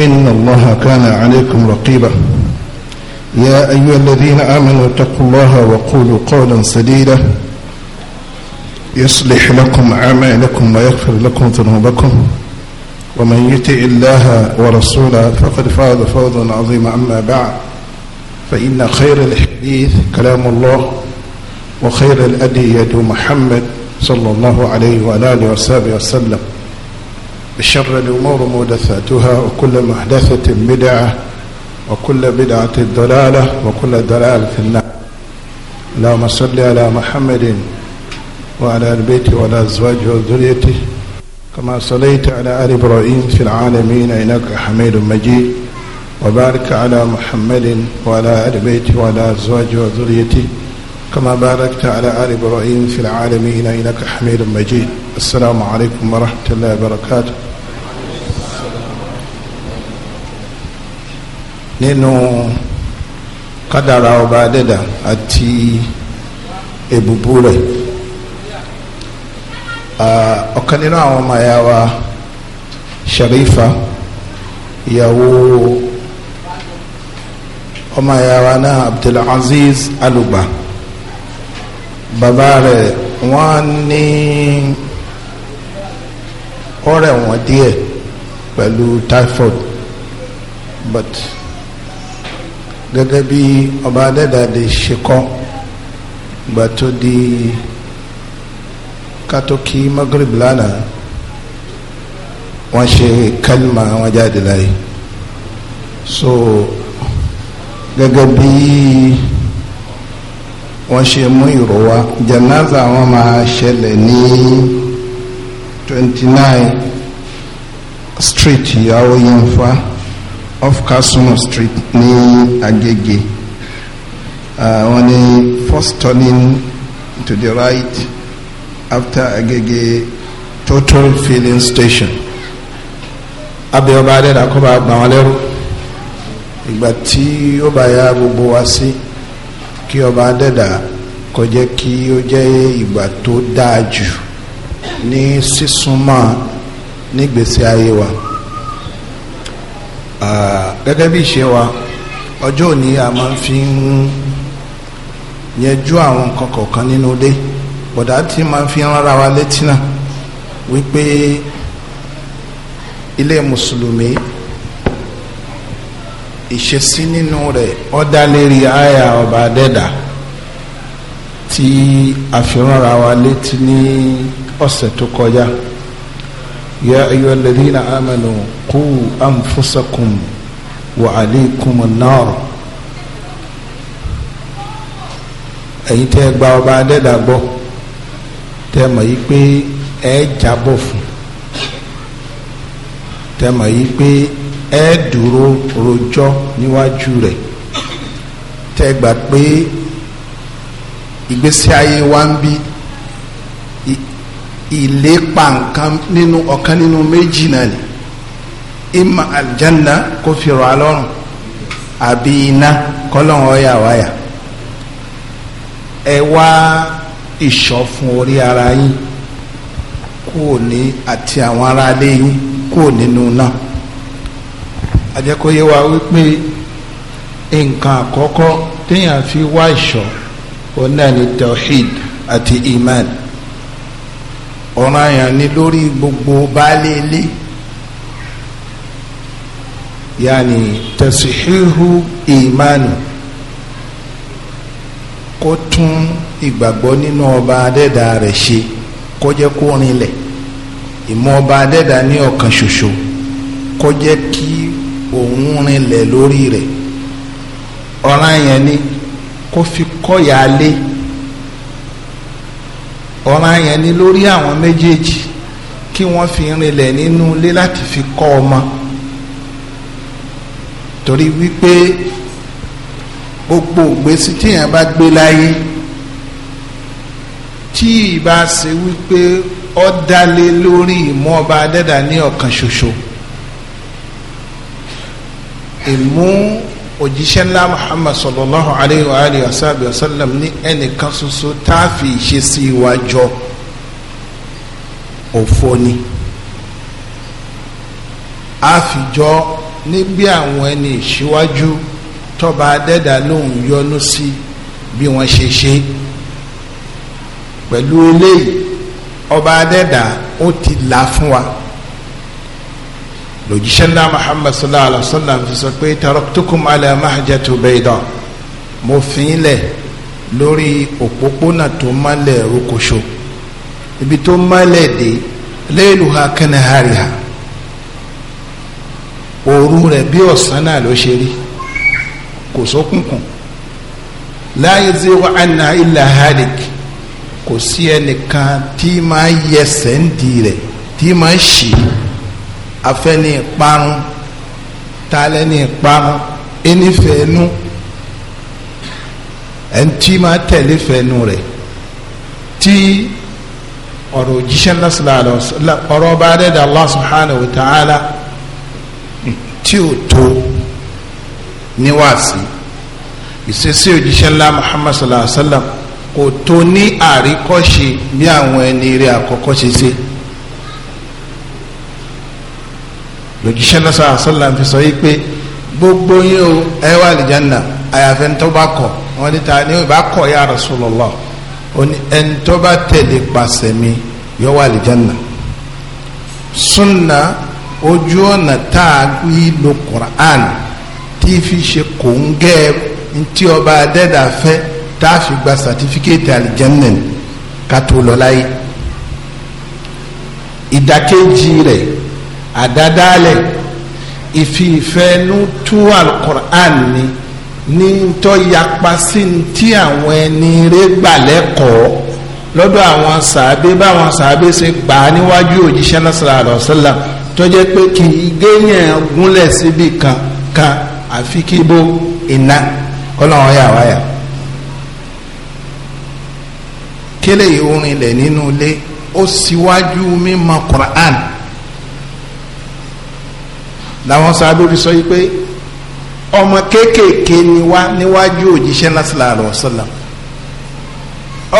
إن الله كان عليكم رقيبا يا أيها الذين آمنوا اتقوا الله وقولوا قولا سديدا يصلح لكم أعمالكم ويغفر لكم ذنوبكم ومن يطع الله ورسوله فقد فاز فوزا عظيما أما بعد فإن خير الحديث كلام الله وخير الأدي يد محمد صلى الله عليه وآله وصحبه وسلم شر الأمور مودثاتها وكل محدثة بدعة وكل بدعة الضلالة وكل ضلالة في النار اللهم صل على محمد وعلى آل بيته وعلى أزواجه وذريته كما صليت على آل إبراهيم في العالمين إنك حميد مجيد وبارك على محمد وعلى آل بيته وعلى أزواجه وذريته كما باركت على آل إبراهيم في العالمين إنك حميد مجيد السلام عليكم ورحمة الله وبركاته nínú kádàrà ọba adẹ́dà àti èbùbù rẹ̀ ọ̀kan nínú àwọn ọmọ ẹ̀yà wa Sharifa ìyàwó ọmọ ẹ̀yà wa náà Abdulaziz Alugba bàbá rẹ̀ wọ́n ní ọ̀rẹ́ wọn díẹ̀ pẹ̀lú typhoid but gẹ́gẹ́ bí ọba adẹ́dàdè ṣe kọ́ gbà tó di kátókì magrib lánàá wọ́n ṣe kálímà wọn jáde láyé so gẹ́gẹ́ bí wọ́n ṣe mú ìró wa janaza wọn máa ṣẹlẹ̀ ní twenty nine street ìyàwó yìí fa off Kasunu street ní Agege uh, wọ́n ní first turning to the right after Agege total filling station abẹ́ ọba adẹ́dà kọ́ bá gbà wọ́n lẹ́rú ìgbà tí ó bá ya gbogbo wa sí kí ọba adẹ́dà kó jẹ́ kí ó jẹ́ ìgbà tó dáa jù ní sísúnmọ́ nígbèsè ayé wa. Ah, gẹ́gẹ́ bí ṣe wa ọjọ́ òní a máa fi ń yẹjú àwọn nǹkan kọ̀ọ̀kan nínú ilé bọ̀dá tí máa fi rárá wa létí náà wípé ilé mùsùlùmí ìṣesí nínú rẹ̀ ó dá lérí àyà ọba adẹ́dà tí a fi rárá wa létí ní ọ̀sẹ̀ tó kọjá. يا أيها الذين آمنوا قوا أنفسكم وعليكم النار ẹ̀yin tẹ́ gba ọba adẹ́dà gbọ́ tẹ́ mọ̀ yí pé ẹ jábọ̀ fún tẹ́ mọ̀ yí pé ẹ dúró rojọ́ níwájú rẹ̀ tẹ́ gbà pé ìgbésí ayé wa ń bí ìlépa nǹkan nínú ọ̀kan nínú méjì náà ni ima aljanna kò fi rọ̀ alọ́rùn àbí iná kọ́lọ́hún ọ̀yà wáyà ẹ wá ìṣọ́ fún orí ara yín kò ní àti àwọn ará ilé yín kò nínú náà àjẹkóyè wa wípé nǹkan àkọ́kọ́ téèyàn fi wá ìṣọ́ onáà ni tawhid àti imani. ọ̀ranyàn ni lórí gbogbo baálé ilé yanni tẹ̀síhíhù ìmánu kó tún ìgbàgbọ́ nínú ọba adẹ́dà rẹ̀ ṣe kó jẹ́ kó rinlẹ̀ ìmọ̀ ọba adẹ́dà ní ọ̀kan ṣoṣo kó jẹ́ kí òun rinlẹ̀ lórí rẹ̀ ọ̀ranyàn ni kó fi kọ́yà lé. ọ̀ràn yẹn ni lórí àwọn méjèèjì kí wọ́n fi rinlẹ̀ nínú ilé láti fi kọ́ ọmọ torí wípé gbogbo ògbésí tíyẹn bá gbé láyé tí ìbá ṣe wípé ó dálé lórí ìmọ̀ ọba adẹ́dà ní ọ̀kan ṣoṣo ìmú òjíṣẹ́ ńlá muhammad sallallahu alayhi wa alihi wa sábẹ̀ wa sallam ní ẹnìkan ṣoṣo tá a fi ṣe sí iwájọ òfo ni a fi jọ níbi àwọn ẹni ìṣíwájú tọba adẹ́dà lòun yọ́nú sí bí wọ́n ṣe ṣe pẹ̀lú eléyìí ọba adẹ́dà ó ti là fún wa lòjíṣẹ́ ńlá muhammad sallallahu alayhi wa sallam fi sọ pé taraktukum ala mahajatu bayda mo fi ń lẹ̀ lórí òpópónà tó mọ́lẹ̀ rokoṣo ibi tó mọ́lẹ̀ dé layluha kanahariha òru rẹ̀ bí ọ̀sán náà ló ṣe rí kò sókùnkùn la yazigu anna illa halik kò sí ẹnìkan tí máa yẹsẹ̀ ń rẹ̀ tí máa ṣì í afẹ́ni ìparun talẹ́ni ìparun enífẹ̀ẹ́nu ẹ̀ntì máa tẹ̀lé fẹ́nu rẹ̀ tí ọ̀rọ̀ òjíṣẹ́ lọ́sọ̀lá ọ̀rọ̀ ọba adẹ́dàá Allah subhanahu wa ta'ala hmm, tí ò tó níwáàsí ìṣesí òjíṣẹ́ ńlá Muhammad sallallahu alaihi wa sallam kò tó ní àríkọ́ṣe bí àwọn ẹni rẹ̀ àkọ́kọ́ ṣe ṣe. lòjíṣẹ́ náà sàlá fi sọ yìí pé gbogbo yín o ẹ wà àlìjáná àyàfẹ́ ń tó bá kọ̀ wọ́n ní ta ni ìbá kọ̀ ya Rasulullah ó ní ẹni tó bá tẹ̀lé pàṣẹ mi yọ wà àlìjáná sunna ojú ọ̀nà tá a gbé lo Qur'an tí fi ṣe kò ń gẹ́ ntí ọba adẹ́dà fẹ́ tá a fi gba sàtífíkẹ́tì àlìjáná ká tó lọ láyé ìdàkejì rẹ̀ àdádálẹ̀ ìfi ìfẹ́nu tú alukur'an ni ní tó yapa sí ti àwọn ẹni rẹ gbà lẹ́kọ̀ọ́ lọ́dọ̀ àwọn sàábé báwọn sàábé ṣe gbà á níwájú òjíṣẹ́ náà sallallahu alaihi wasallam tó jẹ́ pé kì í géyàn gúnlẹ̀ síbi kan kan àfi kí bó iná ọlọ́run yà wáyà kílẹ̀ yìí orin lẹ̀ nínú ilé ó síwájú mímọ̀ Qur'an làwọn sábẹ́ orí sọ yìí pé ọmọ kéékèèké ni wá níwájú òjíṣẹ́ lásìlá àlọ́sọ́là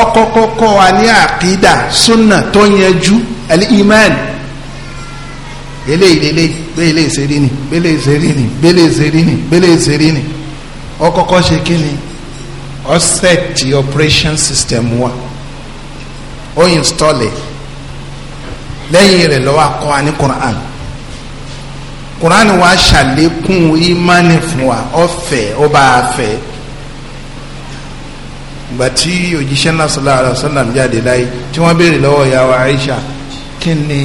ọkọ̀kọ̀kọ̀ wa ní àkídà súnà tó yanjú al-iman eléyìí lélẹ́yìí bẹ́ẹ̀lẹ́ ìṣeré ni bẹ́ẹ̀lẹ́ ìṣeré ni bẹ́ẹ̀lẹ́ ìṣeré ni bẹ́ẹ̀lẹ́ ìṣeré ni ọkọ̀kọ̀ ṣe kí ni ọ̀sẹ̀ ti operation system wa ó install e. lẹ́yìn rẹ̀ lọ́wọ́ akọ́ wa ní Quran kùránì wa ṣàlékún ìmánì fún wa ọ̀fẹ́ ọba àfẹ́ ìgbà tí òjíṣẹ́ náà sallallahu alaihi wasallam jáde láyé tí wọ́n béèrè lọ́wọ́ ìyá wa Aisha kí ni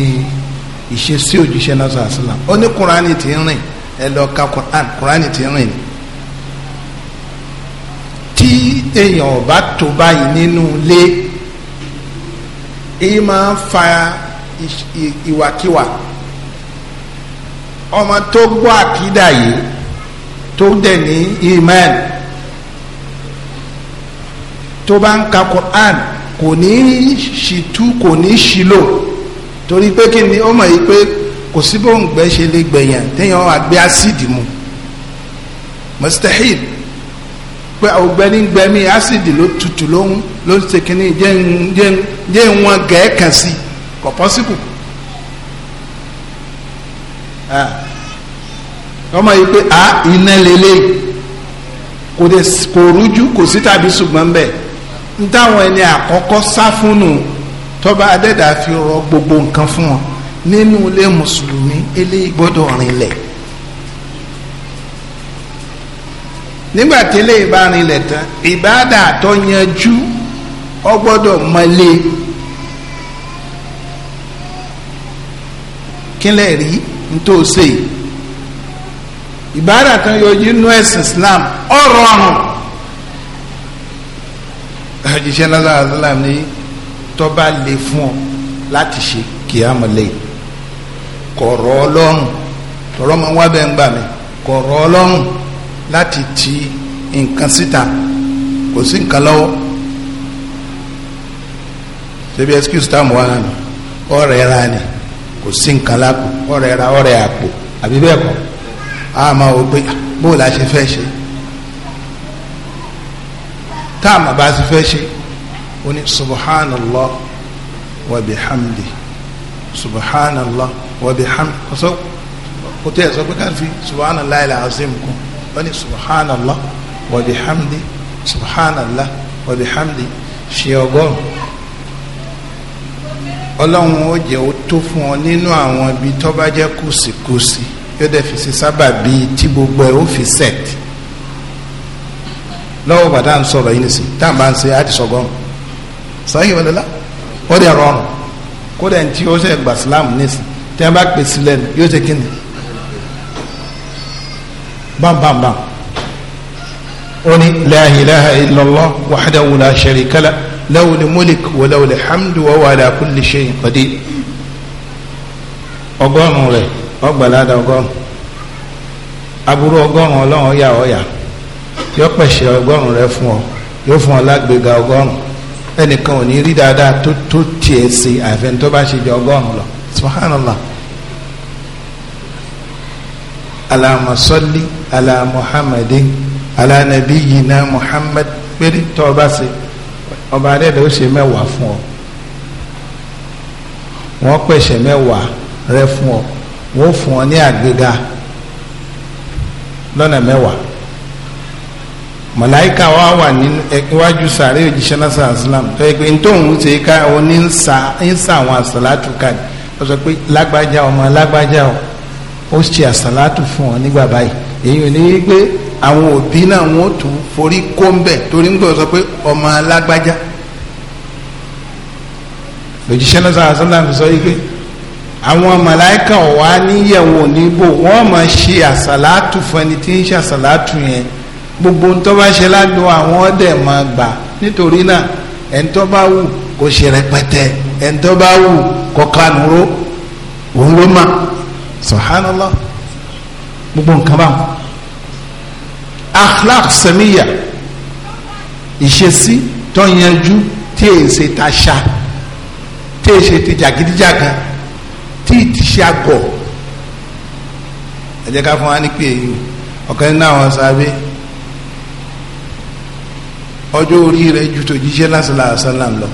ìṣesí òjíṣẹ́ náà sallallahu alaihi wasallam ó ní kùránì ti ń rìn ẹ lọ ka kùránì kùránì ti ń rìn ni tí èèyàn ọba tó báyìí nínú ilé èyí fa ìwàkiwà ọmọ tó gbọ́ àkídà yìí tó dẹ̀ ní iman tó bá ń ka Quran kò ní ṣìtú kò ní ṣìlò torí pé kí ni ó mọ̀ yìí pé kò sí bó ń gbẹ́ ṣe lè gbẹ̀yàn téèyàn àgbẹ̀ ásíìdì mu mustahil pé ọ̀gbẹ́ni gbẹ̀mí ásíìdì ló tutù ló ń ló ń ṣe kínní jẹ́ ń jẹ́ ń jẹ́ ń sí kò pọ́sibù. Ah. ọmọ yìí pé a iná kò dé kò rújú kò sí tàbí ṣùgbọ́n bẹ́ẹ̀ n ẹni àkọ́kọ́ sá fúnnu tọ́ba fi rọ gbogbo nǹkan fún wọn nínú ilé mùsùlùmí eléyìí gbọ́dọ̀ rinlẹ̀ nígbà tí eléyìí bá rinlẹ̀ tán ìbáàdà tó yanjú ọ gbọ́dọ̀ mọ́lé rí. ntòsè ìbára kan yóò yí nú ẹ̀sìn Islam ọ̀rọ̀ ọ̀run òjíṣẹ́ náà sàlá ní tọ́ba lè fún ọ láti ṣe kíámọ̀lẹ́ kọ̀rọ̀ ọlọ́run tọ̀rọ̀ máa wá bẹ́ẹ̀ ń gbà mí kọ̀rọ̀ ọlọ́run láti ti nǹkan síta kò sí nǹkan lọ́wọ́ ṣebí excuse táwọn wà hàn ọ̀rẹ́ ra ni kò sí nǹkan lápò ọ̀rẹ́ ra ọ̀rẹ́ àpò àbí bẹ́ẹ̀ kọ́ a máa wò pé bóòlù a ṣe fẹ́ ṣe táàmù bá ṣe fẹ́ ṣe ó ní subhanallah wa bihamdi subhanallah wa bihamdi kò sọ kò tẹ́ ẹ sọ pé ká subhanallah ilà azim kún ó ní subhanallah wa bihamdi subhanallah wa bihamdi ṣe ọgọ́rùn-ún ọlọ́run ó jẹ́ ó tó fún ọ nínú àwọn ibi tó bá jẹ́ kùsìkùsì yóò dẹ̀ fi ṣe sábà bíi tí gbogbo ẹ̀ ó fi set lọ́wọ́ bàtà ń sọ̀rọ̀ yìí nìsín tá à ń bá ń ṣe àti sọ̀gọ́n sọ́yìn wọlé la ó dẹ̀ rọrùn kó dẹ̀ tí ó ṣe gbà sílámù nìsín tí wọ́n bá pè sílẹ̀ yóò ṣe kíni bámbámbám ó ní la ilaha illallah wahdahu la sharika lahu. له الملك وله الحمد وهو على كل شيء قدير ọgọ́rùn rẹ̀ ọgbàládà ọgọ́rùn aburú ọgọ́rùn ọlọ́run ọyà ọyà yọ pẹ̀sẹ̀ ọgọ́rùn rẹ̀ fún ọ yóò fún ọ lágbèga ọgọ́rùn ẹnìkan ò ní rí dáadáa tó tó tiẹ̀ sí àfẹn tó bá ṣe jẹ ọgọ́rùn lọ subhanallah alama sọlí ala muhammadin ala nabiyina muhammad pé tó o bá ṣe ọba adẹ́dẹ́ ó ṣe mẹ́wàá fún ọ wọ́n pèsè mẹ́wàá rẹ fún ọ wọ́n fún ọ ní àgbéga lọ́nà mẹ́wàá màláìka wa wà ní iwájú sàárè òjíṣẹ́ náà sàlám tó yẹ pé ntòhún ṣe ká oní ń sa àwọn àsàlátù káàdì ó sọ pé lágbájá ọmọ lágbájá ọ ó ṣe àsàlátù fún ọ nígbà báyìí èyí ò ní í pé àwọn òbí náà wọ́n tún forí kó ń bẹ̀ torí ń gbọ́ sọ pé ọmọ alágbájá lójúṣẹ́ náà sáà sọ́nà fi sọ yí pé àwọn màláìka ọ̀wá níyẹ̀wò níbò wọ́n máa ṣe àsàlátù fẹni tí ń ṣe àsàlátù yẹn gbogbo ń tó bá ṣe ládùn àwọn ọ̀dẹ̀ máa gbà nítorí náà ẹni tó bá wù kó ṣe rẹpẹtẹ ẹni tó bá wù kó kanúró òun ló mà subhanallah gbogbo nǹkan báwọn akhlaq samiya ìṣesí tó yanjú tí èyí ṣe taṣa tí èyí ṣe ti jàgídíjàgan tí ì ti ṣe àgọ̀ ẹ jẹ́ ká fún wa ní pé èyí ọ̀kan nínú àwọn sábẹ́ ọjọ́ orí rẹ̀ ju tòjíṣẹ́ lásìlá àṣálà lọ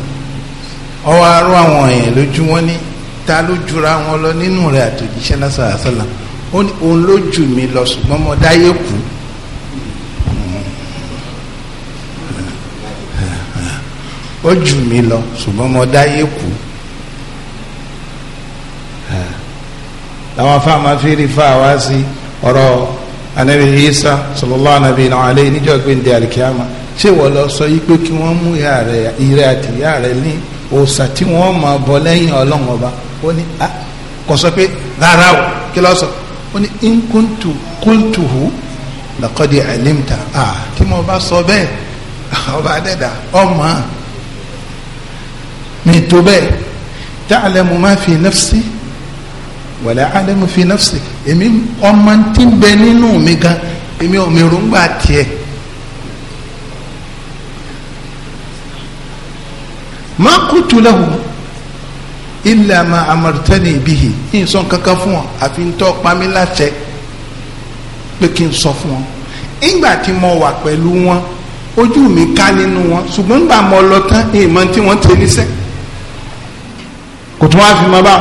ọwọ́ arú àwọn èèyàn lójú wọn ní ta ló jura wọn lọ nínú rẹ̀ àtòjíṣẹ́ lásìlá àṣálà òun ló jù mí lọ ṣùgbọ́n mo dáyé kú. ó jù mí lọ ṣùgbọ́n mo dáyé kú làwọn afáàmà fèrè fáwa sí ọ̀rọ̀ anabi isa sallallahu anabi náà alẹ́ níjọ́ gbẹ̀ndé alikiyama ṣé wọ́n lọ sọ yí pé kí wọ́n mú ìyá rẹ̀ ìrẹ́ àti ìyá rẹ̀ ní òòsà tí wọ́n máa bọ lẹ́yìn ọlọ́run ọba ó ní a ah, kò sọ pé rárá o kí ló sọ ó ní nkuntu kultuhu laqad alimta a ah, tí mo bá sọ bẹ́ẹ̀ ọba adẹ́dà ọmọ mi tó bẹ́ẹ̀ ta'lamu ma fi nafsi wala a'lamu fi nafsi èmi ọmọ tí ń bẹ nínú mi gan èmi ò mi rògbà tiẹ̀. ma kutu lahu illa ma amartani bihi n sọ kankan fún ọ àfi n tọ́ pami láṣẹ pé kí n sọ fún ọ ìgbà tí mo wà pẹ̀lú wọn ojú mi ká nínú wọn ṣùgbọ́n gbà mo lọ tán ìmọ̀ tí wọ́n ti kò tún wá fi mọ bá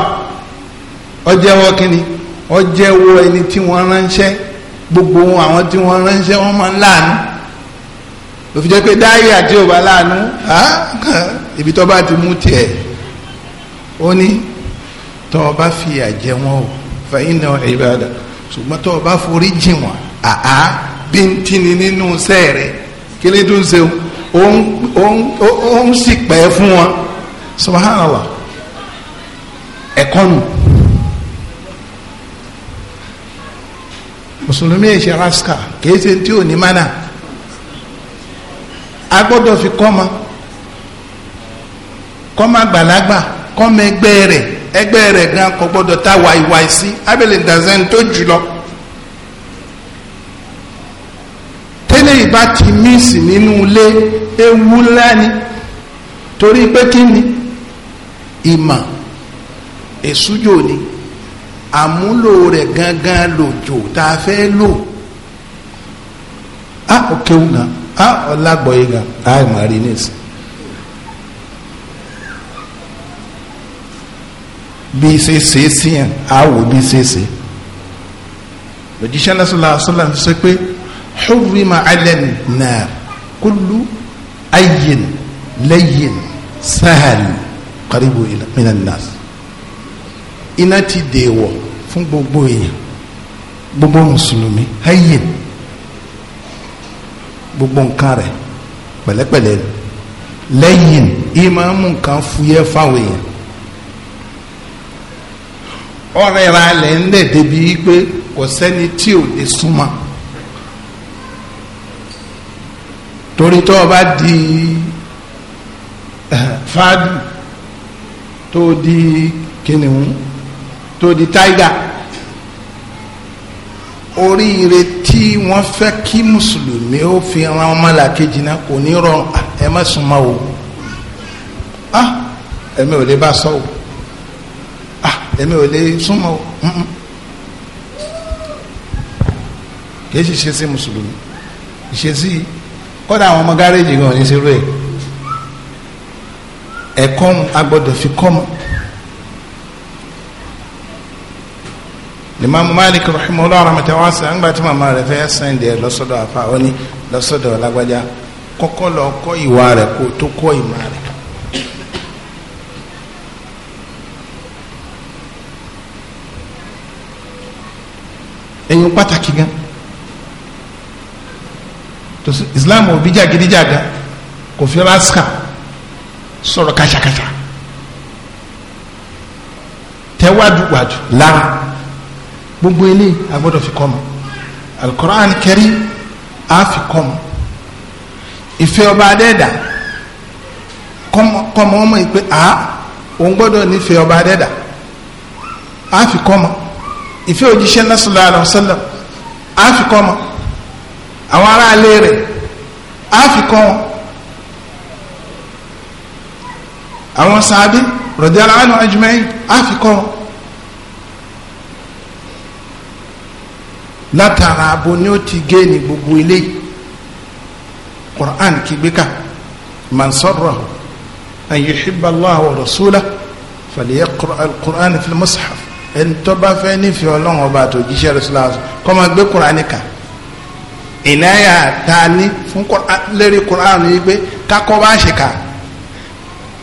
ọjẹ́wọ́ kínni ọjẹ́wọ́ ẹni tí wọ́n ránṣẹ́ gbogbo àwọn tí wọ́n ránṣẹ́ wọ́n máa ń láàánú ló fi jẹ́ pé dáyé àti òbá láàánú ibi tó bá ti mú tiẹ̀ ó ní tó o bá fi àjẹ wọn o fẹ̀yìn náà ìbàdà ṣùgbọ́n tó o bá forí jìn wọn àá bí n tini nínú sẹ́ẹ̀rẹ̀ kí ni ń ṣe o ń sì pẹ́ fún wọn subhanallah ẹ̀kọ́ nù mùsùlùmí yìí ṣe raska kìí ṣe tí ò ní mánà a gbọ́dọ̀ fi kọ́mọ kọ́mọ àgbàlagbà kọ́mọ ẹgbẹ́ rẹ̀ ẹgbẹ́ rẹ̀ gan kò gbọ́dọ̀ tá wàìwàì sí abẹ́lẹ̀ dàzẹ́ni tó jù lọ. tẹ́lẹ̀ ìbá ti míìsì nínú ilé ewu ńlá torí pé kí ni ìmọ̀ èsújò ni àmúlò rẹ̀ gangan lòjò tá a fẹ́ lò á ò kéwù gan á ò lágbọ̀ọ́yé gan á ò máa rí nísìn. bí ṣe ṣe sí yẹn á wò bí ṣe ṣe lòjíṣẹ́ náà sọlá ń sọ pé hurrima alẹ́ni náà kúlú ayyin lẹ́yìn sahal qaribu minan nas iná ti dèèwọ̀ fún gbogbo èèyàn gbogbo mùsùlùmí ayé gbogbo nǹkan rẹ̀ pẹ̀lẹ́pẹ̀lẹ́ lẹ́yìn ìmáàmù nǹkan fúyẹ́ fáwọn èèyàn ọ̀rẹ́ ra lẹ̀ ń lẹ̀ débi pé kò sẹ́ni tí ò lè súnmọ́ torí tó o bá di eh, fáàdù tó o di kìnìún to the tiger oríire tí wọ́n fẹ́ kí mùsùlùmí ó fi ran ọmọlàkejì náà kò ní rọrùn ẹ má súnmọ́ o ah ẹ̀mí ò lè bá sọ o ah ẹ̀mí ò lè súnmọ́ o kìí ṣe ṣe sí mùsùlùmí ìṣesí kọ́dà àwọn ọmọ gáréèjì gan ò ní ṣerú ẹ̀ ẹ̀kọ́ agbọ́dọ̀ fi kọ́ mọ́. limamu malik rahimahullah rahmatan wasi'a ńgbà tí màmá rẹ̀ fẹ́ sẹ́ndì ẹ̀ lọ́sọ̀dọ̀ afa ó ní lọ́sọ̀dọ̀ lágbájá koko lọ kọ́ ìwà rẹ̀ kó tó kọ́ ìmọ̀ rẹ̀. ẹ̀yin pàtàkì gan islam òbí jàgídíjàga kò fi raska sọ̀rọ̀ kàṣàkàṣà tẹ́wádùwádù lára gbogbo ilé agbọ́dọ̀ fi kọ́ mọ́ alukoran kẹrí a fi kọ́ mọ́ ìfẹ́ ọba adẹ́dà kọ́mọ ọmọ yìí pé a òun gbọ́dọ̀ nífẹ̀ẹ́ ọba adẹ́dà a fi kọ́ mọ́ ìfẹ́ òjíṣẹ́ náà sallallahu alaihi wasallam a fi kọ́ mọ́ àwọn aráalé rẹ̀ a fi kọ́ wọn àwọn sàábí rọ̀dí aláwọ̀ ajma'in a fi kọ́ wọn. látara abo ni ó ti gé ní gbogbo ilé Qur'an kìgbéka man sarrahu an yuhibba Allah wa rasulahu falyaqra al-Qur'an fil mushaf ẹni tó bá fẹ́ nífẹ̀ẹ́ ọlọ́run ọba àti òjíṣẹ́ rẹ̀ síláàsì kọ́ máa gbé Qur'an kan ìnáyà ta ní fún lérí Qur'an yìí pé kákọ́ bá ṣe kà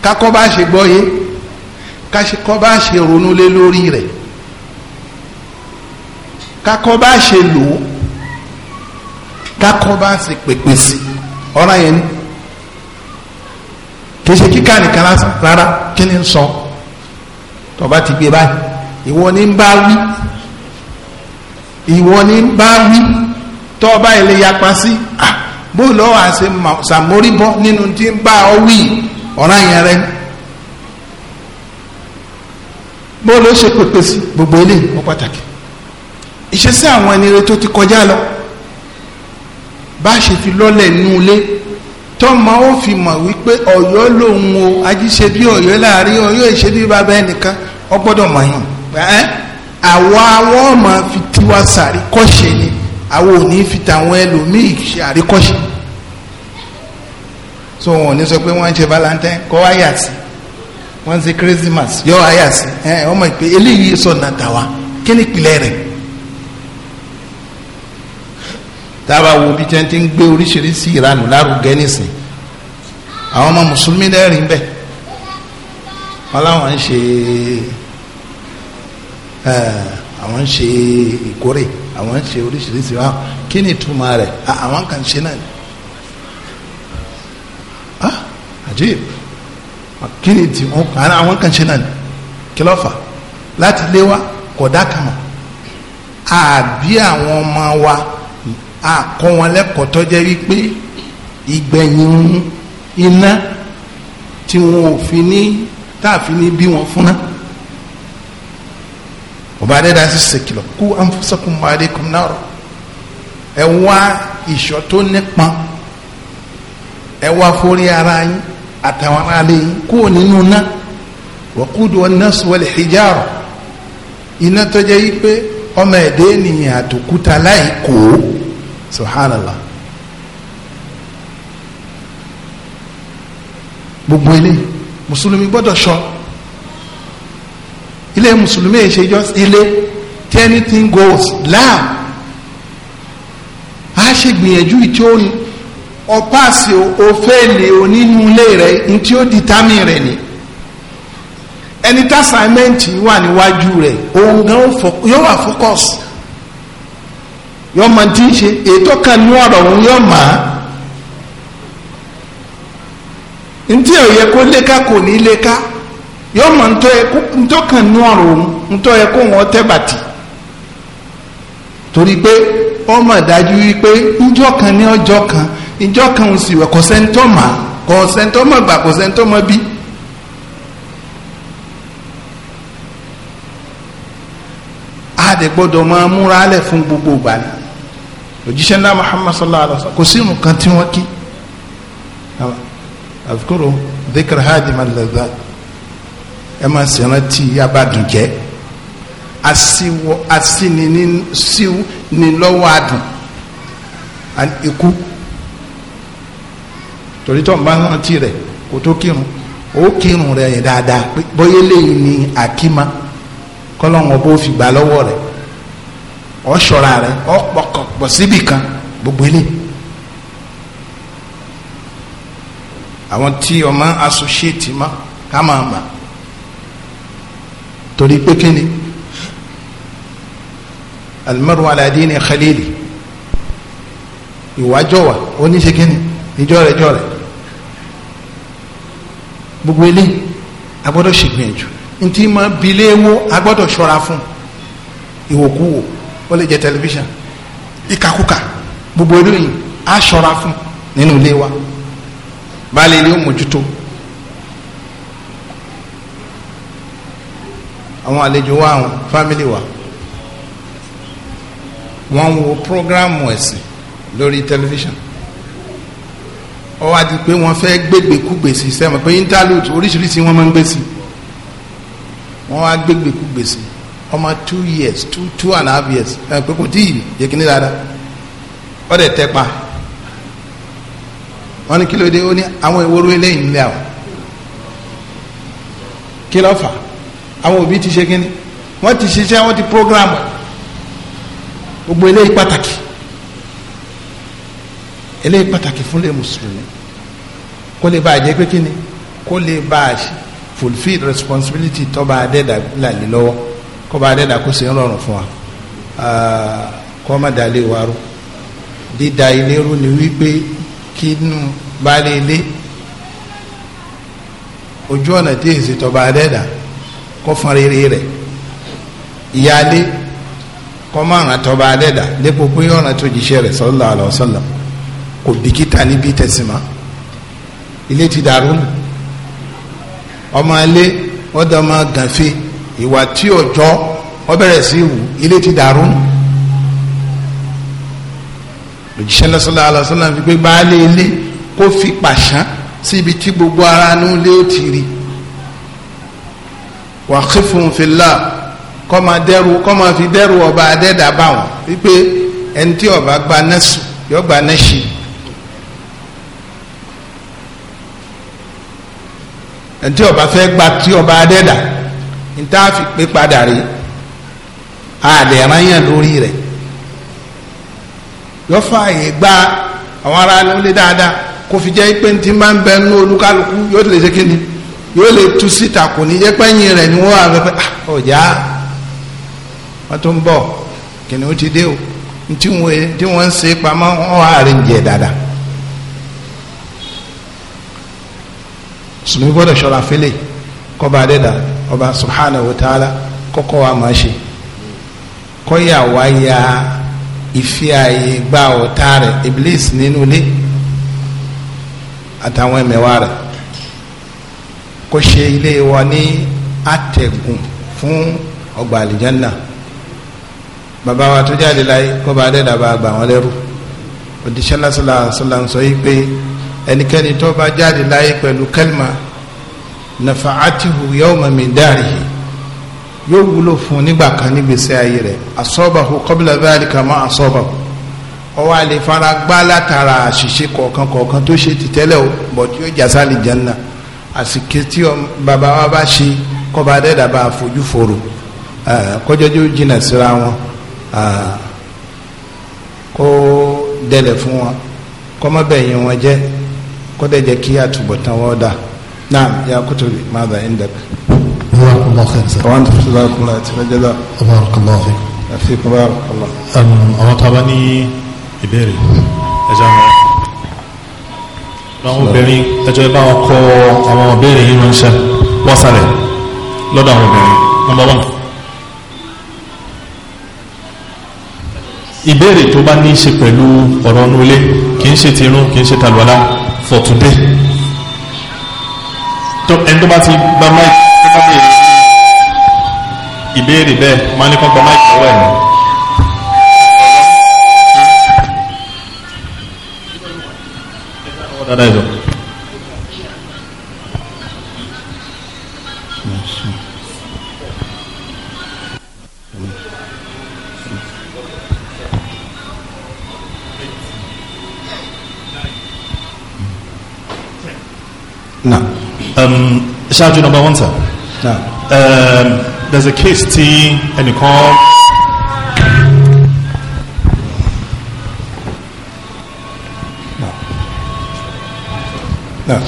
kákọ́ bá ṣe gbọ́ yé kákọ́ bá ṣe ronú lé lórí rẹ̀ kakọ́ bá ṣe lò ó kakọ́ bá ṣe pèpè sí ọ̀rọ̀ yẹn ni kì í ṣe kíkà nìkan lásán rárá kí ni ń sọ tọba ti gbé báyìí ìwọ ni ń bá wí ìwọ ni ń bá wí tọba ilé yapa sí à bó lọ́wọ́ àṣẹ sàmórìbọ́ nínú tí ń bá ọ wí ọ̀rọ̀ yẹn rẹ bó ló ṣe pèpè sí gbogbo eléyìí ó pàtàkì ìṣesí àwọn ẹni rẹ tó ti kọjá lọ bá ṣe fi lọ́lẹ̀ nú ilé tọ́mọ ó fi mọ̀ wípé ọ̀yọ́ lòun o ajíṣe bí ọ̀yọ́ láàrin ọ̀yọ́ ìṣe bí bàbá ẹnìkan ọ gbọ́dọ̀ mọ̀ yàn ẹ́ àwa àwọn ọmọ fi tiwa sàríkọ́ṣe ni àwọn ò ní fi tàwọn ẹlòmíì ṣe so wọn ò ní sọ pé wọ́n ń ṣe valentine kọ́ wáyà sí wọ́n ń ṣe christmas yọ wáyà sí ẹ ọmọ ìpè eléyìí sọ̀nà tàwa kí ni ìpìlẹ̀ rẹ̀ tába wo bí tẹ́ ti ń gbé oríṣiríṣi ìranù lárugẹ nísìn àwọn ọmọ mùsùlùmí lẹ́rìn bẹ́ẹ̀ wọ́n láwọn ń ṣe àwọn ń ṣe ìkórè àwọn ń ṣe oríṣiríṣi wọn kí ni ìtumọ̀ rẹ̀ àwọn kan ṣe náà ni ah, àjíb kí ni ti àwọn kan ṣe náà kí ló fà láti lé wa kọ̀dá kan àbí àwọn ọmọ wa àkọ́ wọn lẹ́kọ̀ọ́ tọ́jẹ́ wípé ìgbẹ̀yìn iná tí wọn ò fi ní táàfin ní bí wọn fúnná ọba adéda sì ṣèkìlọ̀ kú anfusakum wa alaykum nar ẹ wá ìṣọ́ tó nípọn ẹ wá forí ara yín àtàwọn ará yín kúrò nínú náà waqudu wan-nas wal-hijara iná tọ́jẹ́ yí pé ọmọ ẹ̀dẹ́ ènìyàn àtòkúta láì kó o subhanallah gbogbo ilé mùsùlùmí gbọ́dọ̀ sọ ilé mùsùlùmí èyí ṣe just ilé tí anything goes láà á ṣe gbìyànjú ìtí ó ní ọpaasi ofeele onínú ilé rẹ ntí ó dìtámì rẹ ni ẹni tá assignment wà níwájú rẹ òun gan yóò wà focus yọma ntị ti ń ṣe ètò kan ní ọ̀rọ̀ òun yọ́n ntị ntí ò kò ní léka yọ́n máa ntọ́ yẹ kó ntọ́ kan ní ọ̀rọ̀ òun ntọ́ torí pé wípé njọ́ kan ní ọjọ kan kan ò sì àdè gbọ́dọ̀ máa múra lẹ̀ fún gbogbo ìgbà ni òjíṣẹ́ ńlá muhammad sallallahu alaihi wa sallam kò sí nǹkan tí wọ́n kí àfikúrò dhikr hadi man ladha ẹ máa sì rántí abadùn jẹ́ asiwọ asinilọ́wọ́ adùn ikú torí tó ń rántí rẹ̀ kò tó kírun ó kírun rẹ̀ dáadáa bóyá lẹ́yìn ni àkímá kọ́lọ́hún ọba ó fi gbà lọ́wọ́ rẹ̀ ọ ṣọ́ra rẹ ọ pọkàn pọ̀ síbì kan gbogbo ilé. àwọn tí ọmọ asosiyeti mọ ká máa mà torí pé kí ni alimaru aladi ni khalili ìwájọ wa oníṣe kí ni ìjọ rẹ jọ rẹ gbogbo ilé agbọ́dọ̀ ṣègbìyànjú ntí ma bilé wo agbọ́dọ̀ ṣọ́ra fún ìwòkúwò ó lè jẹ tẹlifíṣàn ìkàkùkà gbogbo eléyìí á ṣọ́ra fún nínú ilé wa baálé ilé mójútó àwọn àlejò wa àwọn fámìlì wa wọ́n wo programu ẹ̀sìn lórí tẹlifíṣàn ó wá di pé wọ́n fẹ́ gbégbèkúgbè sí sẹ́wọ̀n pé interlude oríṣiríṣi wọ́n máa ń gbé sí wọ́n wá gbégbèkúgbè ọmọ two years two two and a half years ẹ pé kò tí ì yé kíní dáadáa ọ dẹ̀ tẹ́ pa wọ́n ní kí ló dé ó ní àwọn ìwóró eléyìí nílẹ̀ àwọn kí fà àwọn òbí ti ṣe kíní wọ́n ti ṣiṣẹ́ wọ́n ti program gbogbo eléyìí pàtàkì eléyìí pàtàkì fún lè mùsùlùmí kó lè bá a jẹ́ pé kíni kó lè bá fulfil responsibility tó bá a dẹ́ dàgbà lọ́wọ́ kọba adẹ́dà kó ṣe ń rọrùn fún wa ah, kọ́ má dalé wa rú dídá ilé rú ni wípé kí inú baálé ilé ojú ọ̀nà tí èsì tọba adẹ́dà kọ́ fọn rere rẹ̀ ìyáálé kọ́ má ràn tọba adẹ́dà lépo pé ọ̀nà tó jíṣẹ́ rẹ̀ sallallahu alaihi kò bìkítà níbi tẹ̀sìmá ilé ti dàrú ọmọ ilé ọ̀dọ́ ọmọ gànfẹ́ ìwà tí ọjọ́ ọ bẹ̀rẹ̀ sí wù ilé ti dàrú òjíṣẹ́ lọ́sọ́lá alásọ́lá fi pé baálé ilé kó fi pàṣán síbi tí gbogbo ara nú lé ti rí wà kífùn fìlà kọ́ máa dẹ́rù kọ́ máa fi dẹ́rù ọba adẹ́dà báwọn wípé ẹni tí ọba gba nẹ́sù yọ gba nẹ́sì. ẹni tí ọba fẹ́ gba tí ọba adẹ́dà níta fi pé padà rí àdẹ̀ráyàn lórí rẹ̀ yọ́fà yìí gba àwọn ará lólé dáadáa kò fi jẹ́ pé ti máa ń bẹ nínú olúkálukú yóò lè ṣe kíni yóò lè tú síta kò ní jẹ́ pẹ́yìn rẹ̀ ni wọ́n wà lọ́pẹ́ ah, ọ̀já wọ́n tún bọ̀ kìnìún ti dé o tí wọ́n tí wọ́n ń ṣe pamọ́ wọ́n wà rí jẹ dáadáa. sùnmí gbọ́dọ̀ ṣọ́ra fẹ́lẹ̀ yìí kọba adẹ́dà ọba subhanahu wa ta'ala kọ́kọ́ wa máa ṣe kọ́yà wá ya ìfẹ́ ààyè gba ọ̀tá rẹ̀ iblis nínú ilé àtàwọn ẹ̀mẹ̀wá rẹ̀ kó ṣe ilé wa ní àtẹ̀gùn fún ọgbà àlìjánná bàbá wa tó jáde láyé kọ́ba adẹ́dà bá gbà wọ́n lẹ́rù òdìṣẹ́ lásìlá sọ́lá ń sọ yí pé ẹnikẹ́ni tó bá jáde láyé nafaatihu yawma min darihi yóò wúlò fún nígbà kan níbi iṣẹ́ ayé rẹ̀ asọ́bàhù qabla dhalika ma asọ́bàhù ọwọ́ àlè fara gbá látara àṣìṣe kọ̀ọ̀kan kọ̀ọ̀kan tó ṣe ti tẹ́lẹ̀ o bọ̀ tí ó jásá lè janna àsìkè tí bàbá wa bá ṣe kọ́ba dẹ́dà bá fojú fòrò kọjọ́jọ́ jìnnà síra wọn kó dẹlẹ̀ fún wọn kọ́mọ́bẹ̀yìn wọn jẹ́ kọ́dẹ̀ jẹ́ kí àtúbọ̀tán wọn dáa. نعم يا كتبي ماذا عندك جزاكم الله خير وانت جزاكم الله خير جزاك بارك الله فيك فيكم بارك الله àwọn tábà ní ìbéèrè ẹjọ́ mi àwọn obìnrin ẹjọ́ ẹ bá wọn kọ àwọn ìbéèrè yìí ránṣẹ́ wọ́n sálẹ̀ lọ́dọ̀ àwọn obìnrin number one. ìbéèrè tó bá ní í ṣe pẹ̀lú ọ̀rọ̀ nulẹ̀ kì í ṣe tirun kì í ṣe tàlùwàlá for today ẹni tó bá ti gba mic tó bá béèrè ìbéèrè bẹ́ẹ̀ máa ní kó gba mic lọ́wọ́ ẹ̀ náà. dáadáa ìjọ. ṣáájú number one sir. No. Um, there's a case tí ẹnìkan. No. No.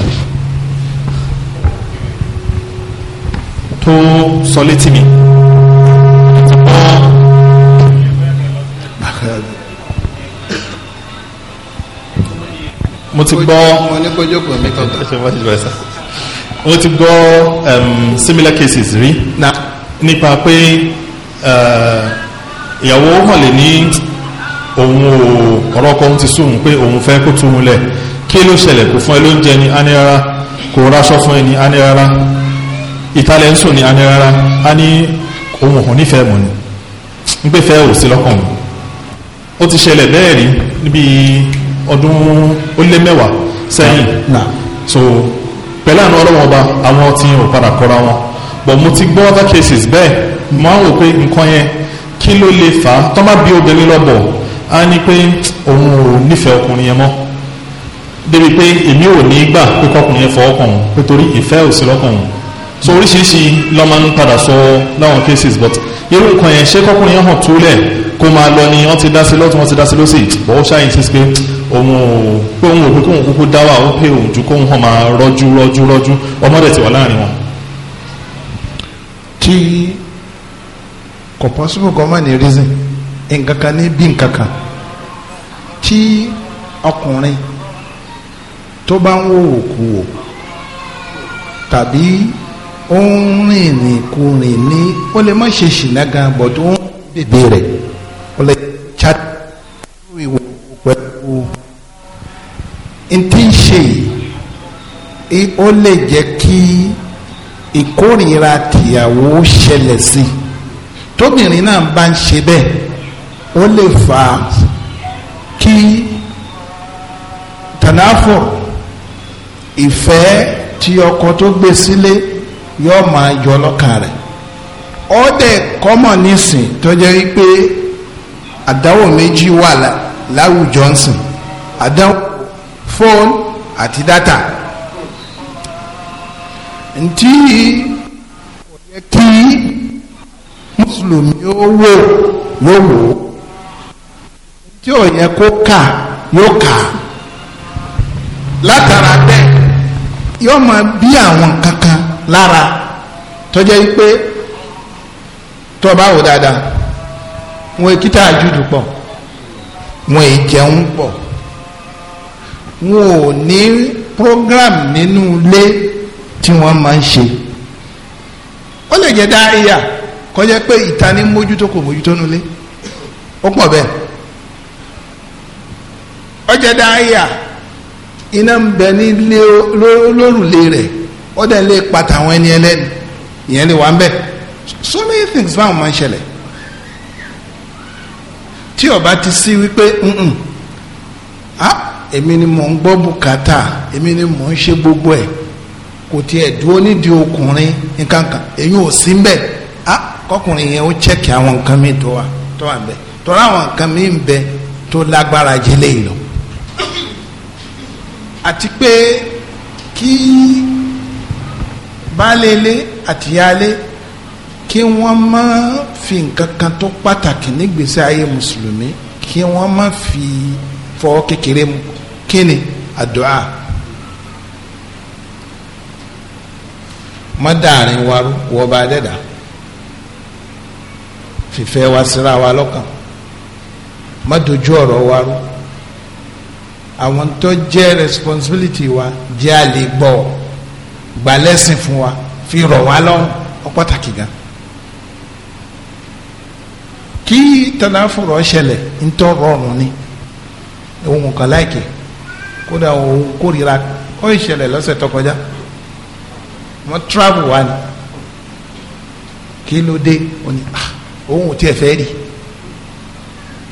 tó sọ létí mi. mo ti gbọ́. mo ní kó jókòó mi tọ̀gbà. ó ti um, similar cases rí nípa pé uh, ìyàwó hàn lè ní òun ò ọ̀rọ̀ kan ti sóhun pé òun fẹ́ kó túhun lẹ̀ kí ló ṣẹlẹ̀ kò fún ẹ ló ń jẹ ní anírara kò ráṣọ fún ẹ ní ìtàlẹ̀ ń sùn ní a ní òun nífẹ̀ẹ́ mọ̀ ni ń fẹ́ ti ṣẹlẹ̀ bẹ́ẹ̀ rí níbi ọdún ó lé mẹ́wàá sẹ́yìn so pẹ̀lú àánú ọlọ́wọ́n ọba àwọn ọtí yẹn ò padà kọ́ra wọn but mo ti gbọ́ other cases bẹ́ẹ̀ mo á wò pé nǹkan yẹn kí ló lè fà á tọ́ bá bí obìnrin lọ́bọ̀ á ní pé òun ò nífẹ̀ẹ́ ọkùnrin yẹn mọ́ débi pé èmi ò ní gbà pé kọkùnrin yẹn fọwọ́ kàn pé torí ìfẹ́ ò sí lọ́kàn òun so oríṣiríṣi lọ́ máa ń padà sọ láwọn cases but irú nǹkan yẹn ṣé kọkùnrin yẹn hàn túlẹ̀ kó máa lọ ni wọ́n ti dá sí lọ́tún wọ́n ti dá sí lọ́sì bọ́ ó ṣáà insist pé òun ò pé òun ò pé kóun kúkú dá wà ó pé òun ju kóun hàn máa rọ́jú rọ́jú rọ́jú ọmọdé ti wà láàrin wọn. tí kò possible kò má ní reason nǹkan kan ní bí nǹkan kan tí ọkùnrin tó bá ń wò òkú wò tàbí ó ń rìn rìn kù rìn ní ó lè má ṣe ṣìnà gan bọ̀ tó ń bèbè rẹ̀ ó lè. ó lè jẹ́ kí ìkórìíra tìyàwó ṣẹlẹ̀ sí tóbìnrin náà bá ń ṣe bẹ́ẹ̀ ó lè fà á kí tànáfọ̀ ìfẹ́ tí ọkọ tó gbé sílé yóò máa yọ lọ́kàn rẹ̀ ó dẹ̀ kọ́mọ̀ nísìn tó jẹ́ wípé àdáwò méjì wà láwùjọ ń àdáwò fóònù àti dátà ntí kò yẹ kí mùsùlùmí ó wò yóò wò ó ntí ò yẹ kó kà yóò kà á látara bẹ́ẹ̀ yóò máa bí àwọn kankan lára tọ́jọ́ yìí pé tọ́ wò dáadáa wọn èkìtà àjùdù pọ̀ wọn èjẹun pọ̀ wọn ò ní program nínú ilé. tí wọ́n máa ń ṣe ó lè jẹ́ dáríyà kó jẹ́ pé ìta ní mójútó kò mójútó n'ule ó pọ̀ bẹ́ẹ̀ ó jẹ́ dáríyà iná ń bẹ ní lórùlé rẹ̀ ó dẹ̀ lè pa ẹni ẹlẹ́ni ìyẹn wà ń so many things báwọn máa ń ṣẹlẹ̀ tí ti sí wípé ah, èmi ni mò ń gbọ́ bùkátà èmi ni mò ń ṣe gbogbo ẹ̀ kò tiẹ̀ dúró nídìí ọkùnrin nǹkan kan èyí ò sí mbẹ́ a kọkùnrin yẹn ó chẹ́kì àwọn nǹkan mi tó wa tó wà mbẹ́ tọ́lá àwọn nǹkan mi ń bẹ tó lágbára jẹ́lẹ̀ yìí lọ. àti pé kí baálé àtìyálé kí wọ́n má fi nǹkan kan tó pàtàkì nígbèsè ayé mùsùlùmí kí wọ́n má fi fọwọ́ kékeré mu kí ni àdúrà. mọ́dàrin wa wọ́n bá dẹ́dà fìfẹ́ wa síra wa lọ́kàn mọ́dojú ọ̀rọ̀ wa àwọn tó jẹ́ responsibility wa jẹ́ àlè gbọ́ gbalẹ́sìn fún wa fi rọ̀ wá lọ́rùn ó pàtàkì gan kí tànáfọ̀rọ̀ ṣẹlẹ̀ ń tọ́ rọrùn ni ohun kan láìkè kódà òun kórìíra ó ìṣẹ̀lẹ̀ lọ́sẹ̀ tó kọjá wọ́n travel wá ni kí ló dé ó ní ah, òun ò tiẹ̀ fẹ́ rí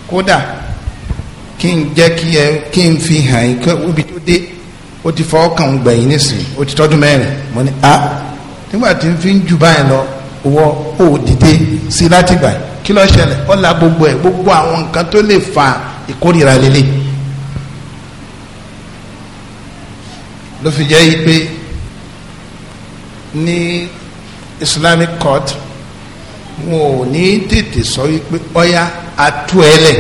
kódà kí n jẹ́ kí ẹ kí n fi hàn yín kí ibi tó dé ó ti fọ́ ọkàn gbẹ̀yìn nísìnyí ó ti tọ́dún mẹ́rin mo ní a ah, nígbà tí n fi ń jù báyìí lọ wọ ó dìde sí láti gbà kí ló ṣẹlẹ̀ ó la gbogbo ẹ̀ gbogbo àwọn nǹkan tó lè fa ìkórìíra lélẹ̀ ló fi jẹ́ yí pé ní Islamic court wọn ò ní tètè sọ wípé ọyá atú ẹ lẹ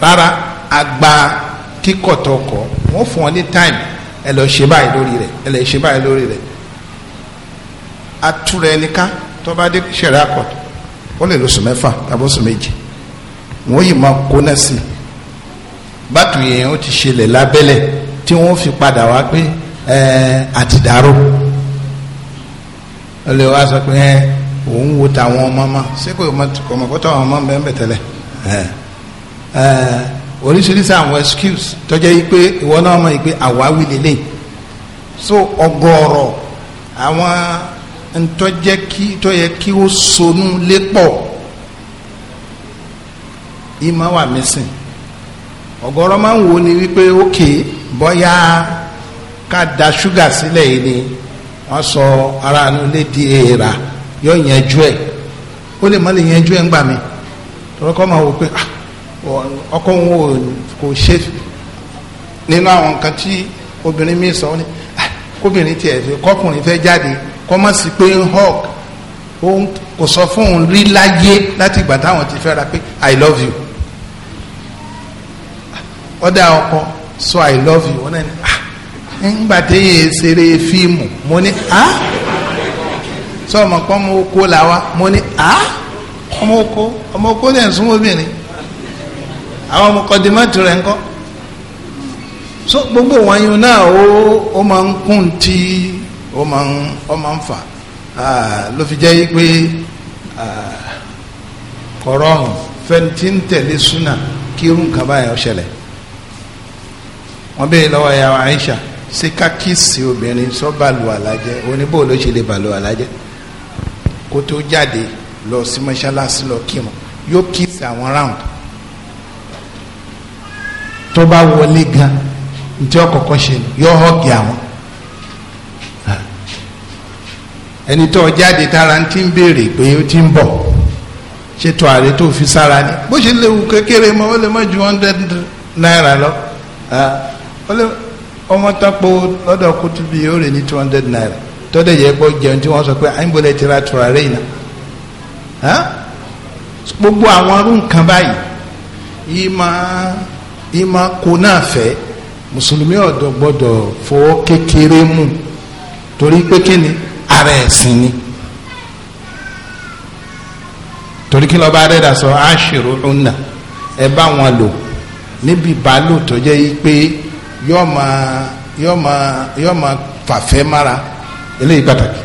rárá àgbà kíkọ̀tọ̀kọ̀ wọn fún ọ ní time ẹ lọ ṣe báyìí lórí rẹ ẹ lọ ṣe báyìí lórí rẹ atúrẹ ẹnìká tó bá dé ṣẹlẹ àkọtọ ó lè lóṣù mẹ́fà tàbí oṣù méje wọn yìí máa kó náà sí bàtú yẹn ó ti ṣẹlẹ̀ lábẹ́lẹ̀ tí wọ́n fi padà wá pé ẹ àtìdárò ọlẹ́ wa sọ pé ẹ òun wo tàwọn ọmọ mọ́ ṣé kò mọ̀ kó tàwọn ọmọ bẹ́ẹ̀ bẹ́ẹ̀ tẹ́lẹ̀ oríṣiríṣi àwọn excuse tọ́jọ́ yìí pé ìwọ náà mọ̀ yìí pé àwáwí lélẹ̀ so ọgọ́rọ̀ àwọn ntọ́jẹ́ kí tọ́yẹ kí ó sonú lépọ̀ ìmọ̀ wà mẹ́sìn ọ̀gọ́rọ̀ máa ń wò ni wípé ókè bọ́yá ká da ṣúgà sílẹ̀ yìí ni wọ́n sọ ara àánú lè di èèrà yóò yanjú ẹ̀ ó lè má lè yanjú ẹ̀ ńgbà mi tọ́lọ́kọ́ máa wò pé ah, ọkọ òun kò ṣe nínú àwọn nǹkan tí obìnrin mi sọ ni ah, kóbìnrin tiẹ̀ fẹ́ kọkùnrin fẹ́ jáde kọ́ má sí pé hawk kò sọ fún òun rí láyé láti ìgbà táwọn ti fẹ́ pé i love you ọ̀dà ah, ọkọ sọ i love you wọ́n náà ni ah nígbà tí yìí ṣeré fíìmù mo ní a sọmọ pọ́n mo la wa mo ní a ọmọ oko ọmọ oko ní ẹ̀sùn obìnrin àwọn ọmọ kọ́ndímọ́tì rẹ̀ so gbogbo náà ó ó ma ń kún tí ó ń ó ń fà ló fi jẹ́ yí pé fẹ́ntì ń tẹ̀lé súnà ya Aisha. ṣé ká kíìsì obìnrin sọ bàlùwàlá jẹ́ oníbò ló ṣe lè bàlùwàlá jẹ́ kó tó jáde lọ sí mọ́ṣáláṣí lọ kírun yóò kíìsì àwọn round tó bá wọlé gan ntí ọkọ̀ọ̀kan ṣe yóò họ́ọ̀gì àwọn ẹni tó jáde tára ti ń béèrè pé ó ti ń bọ̀ ṣètò ààrẹ tó fi sára ni bó ṣe léwu kékeré mọ́ ó lè mọ́ ju hundred naira lọ. Uh, ọmọ tápó lọ́dọ̀ kútùbí o rè two hundred naira tọ́dẹ̀ yẹ jẹun tí wọ́n sọ pé àyìnbólẹ̀ ti ra tùràrí yìí náà gbogbo àwọn arú báyìí ìmọ̀ kò náà fẹ́ mùsùlùmí ọ̀dọ́ gbọ́dọ̀ fọwọ́ kékeré mú torí ara ni torí kí ọ̀nà ẹ bá wọn lò níbi yóò máa yóò máa yóò máa fàfẹ́ mára eléyìí pàtàkì.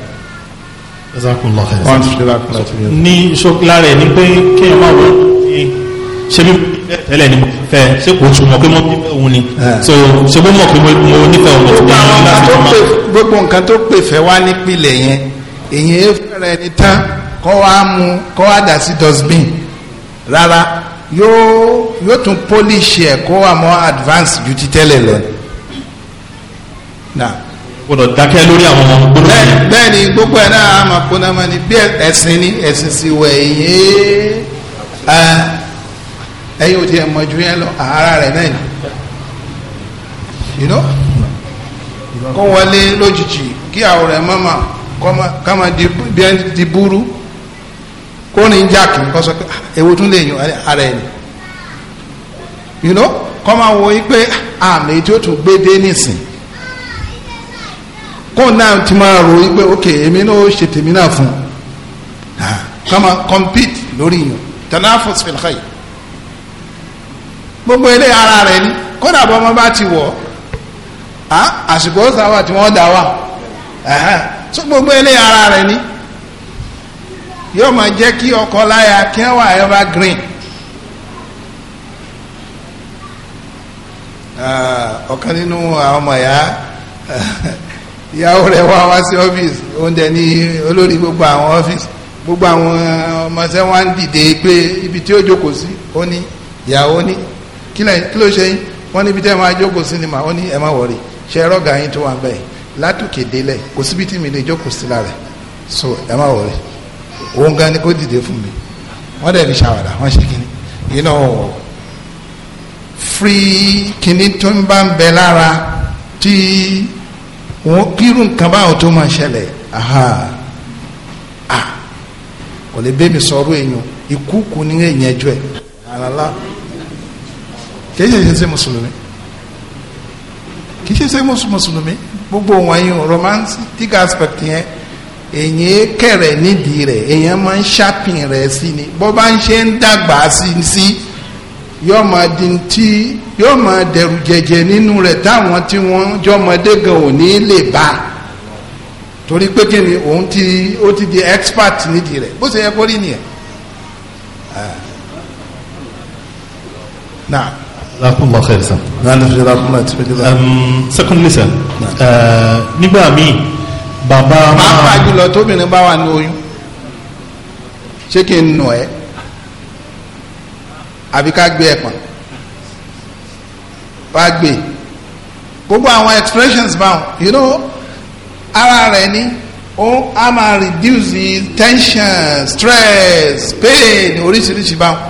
ni pé kéèyàn máa wọ ṣe bí ni fẹ́ ṣé kò tún mọ̀ pé mo nífẹ̀ẹ́ òun ni eh. so ṣe bó mọ̀ pé mo nífẹ̀ẹ́ òun tó máa ń láti máa. gbogbo nǹkan tó pè fẹ́ wá nípìnlẹ̀ yẹn èyí fẹ́rẹ̀ ẹni tán kọ́ wá mú kọ́ wá dà sí dustbin rárá yóò yóò tún polish ẹ̀ kó wà mọ́ advance ju ti tẹ́lẹ̀ lọ. gbọdọ̀ dákẹ́ lórí àwọn ọmọ gbọdọ̀. bẹ́ẹ̀ ni gbogbo ẹ̀ náà a máa kóná máa ní bí ẹ̀sìn ni ẹ̀sìn sì wẹ̀ yé ẹ̀yin ò tiẹ̀ mọ̀ ju yẹn lọ ara rẹ̀ náà ni kó wọlé lójijì kí àwọn rẹ̀ mọ́ mà kọ́ mà kà mà di búrú kó ní jáàkì nǹkan sọ pé ah, ewu tún lè yàn ara ẹni you know kọ́ máa wọ yí pé ah, àmì tí ó tún gbé dé nìsín kó náà ti máa rò yí pé ok èmi náà ṣe tèmi náà fún ah, kọ́ máa compete lórí yàn tanafus fil khayr gbogbo ilé ara rẹ̀ ni kódà bọ́ ọmọ bá ti wọ̀ á àsìkò sáwà tí wọ́n dá wà so gbogbo ilé ara rẹ̀ ni yóò máa jẹ́ kí ọkọ láya kí wà evergreen. Ah, ọ̀kan nínú àwọn ọmọ ẹ̀yà ìyàwó rẹ̀ wá wá sí ọ́fíìsì oúnjẹ ní olórí gbogbo àwọn ọ́fíìsì gbogbo àwọn ọmọọṣẹ́ wọn ń dìde pé ibi tí ó jókòó sí ó ní ìyàwó ní kí ló ṣe yín wọ́n níbi tẹ́ ẹ máa jókòó sí ni mà ó ní ẹ má wọ̀rí ṣe rọ́gà yín tó wà bẹ́ẹ̀ látòkè délẹ̀ kò síbi tí mi lè jókòó sí lára so ẹ má wọ̀rí. òun gan ni kó dìde fún mi wọ́n dẹ̀ ṣàwàdà wọ́n ṣe kínní you know free kínní tó ń bá ń bẹ lára tí wọ́n kírun nǹkan báwọn tó máa a kò lè bẹ́mi sọ̀rọ̀ èèyàn ikú kù ní èèyàn ẹjọ́ ẹ̀ alala kìí ṣe ṣe mùsùlùmí kìí ṣe ṣe mùsùlùmí gbogbo aspect èyàn kẹrẹ nídìí rẹ èyàn máa ń ṣàpìn rẹ sí ni bó bá ń ṣe ń dàgbà sí sí yóò máa di ti yóò máa dẹrù jẹjẹ nínú rẹ táwọn tí wọn jọmọdé gan ò ní lè bá torí pé kí ni òun ti ó ti di expert nídìí rẹ bó ṣe yẹ kó rí nìyẹn. Now. Lákùnlọ́ kẹsàn-án. Náà lè fi ra kúnlá tí ó jẹ́ Secondly sir, uh, nígbà míì bàbá máa bá jùlọ tóbìnrin bá wà ní oyún ṣé kí n nù ẹ àbí ká gbé ẹ̀pọ̀n wá gbé gbogbo àwọn expressions báwọn you know ara rẹ ni ó a máa reduce tension stress pain oríṣiríṣi báwọn.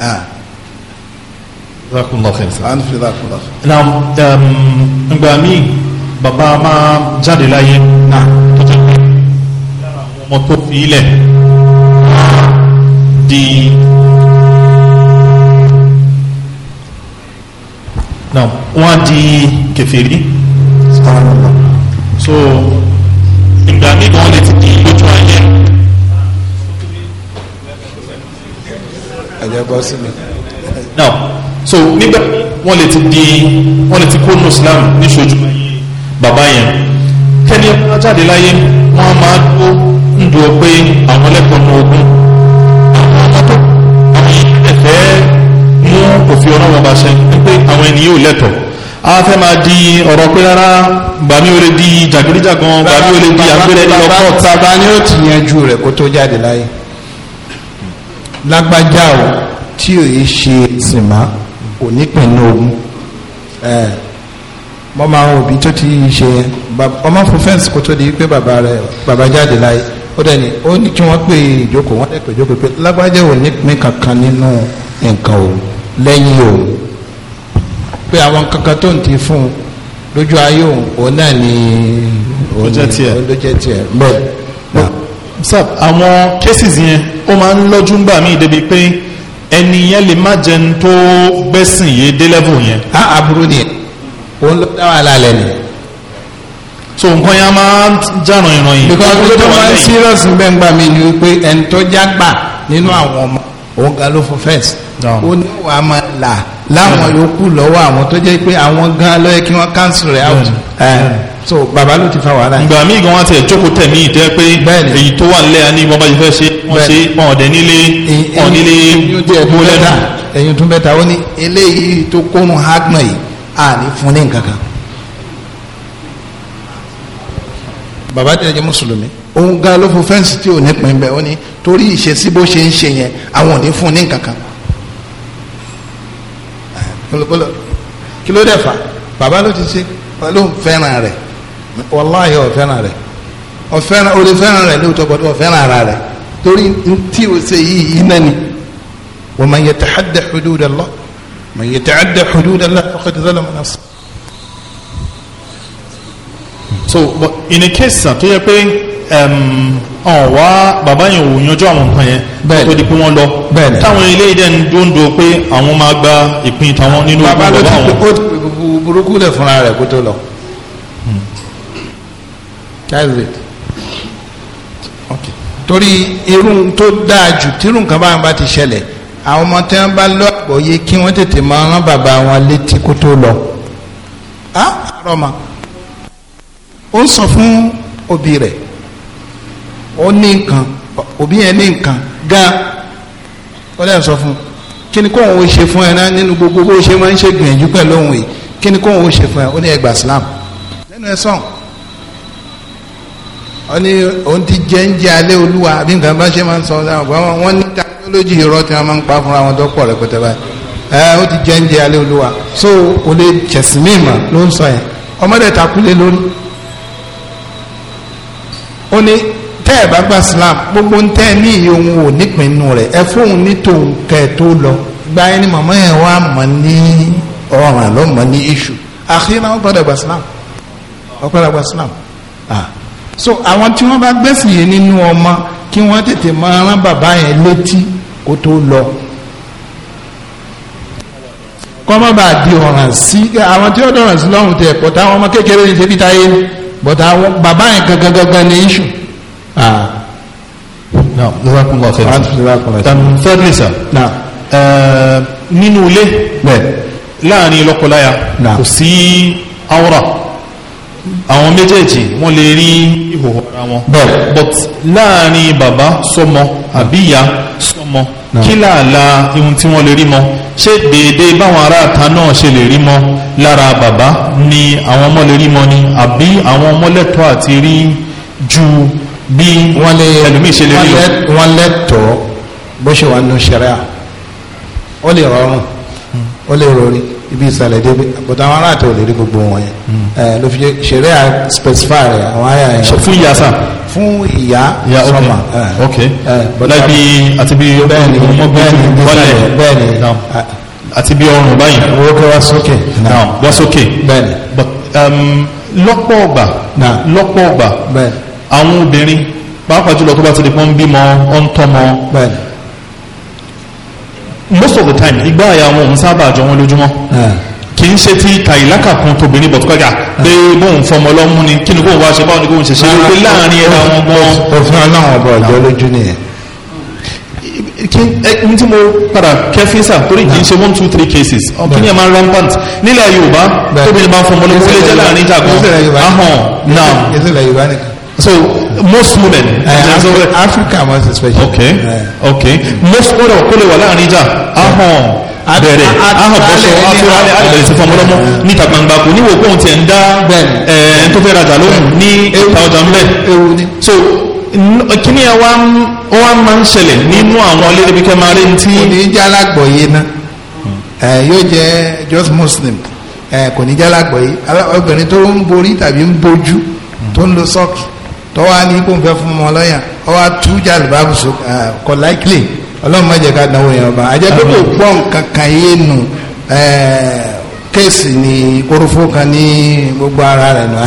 Ah. kẹsàn-án. Now, um, ngbà míì bàbá máa jáde láyé náà tó jẹ́ pé lára àwọn ọmọ tó fi ilẹ̀ di náà wọ́n á di kèfèrí so ìgbà míì wọ́n lè ti di lójú ayé. ẹ̀jẹ̀ bọ́ sí mi. now so nígbà wọ́n lè ti di wọ́n lè ti kó nù Islam ní ṣojú ayé. bàbá yẹn kẹ́ni ọba jáde láyé wọn máa dúró ń pé àwọn ẹlẹ́kọ̀ọ́ ogun àwọn ọmọ àwọn ẹ̀fẹ́ mú òfin ọlọ́wọ́ bá ṣe pé àwọn ẹni yóò lẹ́tọ̀ a fẹ́ máa di ọ̀rọ̀ pé rárá bàmí ò lè di jàgídíjàgan bàmí ò lè di ó ti kó tó jáde láyé lágbájá o tí ò mo máa ń òbí tó ti ṣe yẹn ọmọ fún fẹ́ǹsì kó tó di pé bàbá rẹ̀ bàbá jáde láyé ó dẹ̀ ní ó ní kí wọ́n pè ìjókòó wọ́n dẹ̀ pè ìjókòó pé lágbájá ò ní pín kankan nínú nǹkan òun lẹ́yìn òun pé àwọn kankan tó ń ti fún un lójú ayé òun òun náà ni ló jẹ́ tiẹ̀ bẹ́ẹ̀. sir àwọn cases yẹn ó máa ń lọ́jú ńgbà míì débi pé ẹni yẹn lè má jẹun tó gbẹ́sìn yé dé level yẹn. a aburú ni òun ló dá wàhálà lẹ ni. so nǹkan yẹn máa ń jàrùn ìròyìn. because ní tó máa ń serious gbẹ̀ngbà mi ni wípé ẹni tó jágbà nínú àwọn ọmọ òun ga ló fọ first. ó ní wàá máa là láwọn yòókù lọ́wọ́ àwọn tó jẹ́ pé àwọn gan ló yẹ kí wọ́n cancel rẹ̀ out. so bàbá ló ti fa wàhálà. ìgbà míì gan wọn ti jókòó tẹ̀mí ìtẹ́ pé èyí tó wà nílẹ̀ ní bọ́bá yìí fẹ́ ṣe wọ́n ṣe wọn ọ̀dẹ̀ nílé wọn nílé gbólẹ́dà. ẹ̀yin tún bẹ́ta ó ní eléyìí tó kórun hagbọ̀n yìí àní fún ní nǹkan kan bàbá tẹ̀ jẹ́ mùsùlùmí òun gan ló fún fẹ́ǹsì tí ò ní pín bẹ́ẹ̀ ó ní torí ìṣesí bó ṣe ń ṣe yẹn àwọn ò ní fún ní nǹkan kan kí ló dẹ̀ fà bàbá ló ti ṣe ló ń fẹ́ràn rẹ̀ wàláhì ọ̀ fẹ́ràn rẹ̀ ọ̀ fẹ́ràn orí fẹ́ràn rẹ̀ lóòótọ́ bọ́tọ́ ọ̀ fẹ́ràn ara rẹ̀ torí tí o ṣe yìí iná ni wa man yatahadda hudud Allah. من يتعدى حدود الله فقد ظلم نفسه so in a case tó yẹ pé ọ̀n wá bàbá yẹn ò yanjú àwọn nǹkan yẹn bẹ́ẹ̀ tó di pé wọ́n lọ bẹ́ẹ̀ táwọn ilé ìdẹ́ ń dóńdó pé àwọn máa gba ìpín táwọn nínú ìgbà bàbá wọn. bàbá ló ti burúkú lẹ̀ fúnra rẹ̀ kó tó lọ. Hmm. torí irun tó dáa jù tírun kan báyìí bá ti ṣẹlẹ̀ àwọn ọmọ tí wọ́n bá lọ àgbọ́yé kí wọ́n tètè máa rán bàbá wọn létí kó tó lọ àrọ̀mà ó ń sọ fún òbí rẹ̀ ó ní nǹkan òbí yẹn ní nǹkan gan ó lè sọ fún kí ni kóun ó ṣe fún ẹ náà nínú gbogbo bó ṣe máa ń ṣe gbìyànjú pẹ̀lú òun yìí kí ni kóun ó ṣe fún ẹ ó ní ẹgbàá Islam lẹ́nu ẹ sọ̀hún wọ́n ní òun ti jẹ́ ń jẹ́ alẹ́ olúwa àbí nǹkan bá ṣe máa ń sọ ọ́n wọ́n ní technology irọ́ tí wọ́n máa ń pa fúnra wọn dọ́pọ̀ rẹpẹtẹ báyìí ẹ ó ti jẹ́ ń jẹ́ alẹ́ olúwa so kò lè jẹ̀sìn mí mà ló ń sọ yẹn ọmọdé takulé lórí ó ní tẹ́ ẹ̀ bá gba Islam gbogbo ń tẹ́ ní iye òun ò nípinnu rẹ̀ ẹ fóun ní tòun kẹ́ tó lọ gba ẹni mọ̀mọ́ yẹn wá mọ̀ ní ọ̀ràn lọ́mọ ní iṣu àkíyàn náà ó gbọ́dọ̀ gba Islam ó gbọ́dọ̀ gba Islam ah so àwọn tí wọ́n bá gbẹ̀sìn yìí nínú ọmọ kí wọ́n tètè máa rán bàbá yẹn létí kó tó lọ kọ́mọ́ bá di ọ̀ràn sí àwọn tí ó dọ̀ràn sí lọ́rùn tẹ̀ pọ̀ táwọn ọmọ kékeré ní ṣebí táyé ni bọ̀tà bàbá yẹn gangan gangan ní iṣu. Ah. now jazakumullah khairan um, thirdly sir uh, nínú ilé láàrin lọ́kọláya kò sí awra àwọn méjèèjì wọ́n lè rí ìhòòhò ara wọn but láàrin bàbá sọmọ àbí ìyá sọmọ kí làálà ihun tí wọ́n lè rí mọ́ ṣé déédéé báwọn aráàta náà ṣe lè rí mọ́ lára bàbá ni àwọn ọmọ lè rí mọ́ ni àbí àwọn ọmọ lẹ́tọ̀ọ́ àti rí ju bí ẹlòmíì ṣe lè rí lọ. wọ́n lẹ́tọ̀ọ́ bó ṣe wà nù ṣẹ̀rẹ́ ó lè rọrùn ó lè rọrí ibi ìsàlẹ̀ débi but àwọn ará àtẹ̀wò lè rí gbogbo wọn yẹn ẹ hmm. eh, ló fi ṣeré à specify rẹ àwọn àyà yẹn. fún ìyá sá. fún ìyá sọmà. ok like eh, eh, bi àti bi bẹ́ẹ̀ni bẹ́ẹ̀ni bẹ́ẹ̀ni ah. àti bi ọrùn báyìí. wọ́n wá sókè. wá sókè. bẹ́ẹ̀ni. but um, lọ́pọ̀ ọgbà. lọ́pọ̀ ọgbà. bẹ́ẹ̀ni. àwọn obìnrin pàápàá jùlọ tó bá ti di pọ́n bímọ ọ̀ ń tọ́mọ. bẹ́ẹ̀ni most of the time igba àyà wọn òun sábà jọ wọn lójúmọ́ kì í ṣe ti kàìlákà kan tóbìnrin bọ̀tùkọ́jà pé bóun fọmọ lọ́mú ni kí ni bóun wá ṣe báwọn ni bóun ṣe ṣe wípé láàrin ẹ̀rọ àwọn gan. òfin aláwọn ọba ọjọ́ lójú nìyẹn. n tí mo padà kẹfíńsà torí kì í ṣe one two three cases ọ̀kìnìyà máa rampant nílẹ̀ yorùbá tóbìnrin máa ń fọmọ lọ́mú kó lè jẹ́ láàrin ìjà gan. ahọ́n náà so most women. Uh, Africa most especially. okay eh. okay most women kó lè wà láàrin ìjà ahọ́n bẹ̀rẹ̀ ahọ́n bọ́ṣọ afúra alẹ́bẹ̀rẹ̀ sí fọmọlọ́mọ níta gbangba kò níwò pé òun ti ẹ̀ ń dá ẹ̀ eh, tó fẹ́ rajà lóhùn ní ìta ọjà ńlẹ̀ so kíní ẹ wá wá máa ń ṣẹlẹ̀ nínú àwọn ilé ibi kẹ́ máa rí ní tí. kò ní jẹ́ alágbọ̀yé náà hmm. yóò jẹ́ just muslim kò ní jẹ́ alágbọ̀yé obìnrin tó ń borí tàbí ń bojú hmm. tó ń lo sọ́ọ̀kì tọ́wọ́ ní kó n fẹ́ fún ọmọ lọ́yà ọwọ́ tújà lùbáàbù kọ́ láìkìlì ọlọ́run má jẹ́ ká dánwó yẹn ọba àjẹ́ pé kò gbọ́ nǹkan kan yé nu kéèsì ní korofo kan ní gbogbo ara rẹ̀ nù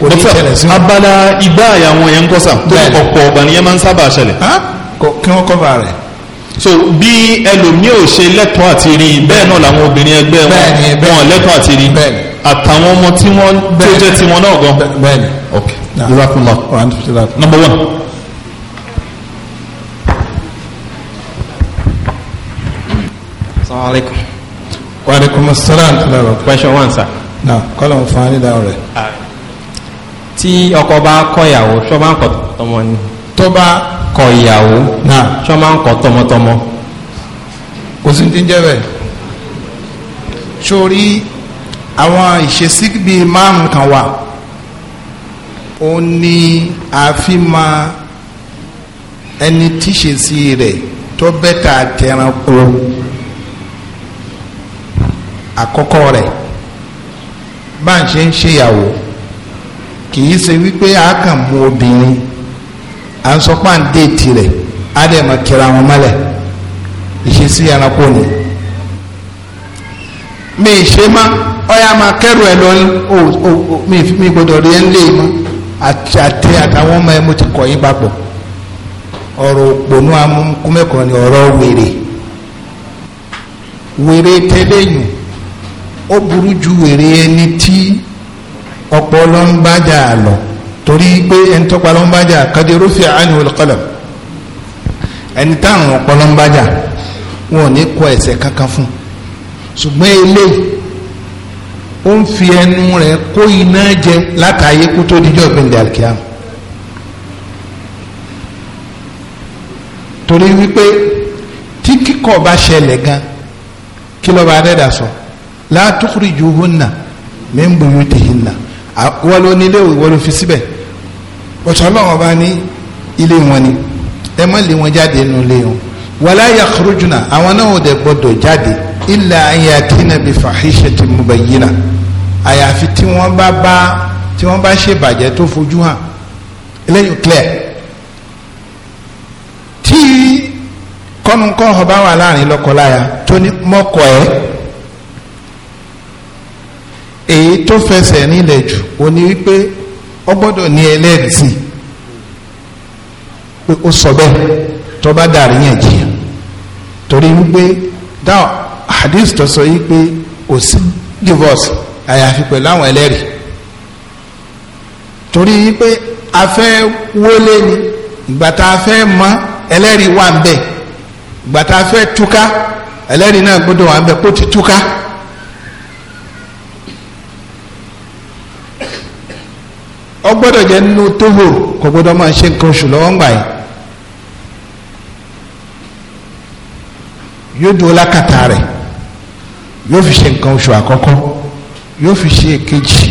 kò ní ìṣẹ̀lẹ̀ sí. abala igbá àyàwó yẹn ń kọ́ sà tó ọ̀pọ̀ ọ̀gbà ni yẹn máa ń sábà ṣẹlẹ̀. kí wọ́n kọ́ bá rẹ̀ so bí ẹlòmíì ò ṣe lẹ́tọ̀ọ́ àti rí bẹ́ẹ̀ náà làwọn obìnrin ẹgbẹ́ wọn lẹ́tọ̀ọ́ àti rí àtàwọn ọmọ tí wọ́n tó jẹ́ tiwọn náà gan. bẹ́ẹ̀ni ok number one. Assalamualaikum. Waalaikumsalam. Question one sir. Na kọ́lá ń fa ní dáhùn rẹ̀. Ah. Tí ọkọ bá kọ ìyàwó, ṣọ́ máa ń kọ tọmọ ni. Tó bá kọ ìyàwó, ṣọ́ máa ń kọ tọmọtọmọ. Kò sí ti ń jẹ́ bẹ́ẹ̀. Sori àwọn ìṣesí bíi márùn-ún kan wà. ó ní àfimá ẹni tíṣe sí rẹ̀ tó bẹ́tà tẹranko àkọ́kọ́ rẹ̀ bá ń ṣe ń ṣèyàwó kì í ṣe a kàn mú obìnrin à ń sọ pé à ń déètì rẹ̀ á dẹ̀ mọ̀ kíra wọn mọ́lẹ̀ ìṣesí ẹranko ni mi ṣe má ọ̀ya máa kẹ́rù ẹ̀ mi gbọ́dọ̀ rí àti àtẹ àtàwọn ọmọ ẹ mo ti kọ̀ yín papọ̀ ọ̀rọ̀ òpònú amúnkúmẹ́kọ̀ ni ọ̀rọ̀ wèrè wèrè tẹ́lẹ̀yìn ó burú ju wèrè ẹni tí ọpọlọ ń bá jà lọ torí pé ẹni tọ́pa ló ń bá jà kadi rufi anil ẹni táwọn ọpọlọ ń bá wọn ò ní kọ ẹsẹ̀ kankan fún ṣùgbọ́n eléyìí ó ń fi ẹnu rẹ̀ kó iná jẹ látàyè kó tó dijọ́ gbẹ̀ndẹ̀ àlùkìyàm torí wípé tí kíkọ̀ bá ṣẹlẹ̀ gan kí lọ́ba adẹ́dà sọ la tukhrijuhunna min buyutihinna wọ́n ló nílé ìwọ́n fi síbẹ̀ ọ̀tọ̀ ọlọ́run ní ilé wọn ni ẹ má lé wọn jáde nínú ilé wọn wala yakhrujuna àwọn náà ò dẹ̀ gbọ́dọ̀ jáde illa ayatina bi fahishatin mubayyina àyàfi tí wọ́n bá bá tí wọ́n bá ṣe bàjẹ́ tó fojú hàn eléyìí clear tí kọ́nukọ́họ bá wà láàrin lọ́kọláya tó ní mọ́kọ ẹ̀ èyí tó fẹsẹ̀ nílẹ̀ jù ó ní wípé ó gbọ́dọ̀ ní ẹlẹ́rìí pé ó sọ bẹ́ẹ̀ tó bá dàrí yẹn jìyàn torí wípé dáhùn hadith tó sọ yìí pé kò sí divorce àyàfi pẹ̀lú àwọn ẹlẹ́rìí torí yìí pé a fẹ́ wọlé ni ìgbà tá a fẹ́ mọ ẹlẹ́rìí wà ń ìgbà tá a fẹ́ túká ẹlẹ́rìí náà gbọ́dọ̀ wà ń kó ti túká. ó gbọ́dọ̀ jẹ́ nínú tóhò kò máa ṣe yóò fi ṣe nǹkan oṣù àkọ́kọ́ yóò fi ṣe èkejì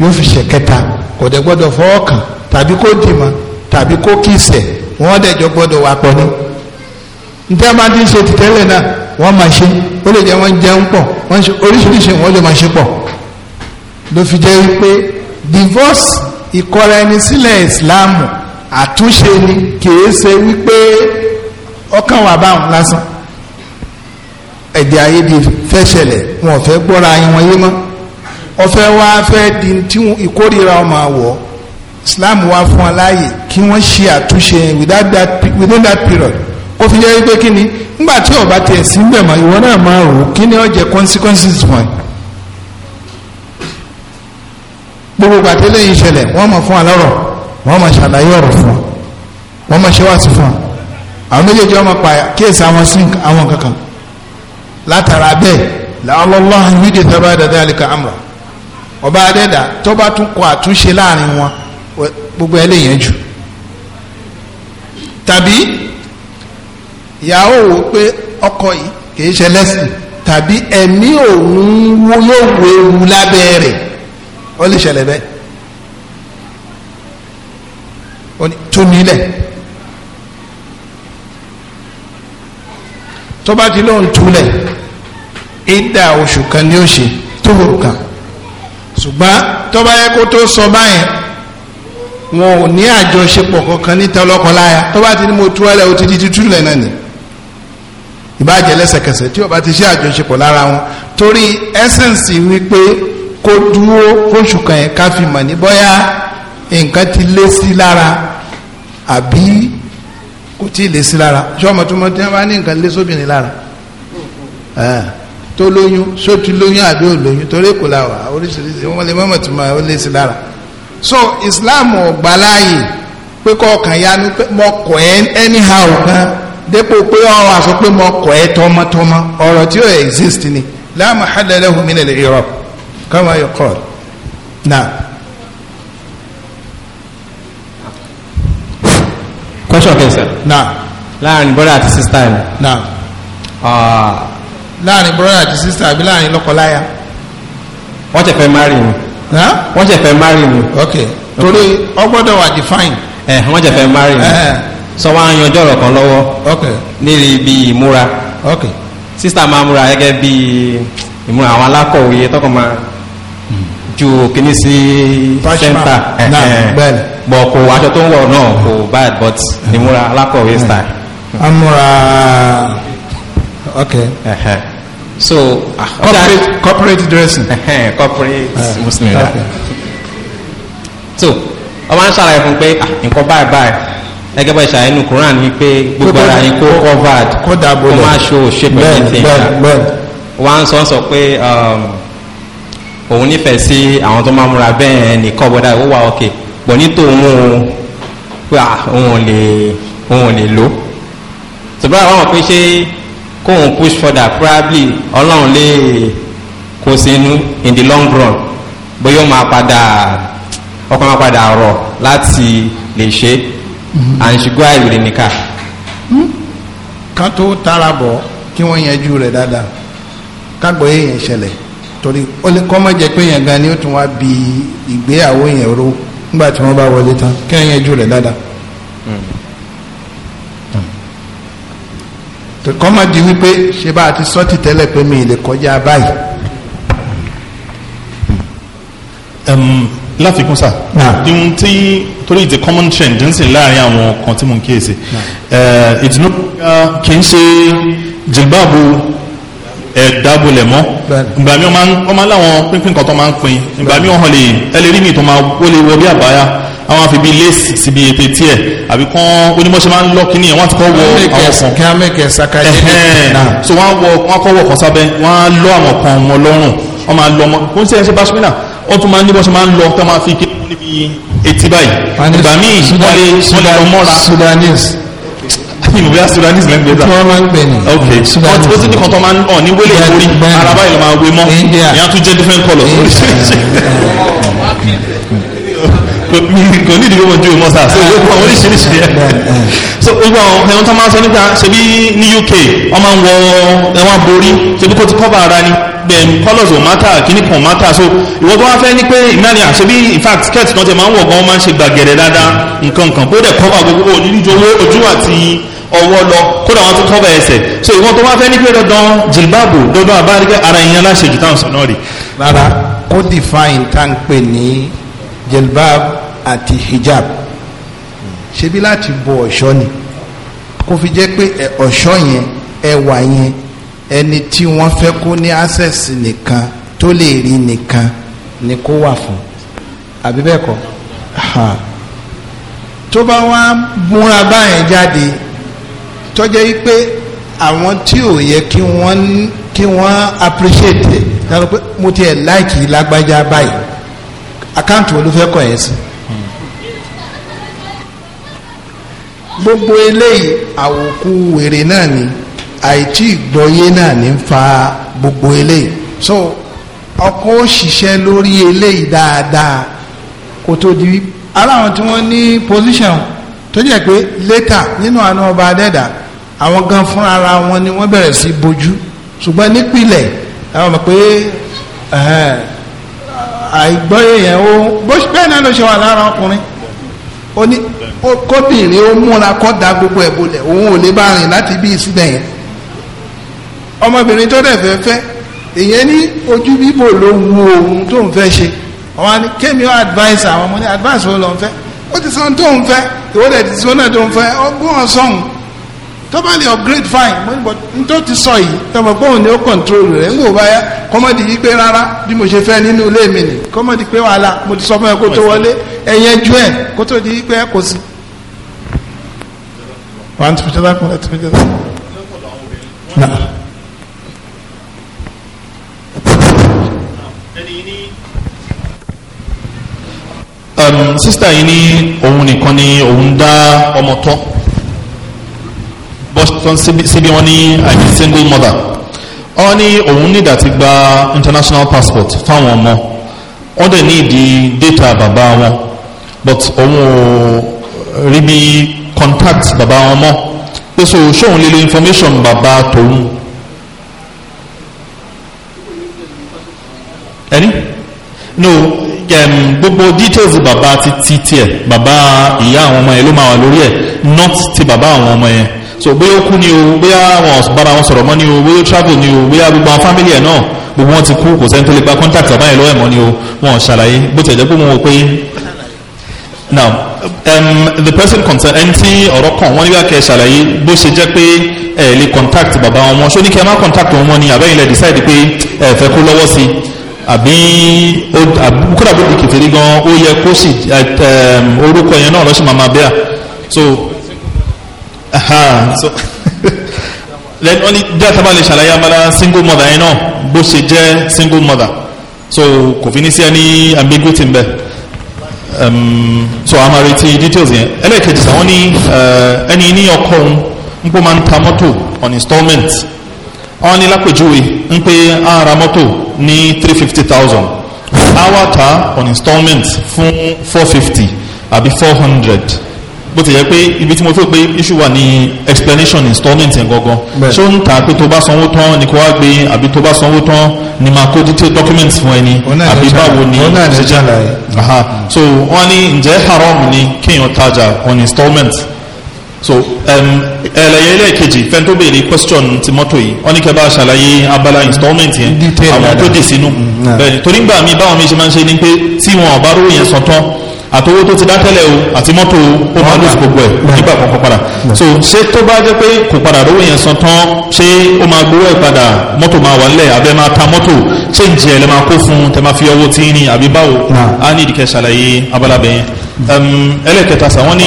yóò fi ṣe kẹta kò dẹ̀ gbọ́dọ̀ fọwọ́ kàn tàbí kó dìmọ̀ tàbí kó kìsẹ̀ wọ́n dẹ̀ jọ gbọ́dọ̀ wà pọ̀ ní. ntẹ́ máa ti ń ṣe tìtẹ́lẹ̀ náà wọ́n máa ṣe ó lè jẹ́ wọ́n jẹun pọ̀ wọ́n ṣe oríṣiríṣi wọ́n jọ máa ṣe pọ̀ ló fi jẹ́ wípé divorce ìkọra ẹni sílẹ̀ ìsìláàmù àtúnṣe ni kì í ṣe wípé ọkàn wà báwọn lásán. èdè àìyedè fẹ́ ṣẹlẹ̀ wọn fẹ́ gbọ́ra ayé wọn yé ọfẹ́ wa fẹ́ di tí ìkórira ọmọ àwọ̀ Islam wa fún wa láàyè kí wọ́n ṣe àtúnṣe without that within that period ó fi jẹ́ pé kí ni nígbà tí ọba sí ìwọ náà máa rò kí ni consequences gbogbo wọ́n fún wa lọ́rọ̀ wọ́n mọ̀ ṣàlàyé ọ̀rọ̀ fún wa wọ́n mọ̀ fún látara bẹ́ẹ̀ làálọ́lọ́ yíde sábà dàda àlìkà amúra ọba adẹ́dà tọ́ba tún kọ àtúnṣe láàrin wọn gbogbo ẹ lè yẹn jù tàbí ìyàwó wò pé ọkọ yìí kìí ṣe lẹ́sìn tàbí ẹ̀mí òun wo yóò wo ewu lábẹ́ rẹ̀ tó bá ti lóun túlẹ̀ ìdá oṣù kan ni ó ṣe tó hòrò kan ṣùgbọ́n tó bá yẹ kó tó sọ báyẹn wọn ò ní àjọṣepọ̀ kankan níta ọlọ́kọláya tó ti ní mo túlẹ̀ ó ti di túlẹ̀ náà ni ìbájẹ́ lẹ́sẹ̀kẹsẹ̀ tí ó bá ti ṣe àjọṣepọ̀ lára wọn torí ẹsẹ̀nsì wípé kó dúró kóṣù kan yẹn ká fi mọ̀ ní bọ́yá nǹkan ti lé sí lára àbí kò tí ì lè sí lára sọmọ tó mọ tí wọn ní nǹkan lé sóbìnrin lára tó lóyún só ti lóyún àbí ò lóyún torí kò la wà oríṣiríṣi wọn lè mọ̀mọ̀ tó máa lé sí lára so Islam ọ̀gbà láàyè pé kọ́ ọkàn ya ni pé mo kọ̀ ẹ́ anyhow kan dépò pé ọ̀rọ̀ àsọ pé mo kọ̀ ẹ́ tọmọtọmọ ọ̀rọ̀ tí ó exist ni la mahalla lahu min al-i'rab kama yuqal náà. láàrin brother àti sister ẹ̀ ah. láàrin brother àti sister àbí láàrin lọ́kọláya wọ́n tẹ̀ marry ni wọ́n tẹ̀ fẹ́ marry ni ok torí ọgbọ́dọ̀ wà define ẹ̀ eh, wọ́n tẹ̀ marry ni sọ wá ń yanjú ọ̀rọ̀ kan lọ́wọ́ ok níbi bí ìmúra ok sister máa múra gẹ́gẹ́ bí ìmúra àwọn alákọ̀wé tọkọ̀ máa hmm. ju kìíní sí sẹ́ńtà ẹ̀ẹ́ bẹ́ẹ̀ But kò aṣọ tó ń wọ̀ náà kò bad but ìmúra alákọ̀wé style. amúra ok. Uh-huh. so ah, corporate corporate dressing. Uh-huh. corporate uh, muslim da. so ọmọ ń ṣàlàyé fún pé ah, nǹkan báyìí báyìí gẹ́gẹ́ bá ìṣàyẹ̀ nù Quran wípé gbogbo ara yín kó covered kó má ṣe òṣèpẹ̀ ní ti ìgbà wọ́n sọ sọ pé um, òun nífẹ̀ẹ́ sí àwọn tó máa múra bẹ́ẹ̀ ní kọ́ bọ́dá ó wà ókè. Okay pọ̀ nítòun pé à òun ò lè òun ò lè lò ṣùgbọ́n àwọn pé ṣé kóun push further probably ọlọ́run lè kó sínú in the long run bóyá ó máa padà ọkọ̀ máa padà rọ̀ láti lè ṣe àǹṣìgbọ́ àìrè nìkan. kan tó tara bọ̀ kí wọ́n yanjú rẹ̀ dáadáa kágbọ́ yẹn ṣẹlẹ̀ torí ó lè kọ́ mọ́ jẹ́ pé yẹn gan ni ó tún wá bi ìgbéyàwó yẹn ro nígbà tí wọ́n bá wọlé tán kí wọ́n yẹn jù rẹ̀ dáadáa. Hmm. Hmm. kọ́ máa di wípé ṣe bá a ti sọ́ọ̀tì tẹ́lẹ̀ pé mi ì lè kọjá báyìí. Hmm. láfikún sá ihun tí torí the common trend ń sìn láàrin àwọn kan tí mo ń kíyèsí ìdùnnú eh, uh, kì í ṣe jìlbáàbù ẹ dábòlẹ̀ mọ́ ìgbà mi wọ́n máa láwọn pínpín kan tó máa ń pin ìgbà mi wọ́n lè ẹlẹ́rìí mi tó máa ó lè wọ bí àbáyá àwọn àfi bíi síbi ètè tiẹ̀ àbí kán onímọ̀ṣẹ́ máa ń lọ kíní ẹ̀ wọ́n ti kọ́ wọ àwọn kan kí so wọ́n wọ wọ́n kọ́ wọ̀ kan sábẹ́ wọ́n á lọ àwọn kan wọn lọ́rùn wọ́n máa lọ wọn kó ń sẹ́yìn sí basmina wọ́n tún máa ń níbọ̀ sí máa ń lọ tó máa fi kí níbi etí báyìí ìgbà míì wọ́n lè wọ́n lè lọ mọ́ra ìmọ̀ bíi sudanese lẹ́gbẹ̀ẹ́ ta. tí wọ́n máa ń gbẹ̀ ni. ok ti ní máa ń hàn ní wẹ́lẹ̀ orí araba yìí máa wé mọ́ ìyá tún jẹ́ different colours kò ní ìdílé wọn ju ìmọ̀ sáà so ah. yóò kó oríṣiríṣi yẹn. so ìgbà ẹ̀wọ̀n tó máa ń sọ nípa ṣebí ní uk wọ́n máa ń wọ ẹ̀wọ̀n borí ṣebí kó ti kọ́ bá ara ni then colours will matter kini kan matter so ìwọ tó wá fẹ́ ni pé ìnáni àṣebí in fact skirt kan tẹ máa ń wọ̀ gan-an máa ń ṣe gbàgẹ̀rẹ̀ dáadáa nǹkan kan bó dẹ̀ kọ́ wà gbogbo onídìjọ owó ojú àti ọwọ́ lọ kódà wọn tún kọ́ bẹ̀ ẹsẹ̀ so ìwọ́n tó wá fẹ́ ní pé dandan jìlbáàbò dandan àbáríkẹ́ ara ìyẹn aláṣẹ jù táwọn sọ̀nà rí. rárá ó define tá ní jilbab àti hijab ṣebí láti bo ọ̀ṣọ́ ni kó fi jẹ́ pé ọ̀ṣọ́ yẹn ẹwà yẹn ẹni tí wọ́n fẹ́ kó ní access nìkan tó lè rí nìkan ni kó wà fún àbí bẹ́ẹ̀ kọ́ tó bá wá múra báyẹn jáde tọ́jẹ́ yìí pé àwọn tí ò yẹ kí wọ́n kí wọ́n appreciate ẹ̀ lọ́nà pé mo tiẹ̀ láìkì lágbájá báyìí àkáǹtì wo ló fẹ́ kọ̀ ẹ́ sí. gbogbo eléyìí àwòkù wèrè náà ni àìtí ìgbọ́yé náà ní fa gbogbo eléyìí so ọkọ ó ṣiṣẹ́ lórí eléyìí dáadáa kó tó di ara àwọn tí wọ́n ní position tó jẹ́ pé létà nínú àánú ọba adẹ́dà àwọn gan fún ara wọn ni wọ́n bẹ̀rẹ̀ sí bojú ṣùgbọ́n nípìnlẹ̀ àwọn mọ̀ pé àìgbọ́yé yẹn ó bẹ́ẹ̀ náà ló ṣe wà lára ọkùnrin ó ní kóbìnrin ó múra kọ́ da gbogbo ẹ̀ bolẹ̀ òun ò lè bá rìn láti bí ìsílẹ̀ yẹn ọmọbìnrin tó dẹ̀ fẹ́ fẹ́ èyàn ní ojú bíbò ló wu ohun tó ń fẹ́ ṣe àwọn kémi ó advice àwọn ọmọ ní advice ó lọ ń fẹ́ o ti sọ tó ń fẹ́ ìwọ dẹ̀ ti sọ náà tó ń fẹ́ ọgbọ́n ọ̀sọ́hún tó bá lè upgrade fine mo ní bọ̀ n tó ti sọ yìí tọmọ pé òun ni ó control rẹ̀ ń wò báyà kọ́mọ́dì yìí pé rárá bí mo ṣe fẹ́ nínú ilé mi nì kọ́mọ́dì pé wàhálà mo ti sọ fún ẹ kó tó wọlé ẹ̀yẹ ju ẹ̀ kó tó di pé ẹ kò sí. wàá tún fi jẹ́ lápò ẹ tún fi jẹ́ sísítà yìí ní òun nìkan ni òun dá ọmọ tọ́ bọ́sítọ́n síbi wọn ní àìní single mother wọ́n ní òun nídà ti gba international passport fáwọn ọmọ wọ́n dẹ̀ ní ìdí data bàbá wọn but òun ò rí bí contact bàbá wọn mọ́ pé so ṣóun lè information bàbá tòun. ẹni no um, gbogbo details bàbá ti ti tiẹ̀ bàbá ìyá àwọn ọmọ yẹn ló máa wà lórí ẹ̀ not ti bàbá àwọn ọmọ yẹn so bóyá ó kú ni o bóyá wọn bára wọn sọ̀rọ̀ mọ́ ni o bóyá ó travel ni o bóyá gbogbo àwọn family ẹ̀ náà gbogbo wọn ti kú kò sẹ́ni tó lè gba contact bàbá yẹn lọ́wọ́ ẹ̀ mọ́ ni o wọn ṣàlàyé bó tẹ̀ jẹ́ pé wọn ò pé now um, the person concerned ẹni tí ọ̀rọ̀ kan wọ́n ní wíwá kẹ́ ẹ ṣàlàyé bó ṣe jẹ́ pé ẹ lè contact Baba wọn mọ́ ṣó ní kí ẹ má contact wọn mọ́ ni àbẹ́yìn lẹ́ decide pé ẹ fẹ́ kó lọ́wọ́ sí i àbí kódà bó di kìtìrí gan ó yẹ kó sì orúkọ yẹn náà lọ́sùn màmá bẹ́ẹ̀ so lẹ́nu ọ́n ní bí àtàbà lè ṣàlàyé abala single mother yẹn náà bó ṣe jẹ́ single mother so kò fi ní sí ẹni ambiguity ń bẹ so a retí details yẹn ẹlẹ́ẹ̀kejì sàwọn ní ẹni ní ọkọ òun ń pọ́ máa ń ta mọ́tò on installment wọ́n ní lápèjúwe ń pé a ra mọ́tò ní three fifty thousand àwa ta on installment fún four fifty àbí four hundred bó ti yẹ pé ibi tí mo fẹ́ pé issue wà ní explanation installment yẹn gangan ṣé ó ń ta pé tó bá sanwó tán ni kò wá gbé àbí tó bá sanwó tán ni máa kó detail documents fún ẹni àbí báwo ni ṣe jẹ́ so wọ́n ní ǹjẹ́ haram ni kéèyàn tajà on installment so um, ẹlẹyẹ lẹ́ẹ̀kejì fẹn tó béèrè question ti mọ́tò yìí wọ́n ní kẹ́ bá ṣàlàyé abala installment yẹn àwọn tó dì sínú bẹ́ẹ̀ni torí gbà mí báwọn mi ṣe máa ń ṣe ni pé tí wọn ọba rówó yẹn sàn tán tó ti dá tẹ́lẹ̀ o àti mọ́tò o ó máa lóṣù gbogbo ẹ̀ nígbà kan padà so ṣé tó bá jẹ́ pé kò padà rówó yẹn san tán ṣé ó máa gbowó ẹ̀ padà mọ́tò máa wà nílẹ̀ abẹ́ máa ta mọ́tò ṣé ǹjẹ́ ẹ lè máa kó fún tẹ máa tí ń rìn àbí báwo abala bẹ́yẹn. Um, ẹlẹ́kẹta sà wọ́n ní.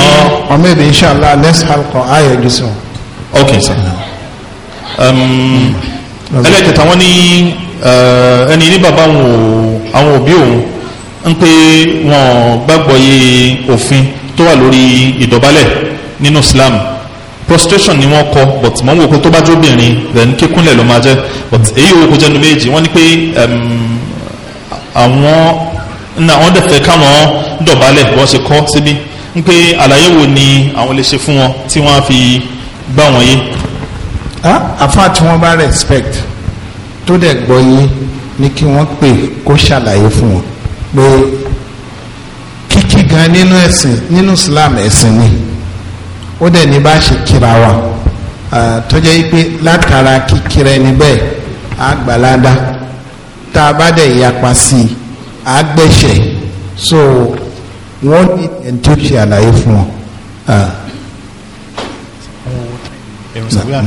or oh, maybe inshallah next halqa ayé ju ok sir. Um, ẹlẹ́kẹta wọ́n ní uh, ẹni ní bàbá àwọn òbí òun ń pé wọn gbàgbọ́ yé òfin tó wà lórí ìdọ̀bálẹ̀ nínú Islam prostration ni wọ́n kọ but mọ̀ ń wò tó bá jóbìnrin then kíkúnlẹ̀ ló máa jẹ́ but èyí òkú jẹ́nu méjì wọ́n ní pé um, àwọn na wọn dẹfẹ káwọn dọ̀bálẹ̀ bọ ṣe kọ síbi ń pé àlàyé wo ni àwọn lè ṣe fún wọn tí wọn fi gbà wọn yé. àfa tí wọn bá respect tó dẹ̀ gbọ́ yín ni kí wọ́n pè kó ṣàlàyé fún wọn pé kíkí gan nínú ẹ̀sìn nínú Islam ẹ̀sìn ni ó dẹ̀ ní bá ṣe kíra wa tó jẹ́ pé látara kíkira ẹni bẹ́ẹ̀ àgbàládá tá a bá dẹ̀ yapa sí i àgbẹ̀ṣẹ̀ so wọ́n ní ẹni tó ṣe àlàyé fún wọn. Ah. Mm-hmm.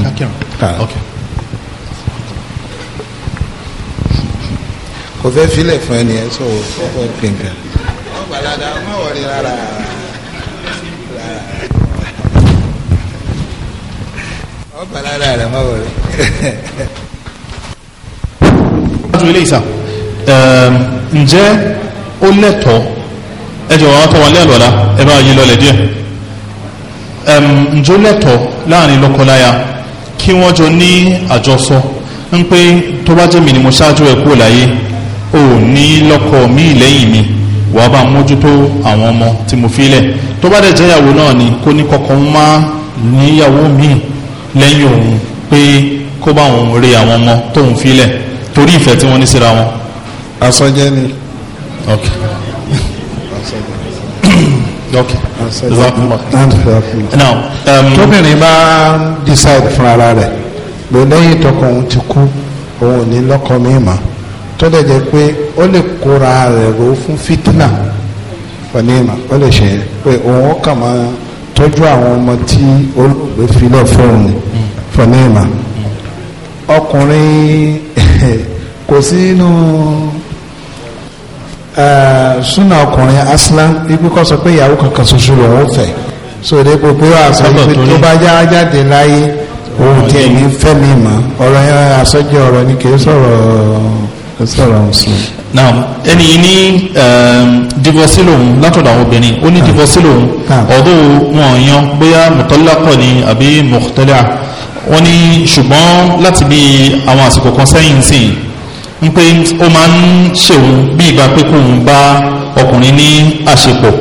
Ah. kò fẹ́ filẹ̀ fún ẹni ẹ sọ wọ́n fẹ́ pínpín. wọ́n gbàdá wọ́n wọlé rárá. wọ́n gbàdá rárá wọ́n wọlé. wọ́n tún ilé ìsà ǹjẹ́ ó lẹ́tọ̀ọ́ ẹjọ́ wa tó wà ní àlọ́lá ẹ bá yí lọlẹ̀ díẹ̀ ǹjọ́ lẹ́tọ̀ọ́ láàrin lọ́kọláya kí wọ́n jọ ní àjọsọ ń pé tó bá jẹ́ mi ni mo ṣáájú ẹ̀ kúrò láyé ò ní lọ́kọ mi lẹ́yìn mi wà á bá mójútó àwọn ọmọ tí mo fi lẹ̀ tó bá dẹ̀ jẹ́ ìyàwó náà ni kó ní kọ́kọ́ máa níyàwó mi lẹ́yìn òun pé kó bá òun rí àwọn ọmọ tóun fi lẹ̀ torí ìfẹ́ tí wọ́n ní síra wọn asọjẹ ni ok ok now um, tóbìnrin bá decide fún ara rẹ̀ pé lẹ́yìn tọkọ òun ti kú òun ò ní lọ́kọ mi mọ́ tó dẹ̀ jẹ́ pé ó lè kóra rẹ̀ ró fún fitna onímọ̀ ó lè ṣe pé òun kàn máa tọ́jú àwọn ọmọ tí olóògbé filẹ̀ fóun ni onímọ̀ ọkùnrin kò sí inú. No, Eh, súnà ọkùnrin aslan ibi kọ́ sọ pé ìyàwó kankan ṣoṣo rẹ̀ ó fẹ́ so èdè kò pé wàá sọ pé tó bá já jáde láyé òun tiẹ̀ ní fẹ́ mọ́ ọ̀rọ̀ yẹn àsọjẹ́ ọ̀rọ̀ ni kì í sọ̀rọ̀ kì í sọ̀rọ̀ ọ̀sùn. now ẹni yìí ní ehm, divorce lòun látọ̀dọ̀ àwọn obìnrin ó ní ah. divorce lòun ọ̀dọ́ ah. wọn yan bóyá mọ̀tọ́lákọ̀ ni àbí mọ̀tọ́lá wọn ní ṣùgbọ́n láti bí àwọn àsìkò kan sẹ́yìn sìn ń pé ó máa ń ṣèwọ́n bí ìgbà pé kóun bá ọkùnrin ní àṣepọ̀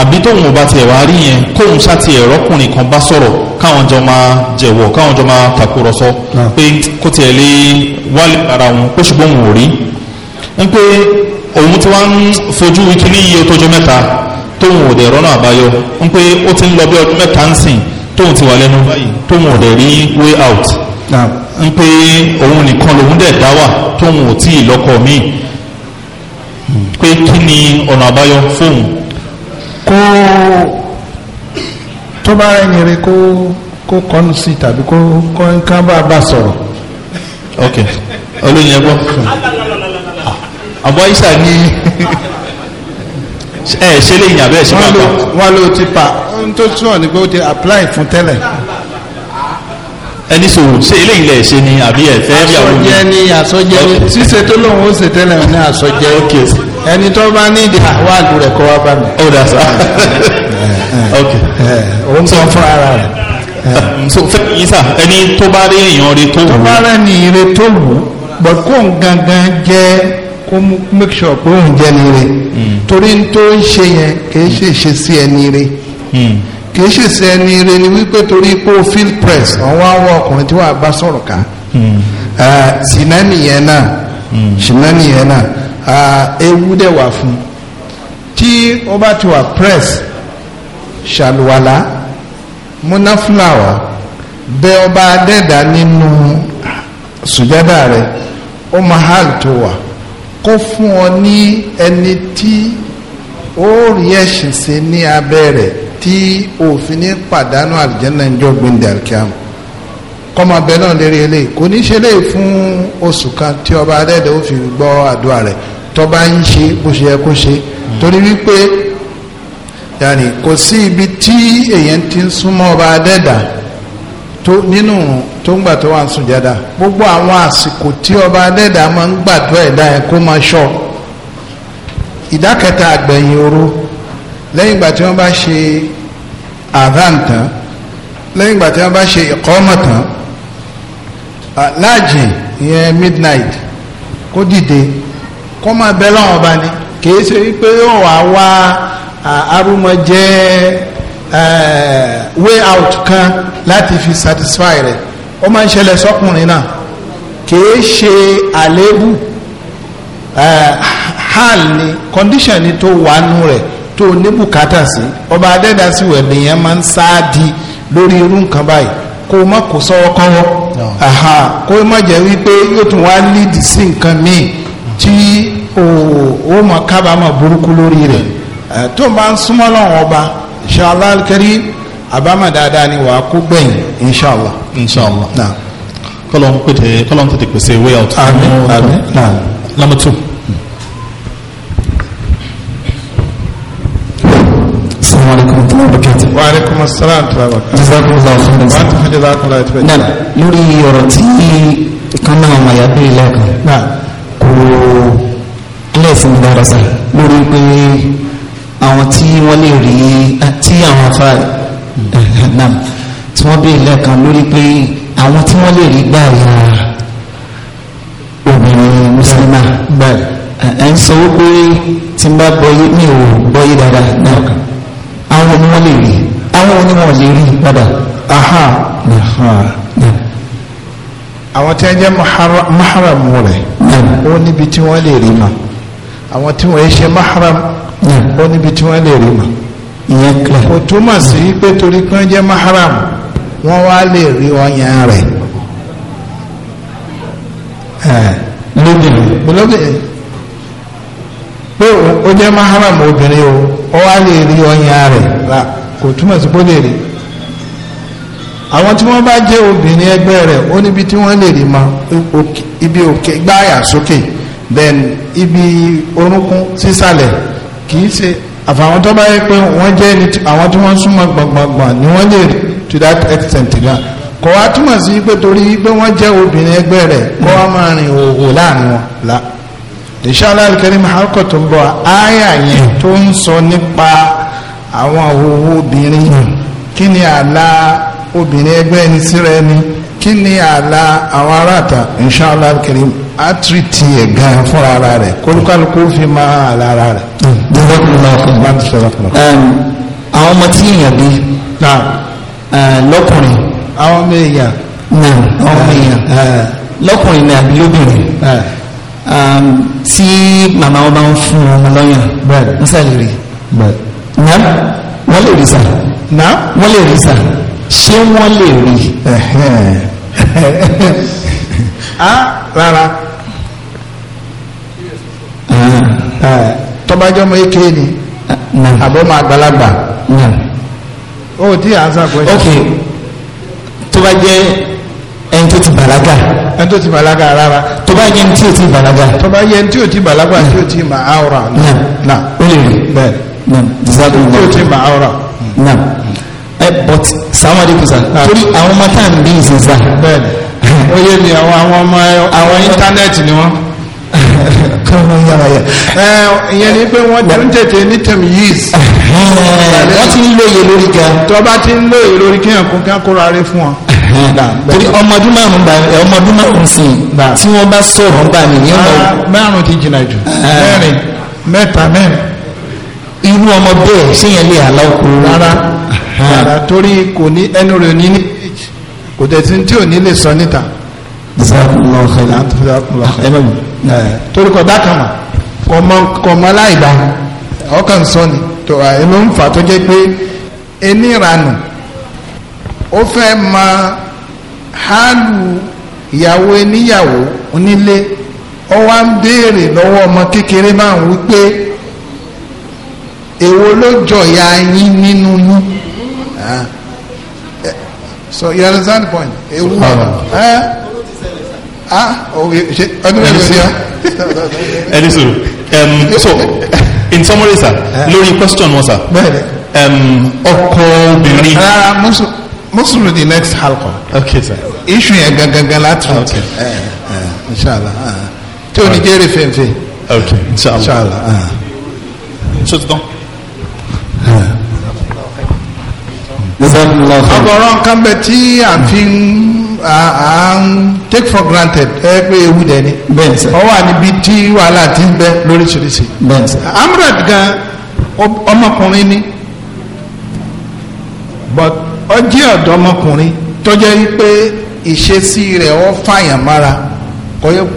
àbí tóun ò bá tiẹ̀ wá rí yẹn kóun ṣáti ẹ̀rọ ọkùnrin kan bá sọ̀rọ̀ káwọn jọ máa jẹ̀wọ̀ káwọn jọ máa tàkúrọ̀sọ pé kó tiẹ̀ lè wálé ara wọn pé ṣùgbọ́n òun ò rí ń pé òun ti wá ń fojú kíní iye tójọ́ mẹ́ta tóun ò dẹ̀ rọ́nà àbáyọ ń pé ó ti ń lọ bí ọdún mẹ́ta ń sìn tóun ti wà lẹ́nu báyìí tóun ò dẹ̀ rí way out ń pé òun nìkan lòun dẹ̀ dá wà tóun ò tí ì lọ́kọ míì hmm, pé kí ni ọ̀nà àbáyọ fóun. kó tó bá rẹ̀yìn rẹ̀ kó kó kọ́nù sí tàbí kó kọ́ nǹkan bá a bá sọ̀rọ̀. ok olóyìn ẹgbọ́ àbọ̀ isa ní ẹ ṣe lè yàn bẹ́ẹ̀ sí bàbá. wọ́n lo pa ohun tó túnọ̀ ni pé ó ti apply fún tẹ́lẹ̀. ẹni sòwò ṣe eléyìí lẹ̀ ṣe ni àbí ẹ̀fẹ́ ìyàwó mi. àsọjẹ ni àsọjẹ ṣíṣe tó lóun ó ṣe tẹ́lẹ̀ ní àsọjẹ ẹni tó bá ní ìdí àwọn àlù rẹ̀ kọ́ wá bá mi. Oh, ó sá ok. òun sọ fún ara rẹ̀. Ah, so fẹ́ẹ́ yín sà ẹni tó bá rí èèyàn rí tó wù. tó bá rẹ̀ ní ire tó wù but kó n gangan jẹ́ kó make sure pé òun jẹ́ ní ire hmm. torí tó ń ṣe yẹn kì í ṣe ìṣesí ẹni ire kìí ṣe ṣe ẹni rẹ ni wípé torí pé o feel press àwọn àwọn ọkùnrin tí wàá bá sọ̀rọ̀ ká ṣìnà hmm. nìyẹn náà ṣìnà hmm. nìyẹn náà ewu dẹ̀ wà fún tí o bá ti wà press ṣàlùwàlá múnáfúláwà bẹ ọba adẹ́dà nínú sùjádà rẹ ó máa hàl tó wà kó fún ọ ní ẹni tí ó rí ẹ̀sìn sí ní abẹ́ rẹ̀ tí òfin ní pàdánù àlìjẹ́nà ìjọ gbẹ̀ndẹ̀ àlìkíyàm kọ́mọ bẹ́ẹ̀ náà lérí eléyìí kò ní ṣe léyìí fún oṣù kan tí ọba adẹ́dẹ́ ó fi gbọ́ àdúrà rẹ̀ tọ́ba ń ṣe bó ṣe yẹ kó ṣe hmm. torí wípé yàní kò sí ibi tí èèyàn ti ń súnmọ́ ọba adẹ́dà tó nínú tó ń gbà tó wà ń sùn jáda gbogbo àwọn àsìkò tí ọba adẹ́dà máa ń gbàdúrà ẹ̀dá yẹn kó máa ṣọ́ ìdákẹ́ta àgbẹ̀yìn òru lẹ́yìn ìgbà tí wọ́n bá ṣe àdán tán lẹ́yìn ìgbà tí wọ́n bá ṣe ìkọ́mọ̀ láàjì ìyẹn midnight kó dìde kó máa bẹ lọ́wọ́ bá ní kìí ṣe wípé yóò wá wá arúmọjẹ way out kan láti fi satisfy rẹ̀ ó máa ń ṣẹlẹ̀ sọ́kùnrin náà kìí ṣe àléébù hàn ní condition ni tó wà nù rẹ̀ tó ní bùkátà sí ọba adẹ́dá sí wẹ̀ nìyẹn máa ń sáàdì lórí irú nǹkan báyìí kó o má kó sọ́wọ́ kọ́wọ́ kó o má jẹ́ wípé yóò tún wá lídì sí nǹkan míì tí o mọ̀ kábàámọ̀ burúkú lórí rẹ̀ tó o bá ń súnmọ́ lọ́wọ́ ọba inshallah kẹrí àbámọ̀ dáadáa ni wàá kó gbẹ̀yìn inshallah. inshallah kọlọ́n tètè pèsè way out. àmín àmín. number two. wa aleykum asalaam tí a bá kà. jazakumullahu khairan. wà á ti fi jazakumullahu ètò ẹ̀. náà lórí ọ̀rọ̀ tí kan náà ọmọ ìyá bẹ́ẹ̀ lẹ́ẹ̀kan kò lẹ́ẹ̀sìn dára sa lórí pé àwọn tí wọ́n lè rí eh, tí àwọn afá eh, náà tí wọ́n bẹ́ẹ̀ lẹ́ẹ̀kan lórí pé àwọn tí wọ́n lè rí gbà ya obìnrin mùsùlùmá eh, ẹ̀ ń sọ wípé tí n bá bọ́ yé mi ò bọ́ yé dáadáa náà àwọn ni wọ́n lè rí àwọn onímọ̀ lè rí padà. aha àwọn tí wọ́n jẹ́ maharam rẹ̀ ó níbi tí wọ́n lè rí ma àwọn tí wọ́n ṣe maharam ó níbi tí wọ́n lè rí ma kò túmọ̀ sí pé torí pé wọ́n jẹ́ maharam wọ́n wá lè rí ọyàn rẹ̀ lóbìnrin pé ó jẹ́ maharam obìnrin o wá lè rí ọyàn rẹ̀ kò túmọ̀ sí pé ó lè rí àwọn tí wọ́n bá jẹ́ obìnrin ẹgbẹ́ rẹ̀ ó níbi tí wọ́n lè rí ma ibi òkè gbáyà sókè then ibi orúnkún sísàlẹ̀ kì ṣe àfàwọn tó bá yẹ pé wọ́n jẹ́ àwọn tí wọ́n súnmọ́ gbọ̀ngbọ̀ngbọ̀n ni wọ́n lè rí to that extent náà kò wá túmọ̀ sí pé torí pé wọ́n jẹ́ obìnrin ẹgbẹ́ rẹ̀ kó wá máa rìn òwò láàrin wọn la inshallah al-karim àkọ́tún bọ̀ áyà yẹn tó ń sọ nípa àwọn òwò obìnrin kí ni àlà obìnrin ẹgbẹ́ ẹni síra ẹni kí ni àlà àwọn aráàta inṣàlá kìrìm àtúntì ẹ̀ gan fúnra ara rẹ̀ kólúkálukú fi máa àlà ara rẹ̀. jẹ́wọ́ kí máa fún bá ti sọ̀rọ̀ fún ọ. àwọn ọmọ tí èèyàn bí lọ́kùnrin. àwọn ọmọ èèyàn. àwọn ọmọ èèyàn lọ́kùnrin ni àbí lóbìnrin tí màmá wọn bá ń fún ọmọ lọ́yàn wọ́n sàlẹ̀ rí na wọ́n lè rí sà na wọ́n lè rí sà ṣé wọ́n lè rí. a ah, rárá ah. Eh, tọ́bajọ́ mọ eke ni àbọ̀ máa gbalagbà o ti à ń ok tó bá jẹ́ ẹni tó ti bàlágà. ẹni tó ti bàlágà rárá. tó bá jẹ́ ẹni tí ò ti bàlágà. tó bá jẹ́ ẹni tí ò ti bàlágà tí ò ti mà áwòrán. na na o lè rí bẹ́ẹ̀ tí o ti ń bá ọ̀rọ̀. ẹ bọ́t sàmú àdínkù sà tá à ń bí ìsìn sà. bẹ́ẹ̀ni ó yé mi àwọn àwọn ọmọ àwọn íńtánẹ́ẹ̀tì ni wọ́n. Eh, ìyẹn ni pé wọ́n ti ń tètè ní term years. Eh, wọ́n ti ń lóye lórí ga. tọ́ba ti ń lóye lórí kéèyàn kó kí kóra rí fún ọ eh, torí ọmọdún márùn bá ọmọdún márùn sí tí wọ́n bá sọ̀rọ̀ bá mi ní ọmọ. Ah, márùn ti jìnnà jù mẹ́rin mẹ́ta mẹ́rin irú ọmọ bẹ́ẹ̀ séèyàn lè àlá òkú rárá. torí kò ní ẹnu rẹ̀ ní kò tẹ̀sí tí ò ní lè sọ níta. torí kò dá kan mà kò mọ aláìgbá ọkàn sọ ni tó ẹnu ń fà tó jẹ́ pé ẹni ìranù ó fẹ́ ma hálù ìyàwó ẹníyàwó onílé ó wá ń béèrè lọ́wọ́ ọmọ kékeré máa ń wí pé èwo ló jọ̀yà yín nínú yín so you understand the point èwo ọdún mẹ́rin ni ọ. ẹni sọ̀rọ̀ so in summary sir lórí question wọn sir ọkọ obìnrin. rárá mùsùlùmí the next halqa. okay sir. issue yẹn gangan láti. okay inshallah tí o ní jẹ́rìí fẹ́ǹfẹ́. okay inshallah. inshallah. ṣé o ti tán. ọ̀gọ̀rọ̀ nǹkan bẹ tí a fi ń take for granted ẹ pé ewu dẹ ni ọ wà níbi tí wàhálà ti ń bẹ lóríṣiríṣi amrad gan ọmọkùnrin ni but ó jẹ́ ọ̀dọ́mọkùnrin tó jẹ́ pé ìṣesí rẹ̀ ó fàyàn mára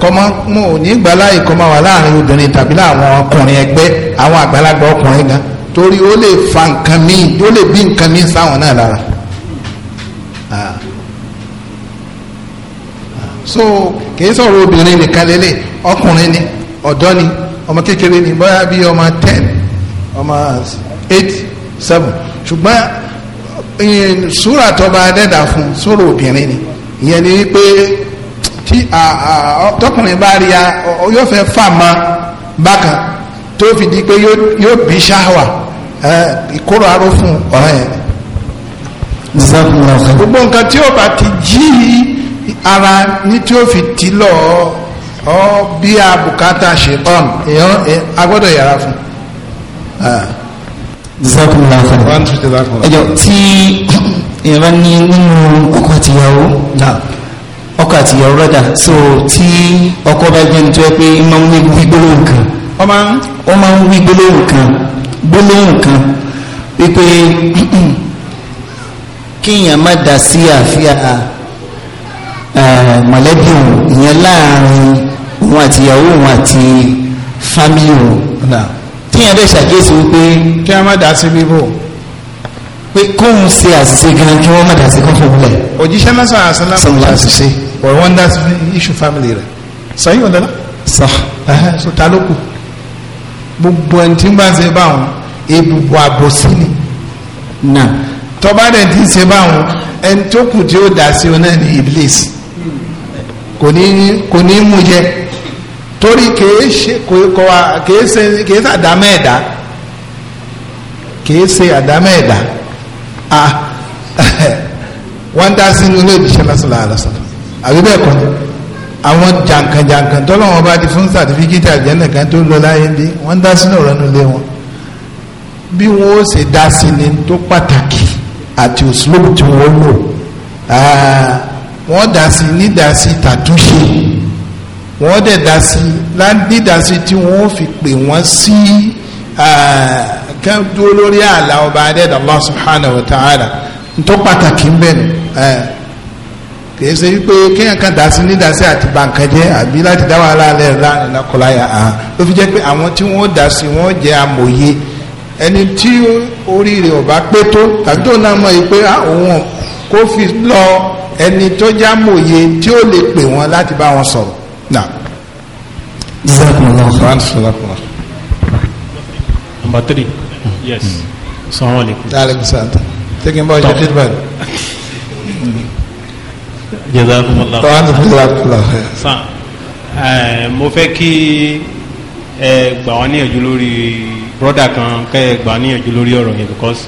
kọ́mọ́ mo ò ní gbàláyè kọ́mọ́ wà láàrin obìnrin tàbí láwọn ọkùnrin ẹgbẹ́ àwọn àgbàlagbà ọkùnrin gan torí ó lè fa nǹkan míì ó lè bí nǹkan míì sáwọn náà lára ah. Ah. so kìí sọ̀rọ̀ obìnrin nìkan lélẹ̀ ọkùnrin ni ọ̀dọ́ ni ọmọ kékeré ni bóyá bíi ọmọ ten ọmọ eight seven ṣùgbọ́n sùúrà tọba adẹ́dà fún sọ̀rọ̀ obìnrin ni ìyẹn ni pé tí tọkùnrin bá rí a yóò fẹ́ fà má bákan tó fi di pé yóò bí ṣáwà ìkóró aró fún ọ̀ràn yẹn. gbogbo nǹkan tí o bá ti jí ara ní tí o fi tì lọ ọ bí a bùkátà ṣe tán èèyàn agbọ́dọ̀ yàrá fún. ẹjọ tí èèyàn bá ní nínú ọkọ àtìyàwó ọkọ àtìyàwó rẹ́dà so tí ọkọ bá jẹ́ nítorí pé máa ń wí gbólóhùn kan ń gbólóhùn kan wípé kíyàn má dá sí àfíà mọ̀lẹ́bí òun ìyẹn láàrin òun àti ìyàwó òun àti fámílì òun tíyàn dẹ̀ ṣàkíyèsí wípé kí wọ́n má dá sí bíbò pé kóun ṣe àṣìṣe gan kí wọ́n má dá sí kọ́kọ́ wọlé. òjíṣẹ́ lásán àṣìṣe lásán àṣìṣe ọ̀rọ̀ dá sí iṣu fámílì rẹ̀ sọ yìí ọ̀dọ́lá. sọ. so ta ló kù gbogbo ẹni tí ń bá ṣe báwọn ebùbù àbòsí ni nà tọ́ba dẹ̀ ti ṣe báwọn ẹni tí ó dà ọ náà ní iblis kò ní kò ní mú jẹ torí kèé ṣe kò wá kèé ṣe kèé ṣe àdámẹ́ ẹ̀dá kèé ṣe àdámẹ́ ẹ̀dá a wọ́n dá sínú ilé ìbísẹ́ lásìlá àlọ́sọ̀rọ̀ àbí bẹ́ẹ̀ kọ́ ni àwọn jàǹkànjàǹkàn tọ́lọ́wọ́n bá ti fún sàtífíkẹ́tì àjẹ́nà kan tó lọ láyé bí wọ́n ń dá sínú ọ̀rọ̀ nílé wọn bí wọ́n ó ṣe dá sí ni tó pàtàkì àti òṣùlóòbù tí wọ́n lò ah, wọ́n dá sí nídásí tàtúnṣe wọ́n dẹ̀ dá sí nídásí tí wọ́n fi pè wọ́n sí ah, kẹ́ńtú lórí ààlà ọba adẹ́dàá Allah subhanahu wa ta'ala tó pàtàkì ń bẹ̀rẹ̀ kìí ṣe wípé kéèyàn kan dàsí ní dàsí àti bàǹkà jẹ́ àbí láti dá wàhálà alẹ́ rà nínàkọláyà hàn ló fi jẹ́ pé àwọn tí wọ́n dàsí wọ́n jẹ́ amòye ẹni tí orí rẹ̀ ọba pé tó tàbí tó náà mọ̀ yìí àwọn kò fi lọ ẹni tó já mòye tí ó lè pè wọ́n láti bá wọn sọ̀rọ̀ náà. number three yes. Hmm. salaam aleykum. aleykum salaam. taking about your feedback. Eh, mo fẹ́ kí ẹ gbà wá níyànjú lórí broda kan kẹ́ ẹ gbà níyànjú lórí ọ̀rọ̀ yẹn because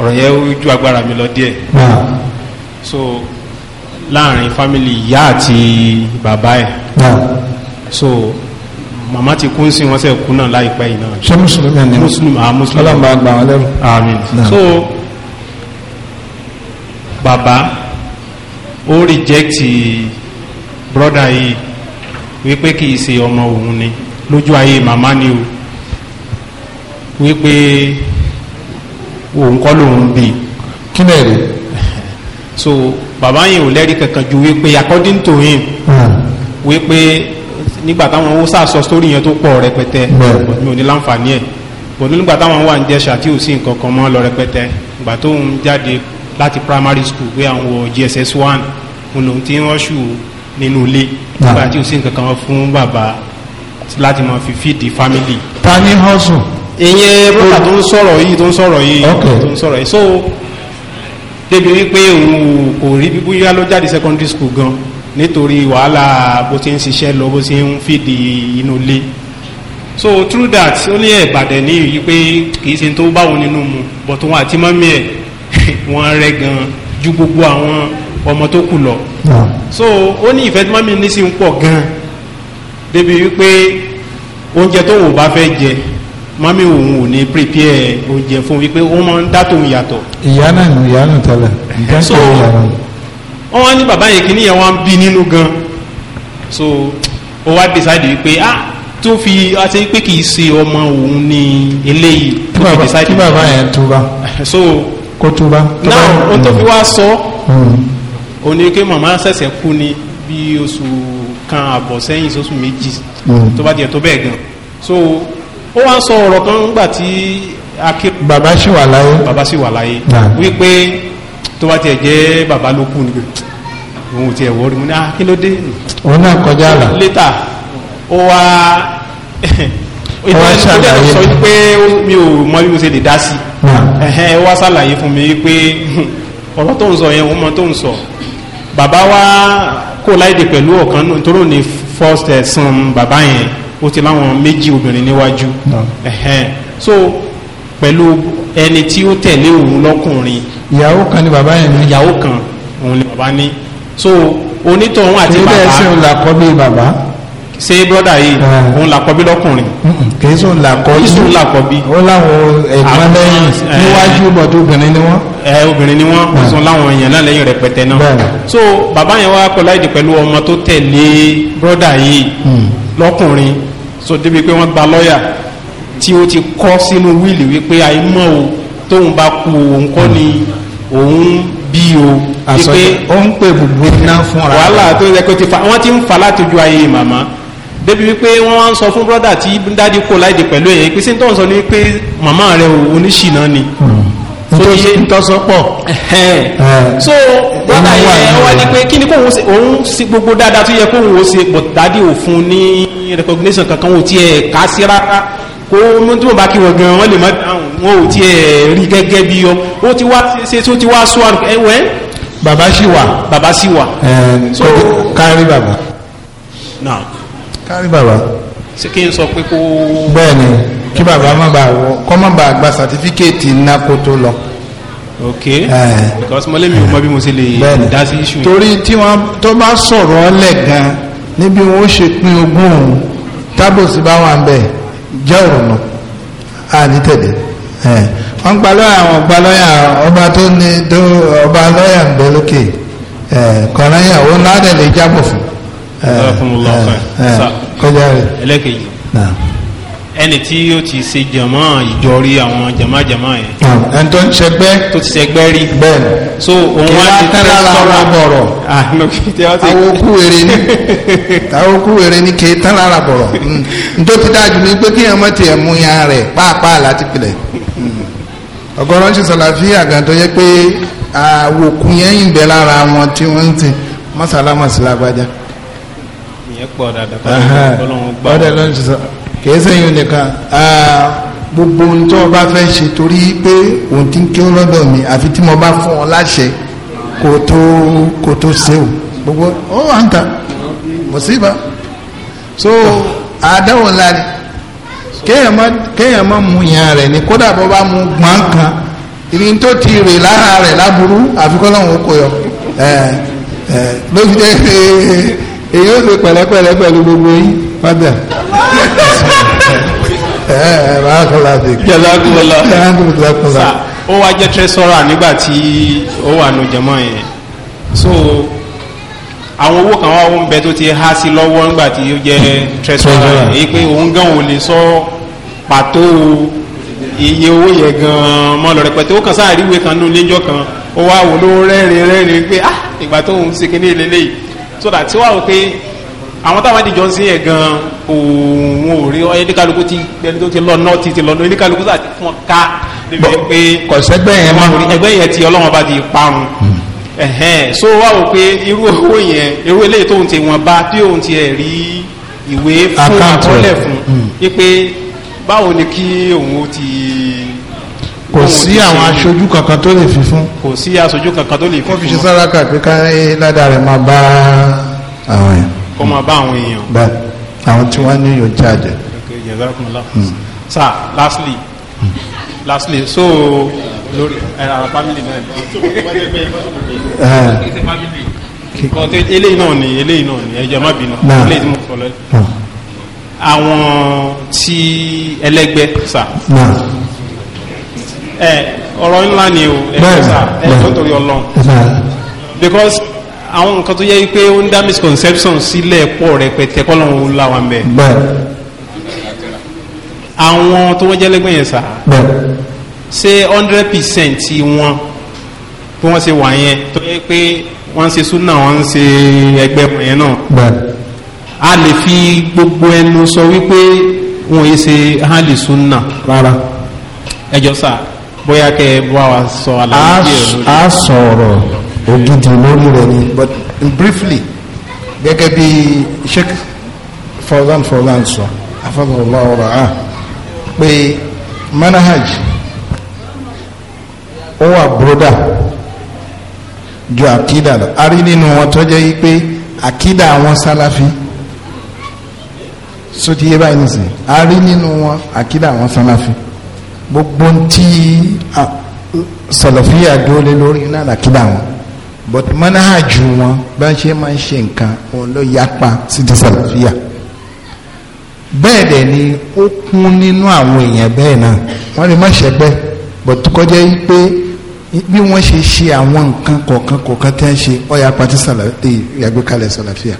ọ̀rọ̀ yẹn ju agbára mi lọ díẹ̀ so láàrin family ìyá àti bàbá ẹ̀ so mama ti kún sí wọn sẹ kún náà láìpẹ́ yìí náà. ṣé mùsùlùmí ni mùsùlùmí ah mùsùlùmí. ọlọ́run bá gbà wọn lẹ́rù. so bàbá ó rìjẹ́kìtì brọ́dà yìí wípé kìí ṣe ọmọ òun ni lójú ayé màmá ni o wípé òun kọ́ lòun bì í. kí lè rí. so bàbá yìí ò lẹ́rìí kankan ju wípé according to him hmm. wípé nígbà táwọn ó sàsọ sórí yẹn tó pọ̀ rẹpẹtẹ mi ò ní láǹfààní ẹ̀ bọ̀dún nígbà táwọn wà ń jẹ́sà tí nǹkan kan mọ́ lọ rẹpẹtẹ ìgbà tó jáde láti primary school pé àwọn wọ gss one òun lòun ti ń rọ́ṣù nínú ilé nígbà tí ò sí nǹkan kan fún bàbá láti máa fi fídì family. ta ni hustle. ìyẹn bọ́lá tó ń sọ̀rọ̀ yìí tó ń sọ̀rọ̀ yìí tó ń sọ̀rọ̀ yìí so débi wípé òun kò rí bí bóyá ló jáde secondary school gan nítorí wàhálà bó ti ń ṣiṣẹ́ lọ bó ti ń fìdí inú ilé so through that ó ní ẹ̀bàdàn ní ìyí pé kì í ṣe tó báwo nínú mu bọ̀tún àti mọ́mí ẹ̀ wọ́n rẹ̀ gan ju gbogbo àwọn ọmọ tó kù lọ. so ó ní ìfẹ́ tí mọ́mí ní sí ń pọ̀ gan débi wípé oúnjẹ tó wò bá fẹ́ jẹ mọ́mí òun ò ní prepare oúnjẹ fún wípé ó máa ń dá tòun yàtọ̀. ìyá náà nù ìyá nù tẹ́lẹ̀ nǹkan tó yà wọ́n. wọ́n wá ní bàbá yẹn kí níyẹn wọ́n bí nínú gan so ó wá decide wípé ah tó fi àti pé kì í ṣe ọmọ òun ní eléyìí tó fi decide. kí bàbá yẹn tó bá. so kó tó bá. náà ohun tó fi wá hmm. sọ ò hmm. ní kí màmá ṣẹ̀ṣẹ̀ kú ni bí oṣù kan àbọ̀ sẹ́yìn sóṣù méjì hmm. tó bá tiẹ̀ tó bẹ́ẹ̀ gan so ó wá sọ ọ̀rọ̀ kan nígbà tí akí. bàbá sì wà láyé. bàbá sì wà láyé. wípé tó bá tiẹ̀ jẹ́ bàbá ló kú nìkan òun tiẹ̀ wọ́ọ́rì mu ní akílódé. Ah, òun náà kọjá àlà. ó wá ìdíwọ̀n sàlàyé fún mi wípé ọ̀rọ̀ tó ń sọ yẹn wọ́n tó ń sọ bàbá wa kò láìdè pẹ̀lú ọ̀kan náà ní first eh, son bàbá yẹn ó ti láwọn méjì obìnrin níwájú so pẹ̀lú ẹni tí ó tẹ̀lé òun lọ́kùnrin ìyàwó kan ni bàbá yẹn ìyàwó kan òun ni bàbá ní so onítọ̀hún ṣé broda yìí ah. òun làkọ́bí lọ́kùnrin. kì í sùn làkọ́bí kì í sùn làkọ́bí. ó láwọn ẹ̀gbọ́n lẹ́yìn eh, obìnrin ni wọ́n. ẹ eh, obìnrin ni wọ́n kò sùn ah. láwọn èèyàn náà lẹ́yìn rẹpẹtẹ náà. so bàbá yẹn wá kọláìdì pẹ̀lú ọmọ tó tẹ̀lé brọ́dà yìí hmm. lọ́kùnrin so débi pé wọ́n gba lọ́ọ̀yà tí ó ti kọ́ sínú wíìlì wípé àìmọ́ o tóun bá kú òun kọ́ ni òun bí o. àsọyẹ ó ń pè gbogbo iná fúnra. wàhálà tó yẹ kó ti fa wọn ti ń fa láti ju ayé màmá débi wípé wọ́n wá ń sọ fún brọ́dà tí dádì kò láìdè pẹ̀lú ẹ̀yẹ pé sí tó ń sọ ní pé màmá rẹ̀ oníṣìná ni hmm. ntọ́sọ́pọ̀ eh. so brọ́dà yẹn wá ní pé kí ni kóhun ṣe òun sí gbogbo dáadáa tó yẹ kóhun ó ṣe but dádì ò ní recognition kankan ò tiẹ̀ ká sí rárá kó mú tí mo bá kí wọ́n gan wọ́n lè má dáhùn wọn ò tiẹ̀ rí gẹ́gẹ́ bí ọ ó ti wá ṣe tó ti wá sọ ẹwẹ́ bàbá sì wà bàbá sì wà. ẹ eh, ẹ kárí bàbá. náà kárí bàbá. ṣé kí n sọ pé kó. bẹ́ẹ̀ ni kí bàbá má bàa wọ kọ́ má bàa gba sàtífíkẹ́ẹ̀tì ńlá lọ. ok because mọ́lẹ́ mi ò mọ bí mo ṣe lè dá sí iṣu. torí tí wọ́n tó bá sọ̀rọ̀ ọ́lẹ̀ gan níbi wọn ó ṣe pín ogún òun tábòsí bá wà ń bẹ̀ jẹ́ òrùnà àní tẹ̀lé wọ́n gba lọ́yà àwọn gba lọ́yà ọba tó ní ọba lọ́yà ń bẹ lókè kọ̀ọ̀rọ̀ yà ó ládẹ̀ lè jábọ̀ fún un. Eh, eh, ẹlẹ́kẹ̀yìn ẹni tí ó ti ṣe jàmá ìjọrí àwọn jàmá jàmá yẹn. ẹni tó ń ṣẹgbẹ́. tó ti ṣẹgbẹ́ rí. bẹ́ẹ̀ni. so òun á ti tẹ́lẹ̀ sọ́ra ah, bọ̀rọ̀. àwọn okú wèrè ni àwọn okú wèrè ni kì í tán lára bọ̀rọ̀. Mm. ntó ti dájú ni pé kí ẹ mọ̀ tiẹ̀ mú yan rẹ̀ pàápàá láti pilẹ̀. Mm. ọ̀gọ́rọ̀ ń ṣe sàlàfíà gan yẹ pé àwòkù yẹn ń bẹ lára wọn tí wọ́n ń sìn mọ́sálàmọ́sí lágbájá ìyẹn pọ̀ dáadáa ọlọ́run gbà wọ́n. kìí sẹ́yìn nìkan gbogbo ohun tó o bá fẹ́ ṣe torí pé òun ti ń ké lọ́dọ̀ mi àfi tí mo bá fún ọ láṣẹ kò tó kò tó ṣe o gbogbo ó wà ń ta mùsíbà so àdáwò ńlá ni kéèyàn má mú yàn rẹ̀ ni kódà bó bá mú gbọ́n kan ìrìn tó ti rè lára rẹ̀ láburú àfikọ́ lọ́hùn ó kò yọ lójú dé èyí ó ṣe pẹ̀lẹ́pẹ̀lẹ́ pẹ̀lú gbogbo yín padà. Eh, eh, eh, ó wá jẹ́ tẹ́sọ́rà nígbà tí ó wà nù jẹ́mọ́ yẹn so àwọn owó kan wá ó ń bẹ tó ti há sí lọ́wọ́ nígbà tí ó jẹ́ tẹ́sọ́rà èyí pé òun gan ò lè sọ pàtó iye owó yẹn gan-an mọ́ lọ rẹpẹtẹ ó kàn sáà ríwèé kan nù níjọ́ kan ó wá wò ló rẹ́rìn-ín rẹ́rìn-ín pé ah ìgbà tó ń ṣe kíní lélẹ́yìí so that tí wàá wò pé àwọn táwọn àdìjọ ń sìn yẹn gan òun ò rí ẹni kálukú ti ẹni tó ti lọ náà ti ti lọ náà ẹni kálukú sà ti fún ká níbi pé kọ̀sẹ́gbẹ́ yẹn mọ́ ẹgbẹ́ yẹn ti ọlọ́wọ́n bá ti parun hmm. ẹ̀hẹ́n so wàá wò irú owó yẹn irú eléyìí tóun ti wọ́n bá bí òun ti ẹ̀ rí ìwé fún àkọọ́lẹ̀ fún hmm. wípé báwo ni kí òun ti kò sí àwọn aṣojú kankan tó lè fi fún. kò sí aṣojú kankan tó lè fi fún. kó fi ṣe sáraka pé ká ládàá rẹ̀ máa bá àwọn èèyàn. kó máa bá àwọn èèyàn. bá àwọn tí wọ́n ní yóò jáde. Hmm. sir lastly lastly so lórí family náà kọ́tẹ́ eléyìí náà ni eléyìí náà ni ẹjọ́ má bínú eléyìí tí mo sọ lọ. àwọn tí ẹlẹ́gbẹ́ sà ọ̀rọ̀ ńlá ni o ẹ̀fọ́ ọlọ́run because àwọn nǹkan tó yẹ pé ó ń dá misconception sílẹ̀ pọ̀ rẹpẹtẹ kọ́lọ́run láwa mẹ́ àwọn tó wọ́n jẹ́lẹ́gbẹ́ yẹn sá ṣé hundred percent wọn tó wọ́n ṣe wà yẹn tó yẹ pé wọ́n ń ṣe súnà wọ́n ń ṣe ẹgbẹ́ wọn yẹn náà a lè fi gbogbo ẹnu sọ wípé wọn yìí ṣe hali súnà rárá ẹjọ́ sáà bóyá kẹ wá wa sọ àlàyé díẹ̀ lórí. a sọ̀rọ̀ ògidì lórí rẹ̀ ni but briefly gẹ́gẹ́ bí sheikh fọlán fọlán sọ afọlọ́lá ọ̀rọ̀ à pé manahaj ó wà broda ju akida lọ a rí nínú wọn tó jẹ́ pé akida àwọn sálàfí sotiyeba ẹni sìn a rí nínú wọn akida àwọn sálàfí. So, gbogbo ntí sàlàfíà dúró lé lórí náà làkìlà wọn but mọ́náhàjù wọn bá ń ṣe máa ń ṣe nǹkan òun ló yapa sí ti sàlàfíà bẹ́ẹ̀ dẹ̀ ni ó kún nínú àwọn èèyàn bẹ́ẹ̀ náà wọ́n lè má ṣẹgbẹ́ but kọjá yìí pé bí wọ́n ṣe ṣe àwọn nǹkan kọ̀ọ̀kan kọ̀ọ̀kan tẹ́ ń ṣe ó yapa ti sàlàfíà ìyàgbékalẹ̀ sàlàfíà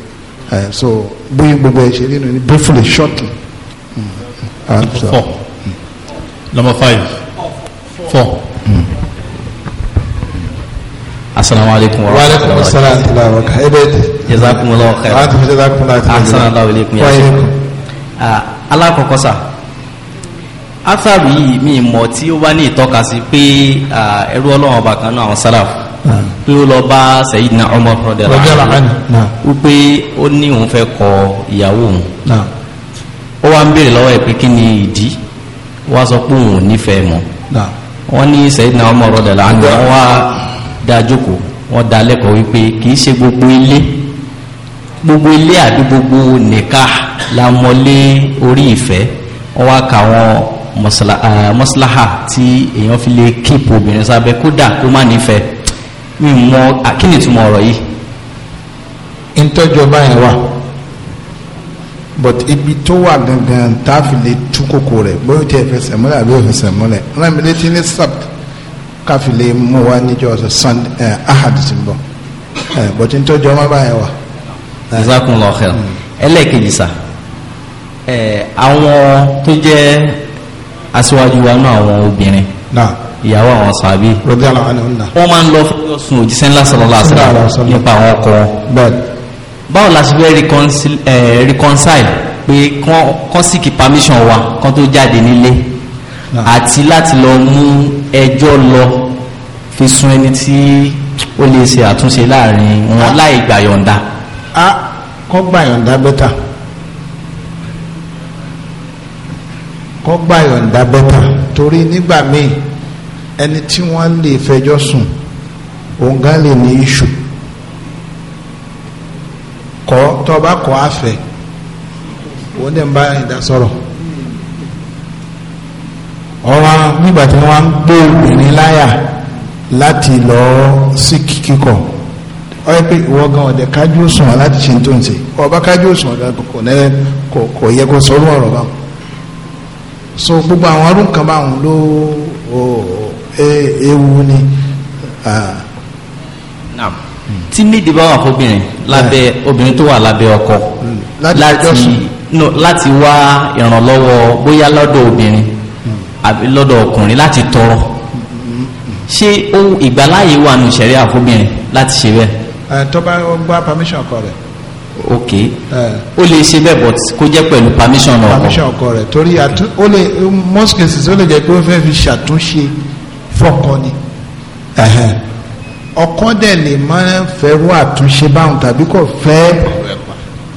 so bóyá gbogbo ẹ̀ ṣe nínú ní briefly shortly. Mm. Uh, so number five four. Hmm. asalaamu aleykum wa rahmatulahi wa barakatuh. ebede. jazakumulawo khairan. waati fi jazakumulawo khairan. asalaamu aleykum wa rahmatulahi. alakoko sa asabi yìí mi mọ̀ tí ó bá ní ìtọ́ka sí pé ẹrú ọlọ́run ọba kan náà àwọn sálàfù ah. pé ó lọ bá Sayyidina Umar radiyallahu anhu ah. wípé ó ní òun fẹ́ kọ ìyàwó òun ah. ó wá ń béèrè lọ́wọ́ ẹ̀ pé kí ni ìdí wọ́n sọ pé òun ò nífẹ̀ẹ́ mọ́ wọ́n ní Sayyidina Umar radiyallahu anhu wọ́n wá dájókòó wọ́n dá lẹ́kọ̀ọ́ wípé kì í ṣe gbogbo ilé gbogbo ilé àbí gbogbo nìka la mọ́lé orí ìfẹ́ wọ́n wá ka àwọn mọ́sálàhà tí èèyàn fi lè kíp obìnrin sábẹ́ kódà kó má nífẹ̀ẹ́ mi mọ akínìtumọ̀ ọ̀rọ̀ yìí. ìtọ́jọba yẹn wà but ibi tó wà gangan tá a fi lè tú kókó rẹ̀ bóyá tí ẹ fẹsẹ̀ múlẹ̀ àbí ẹ fẹsẹ̀ múlẹ̀ ọlọ́run mi létí ní sabt ká fi lè mú wa níjọ́ sunday ẹ ahad ti ń bọ̀ ẹ bọ̀tí ń tọ́jú ọmọ báyẹn wà. jazakumullahu khair ẹlẹ́ẹ̀kejì sá ẹ àwọn tó jẹ́ aṣíwájú wa náà àwọn obìnrin ìyàwó àwọn sàbí wọ́n máa ń lọ fún ọ̀sùn òjíṣẹ́ ńlá báwo la ṣe eh, reconcile pé kán seek permission wa kán tó jáde nílé ah. àti láti lọ mú ẹjọ́ lọ fi sun ẹni tí ó lè ṣe àtúnṣe láàrin wọn ah. láì gbàyọ̀ǹda. a ah, kọ́ gbàyọ̀ǹda bẹ́tà kọ́ gbàyọ̀ǹda bẹ́tà torí nígbà míì ẹni tí wọ́n lè fẹjọ́ sùn òun lè ní issue kọ́ tọ́ba wọ́n dẹ̀ ń bá ìdásọ̀rọ̀ ọ̀rọ̀ nígbà tí wọ́n gbé obìnrin láyà láti lọ sí ọ yẹ pé ìwọ gan ọ̀dẹ̀ kájú láti ṣe tó ṣe ọba kájú kò kò yẹ kó so gbogbo àwọn ọdún kan báwọn ló ah. tí nídìí bá wà fóbìnrin lábẹ́ obìnrin tó wà lábẹ́ ọkọ láti wá ìrànlọ́wọ́ bóyá lọ́dọ̀ obìnrin àbí lọ́dọ̀ ọkùnrin láti tọrọ ṣé ohun ìgbàláyè wà nù ṣẹ̀rí àfóbìnrin láti ṣe bẹ́ẹ̀. tó bá gba permission ọkọ rẹ̀. ok ó lè ṣe bẹ́ẹ̀ but kó jẹ́ pẹ̀lú permission ọkọ. permission ọkọ rẹ̀ torí ó lè most cases ó lè jẹ́ pé ó fẹ́ fi ṣàtúnṣe fọ́kọ ni ọkọ dẹ̀ lè má fẹ́rù àtúnṣe báwọn tàbí kò fẹ́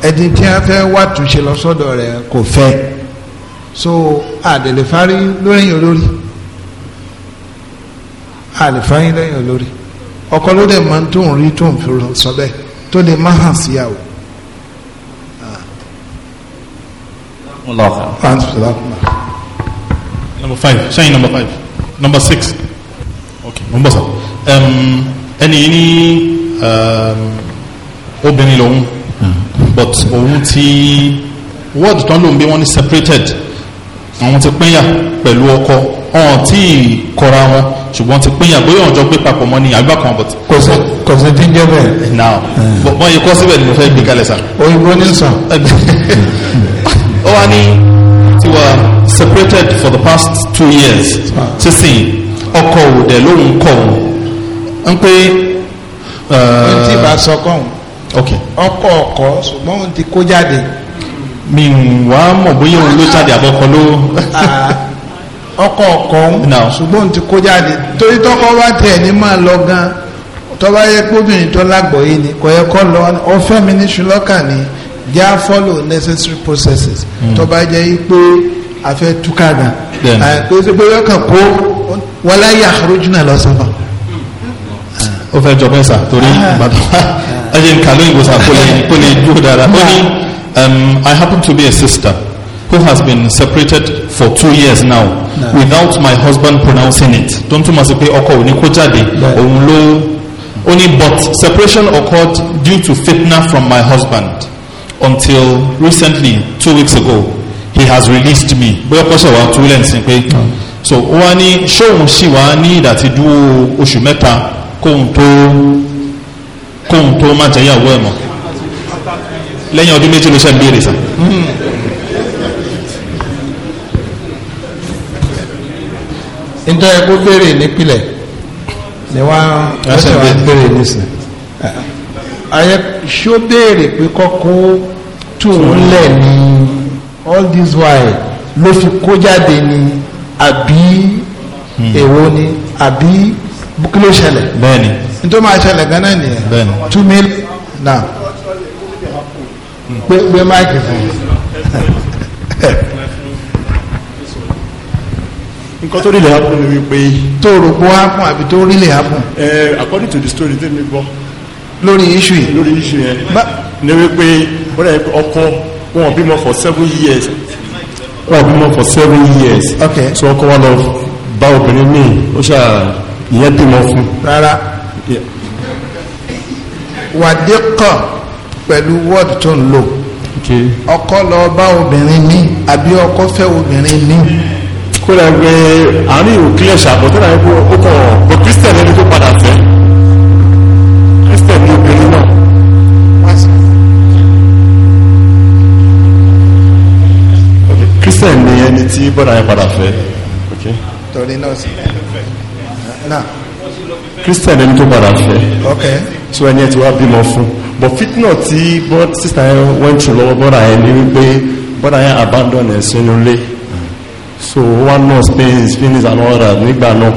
ẹni tí a fẹ́ wá túnṣe lọ rẹ̀ kò fẹ́ so àdèlèfárí lóyìn olórí àlèfárí lóyìn olórí ọkọ ló dẹ̀ máa ń tó ń rí tó ń fi sọ bẹ́ẹ̀ tó lè má hàn sí àwò. Number five. Shine number five. Number six. Okay, number seven. Um, ẹni ní um, obìnrin lòun hmm. but òun ti word tán lòun bí wọ́n ní separated àwọn ti pínyà pẹ̀lú ọkọ ọ̀hún tí ì kọra wọn ṣùgbọ́n ti pínyà bóyá ọ̀jọ́ gbé papọ̀ mọ́ ní àgbà kan but. kọ̀sẹ̀ kọ̀sẹ̀ tí ń jẹ́ bẹ́ẹ̀. now hmm. bọ́n yìí kọ́ síbẹ̀ ni mo fẹ́ gbé kalẹ̀ sá. òyìnbó ní sọ. ó wá ní tí wọ́n separated for the past two years sísìn ah. ọkọ òdẹ lóhùn kọ̀ wọn ń pé. ohun tí ìbá sọ kọ́hún ọkọ ọkọ ṣùgbọ́n ohun ti kó jáde. mi wá mọ̀ bóyá òun ló jáde àbọ̀kọ ló. Ah, ọkọ ọkọ ọ̀hún ṣùgbọ́n ohun ti kó jáde torí tọkọ bá tiẹ̀ ní máa lọ gan tọ́ba yẹ kóbìnrin tó lágbọ̀ọ́yé ni kò yẹ kọ́ lọ ọfẹ́ mi ní ṣùlọ́kà ni já follow necessary processes hmm. tó bá jẹ́ pé a fẹ́ túkàdà àìpé pé yọkàn kó wọlé yàrá ojú náà lọ sọ́fà ó fẹ́ jọ mẹ́sà torí ẹ̀yìn kàló ìgbòsà kó lè dúró dára ó ní um, I happen to be a sister who has been separated for two years now no. without my husband pronouncing it tó ń túmọ̀ sí pé ọkọ òní kó jáde òun ló ó ní but separation occurred due to fitna from my husband until recently two weeks ago he has released me bóyá ọkọ ṣẹ̀wá túlẹ̀ ń sin pé so ó wá ní ṣóun ṣì wá ní ìdàtí dúró oṣù mẹ́ta kóhun tó kóhun tó má jẹ́ ìyàwó ẹ̀ mọ́ lẹ́yìn ọdún méjì ló ṣe ń béèrè sàn. ǹjẹ́ ẹ kó nípìnlẹ̀ ni wọ́n á ṣe wá béèrè nísìn. ayẹ ṣó béèrè pé kọ́kọ́ tóun lẹ̀ ní all this while ló fi kó jáde ní àbí hmm. èwo ni àbí kí ló ṣẹlẹ̀. bẹ́ẹ̀ni. nítorí máa ṣẹlẹ̀ gánà nìyẹn. bẹ́ẹ̀ni. two mil na gbé gbé máìkì fún mi. nǹkan tó rí lè happen ni wípé. tó rò pé wá fún àbí tó rí lè happen. according to the story tí mi gbọ́. lórí issue yìí. lórí issue yẹn. ni wípé wọ́n rẹ̀ ọkọ wọn bímọ for seven years wọn bímọ for seven years. okay so ọkọ wa lọ bá obìnrin míì ó ṣáà ìyẹn bímọ fún. rárá wàdí kọ pẹ̀lú wọ́ọ̀dù tó ń lò ọkọ lọ bá obìnrin ní àbí ọkọ fẹ́ obìnrin ní. kó lè gbé àárín òkìlẹ̀ ṣàbọ̀ tó náà ó kọ̀ ọ́ kristian ẹni tó padà fẹ́ kristian ní obìnrin náà. kristian ni ẹni tí bọ́dà yẹn padà fẹ́. torí náà sí christian ẹni tó padà fẹ́ so ẹni ẹ ti wá bímọ fún but fitna But sister yẹn went through lọ́wọ́ bọ́dà yẹn ni wípé bọ́dà yẹn abandon ẹ̀ sínú ilé so one nurse pains feelings and all that nígbà náà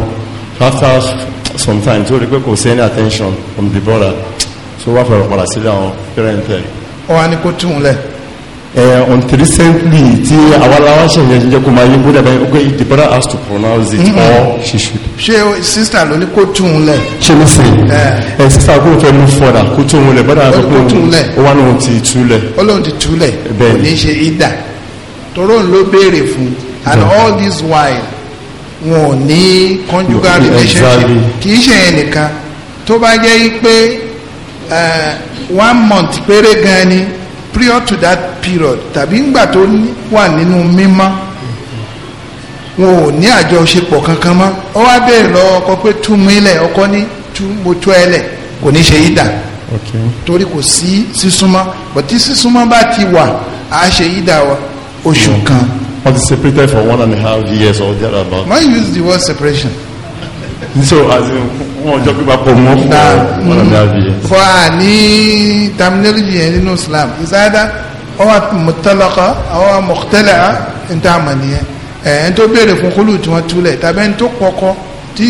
after some time tó rí pé kò sí any attention from the brother so wá fẹ̀rọ̀ padà sílẹ̀ àwọn parent ẹ̀. ọ wa ni kó tún un lẹ until eh, recently tí awalawa ṣe yẹn jẹ́ kó máa yí bódà báyìí okay the brother has to pronounce it mm -hmm. or she should. ṣé sista ló ní kó tún un lẹ. ṣé ló sè é sista kó fẹ́ mú fọ́dà kó tún un lẹ brother sọ pé ó wà lóhun ti tú lẹ. ó lóhun ti tú lẹ kò ní ṣe ida toró ló béèrè fún and all this while wọn ò ní conjugal relationship kì í ṣe ẹnìkan tó bá jẹ́ pé eh, one month péré gan ni prior to that period tàbí ńgbà tó wà nínú mímọ́ wọn ò ní àjọṣepọ̀ kankan mọ́ ọ wá bẹ̀rẹ̀ lọ ọkọ pé tú mú ilẹ̀ ọkọ ní tú mo tú ẹ lẹ̀ kò ní ṣe yídà torí kò sí sísúnmọ́ bọ̀tí sísúnmọ́ bá ti wà á ṣe yídà wa oṣù mm. kan. but for one and a half years or thereabout. why use the word separation. so as in wọn jọ pípa pọ̀ mọ́ for one and a half mm. years. for a ní terminology yẹn nínú Islam is either ọwọ́ mọ̀tẹ́lọ́kọ́ ọwọ́ mọ̀tẹ́lẹ̀ níta àmọ̀ nìyẹn ẹ̀ẹ́n tó béèrè fún kúlù tí wọ́n túlẹ̀ tàbí ẹni tó kọ́kọ́ tí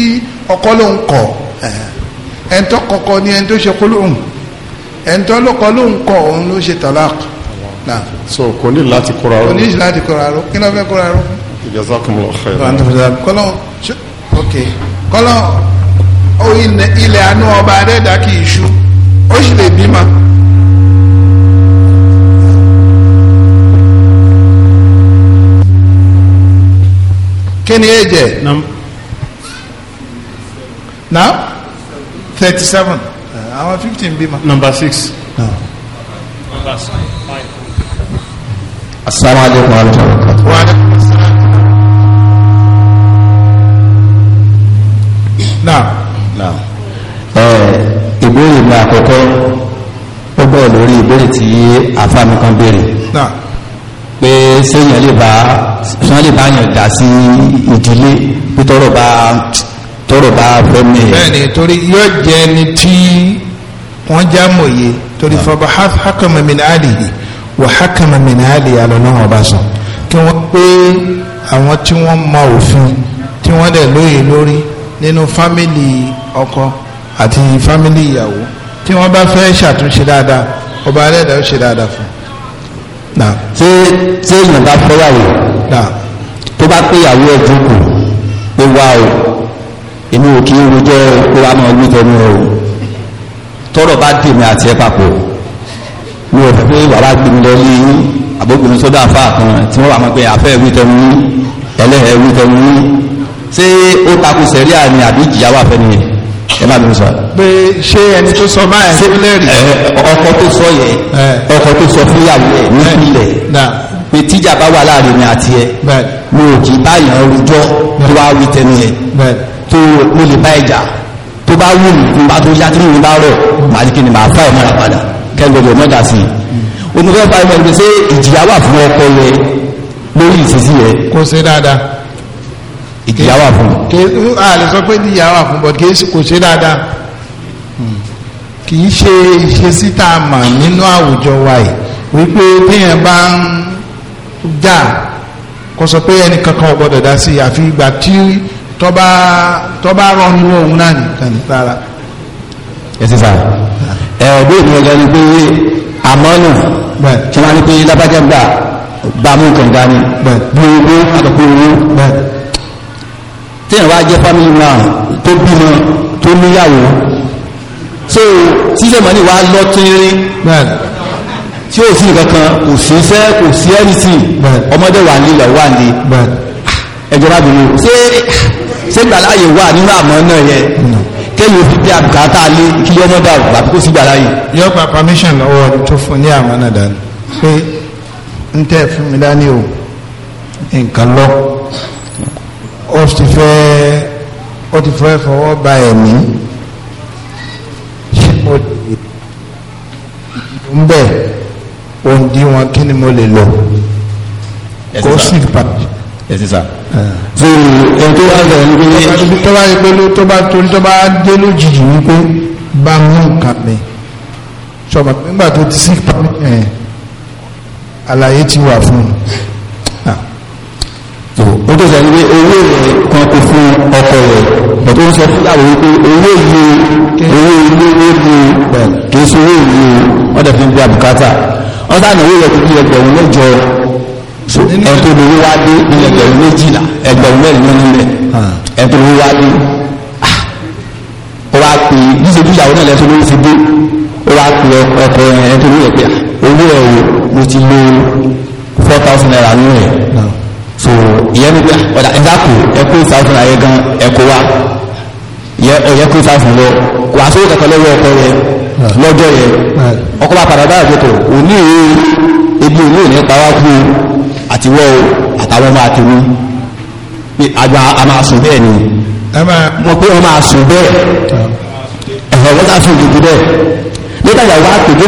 ọkọ́ ló ń kọ́ ẹ̀ẹ́n tó kọ́kọ́ ni ẹni tó ṣe kúlù ń ẹ̀ẹ́n tó lọ́kọ́ ló ń kọ́ òun ló ṣe talaq. so kò ní láti kóra ró. kò ní láti kóra ró kí ló fẹ́ kóra ró. jazakumullahu khairan. kọ́lọ́ ok kọ́lọ́ ilẹ̀ àánú ọba adẹ́dàkì iṣu ó sì lè bímọ. kí ni ẹ jẹ. now thirty seven uh, àwọn fifteen bímọ. number six. No. number five. wa rahmatulahi. wa rahmatulahi. now eh, ìbéèrè mi àkọ́kọ́ ó bẹ̀rẹ̀ lórí ìbéèrè tí afámi kan béèrè pé sẹ́yìn lè bá sọ́n lè bá yàn dá sí ìdílé pé tọ́rọ̀ bá tọ́rọ̀ bá fẹ́ mẹ́. bẹ́ẹ̀ni torí yóò jẹ ẹni tí wọn já mòye torí ah. fọba hakama min alihi wa hakama min alihi alọlọ wọn bá sọ kí wọn pé àwọn tí wọn mọ òfin tí wọn dẹ lóye lórí nínú fámìlì ọkọ àti fámìlì ìyàwó tí wọn bá fẹ́ ṣàtúnṣe dáadáa ọba alẹ́ dàá ṣe dáadáa fún un na ṣé ṣé èèyàn bá fẹ́yàwó tó bá péyàwó ẹ̀ tó kù pé wá o èmi ò kí irú jẹ́ pé wá máa gbé tẹnu o tọ́rọ̀ bá dèmi àti ẹ papọ̀ mi ò fẹ́ pé bàbá gbẹmí lọ ní àbógbẹmí sọ́dọ̀ àfa kan tí wọ́n wà máa pé àfẹ́ wí tẹnu ẹlẹ́hẹ̀ẹ́ wí tẹnu ṣé ó takò sẹ́ríà ni àbí ìjìyà wà fẹ́ nìyẹn ẹ̀bá mi sọ. pé ṣé ẹni tó sọ báyìí ṣé lẹ́rìí. ọkọ tó sọ yẹ ọkọ tó sọ fúnyàwó ẹ nípìnlẹ̀ pé tíjà bá wà láàrin mi àti ẹ mo ò kì í báyàn rújọ tó wá wí tẹnu ẹ tó mo lè bá ẹjà tó bá wù mí n bá tó yá tí mi bá rọ̀ màá kí ni màá fà ẹ̀ mọ́ra padà kẹ́gbẹ̀gbẹ̀ mọ́jà sí i. onífẹ́ bá ẹ̀ pé ṣé ìjìyà wà fún ọkọ yẹ lórí ìṣesí yẹ. kò ṣe dáadáa ìjìyà wà fún un. a lè sọ pé ìjìyà wà fún un but kì í kò ṣe dáadáa hmm. kì í ṣe ìṣesí tá a mọ̀ nínú àwùjọ wa yìí wípé téèyàn bá ń jà kó sọ pé ẹnì kankan ò dá sí àfi ìgbà tí tọ́ba tọ́ba rọnu òun náà nìkan ní rárá. ẹ ti sá ẹ ọdún ìlú ẹgbẹ́ ni pé àmọ́nù kí wọ́n á ní pé lábàjẹ́ gbà bàmú kànga ni gbogbo àtọ́kùn owó téèyàn wá jẹ́ family man tó bímọ tó níyàwó so tíṣẹ́ mọ́ni wá lọ tínrín tí ó sí kankan kò sí fẹ́ kò sí ẹ́rìsì ọmọdé wà ní ìyàwó wà ní ẹjọ́ bá bìnú ṣé ṣé gbàláyè wà nínú àmọ́ náà yẹ kéyìn ó fi bí àbùkátà lé kí ọmọdé àgbà kó sí gbàláyè. yọ gba permission lọ́wọ́ tó fún ní àmọ́ náà dání pé ń tẹ́ fún mi dání o nǹkan lọ ó ti fẹ́ ó ti fẹ́ fọwọ́ ba ẹ̀mí ṣé mo lè ń bẹ̀ òǹdí wọn kí ni mo lè lọ kó sì pàdé. ẹ ti sà. so ẹ tó wá lọ ní pé. tó bá yẹ pé tó bá torí tó bá dé lójijì wípé bá mú nǹkan mi sọ̀rọ̀ nígbà tó ti sí pàmì ẹ̀ àlàyé ti wà fún un ó tó sọ wípé owó rẹ̀ kan kò fún ọkọ rẹ̀ ọ̀tọ́ ń sọ fúláwò wípé owó ìlú owó ìlú ìlú kìí sí owó ìlú wọ́n dẹ̀ fi ń gbé àbùkátà wọ́n sáà náà owó rẹ̀ kìí ẹgbẹ̀rún mẹ́jọ ẹ̀tọ́ lówó wá dé ní ẹgbẹ̀rún méjìlá ẹgbẹ̀rún mẹ́rin nínú rẹ̀ ẹ̀tọ́ lówó wá dé ah, ó wá pè é bí ìṣèjú ìyàwó náà lẹ́tọ́ lórí ti dé ó wá pè ọkọ ẹ̀tọ́ lórí ẹ̀pẹ́ ah, owó ẹ̀ wo mo ti lo four thousand naira lórí ẹ̀ so ìyẹn ní ọ̀dà ẹ̀dákù ayé gan wa lọ kò wá sóyè lọ́wọ́ ọkọ yẹ lọ́jọ́ yẹ ọkọ bá padà báyà tó òní ìwé ebi òní òní pàwá kú àtiwọ́ àtàwọn ọmọ a máa sùn bẹ́ẹ̀ ni wọ́n pé máa sùn sùn dùdú nígbà yà ah, wá pèpè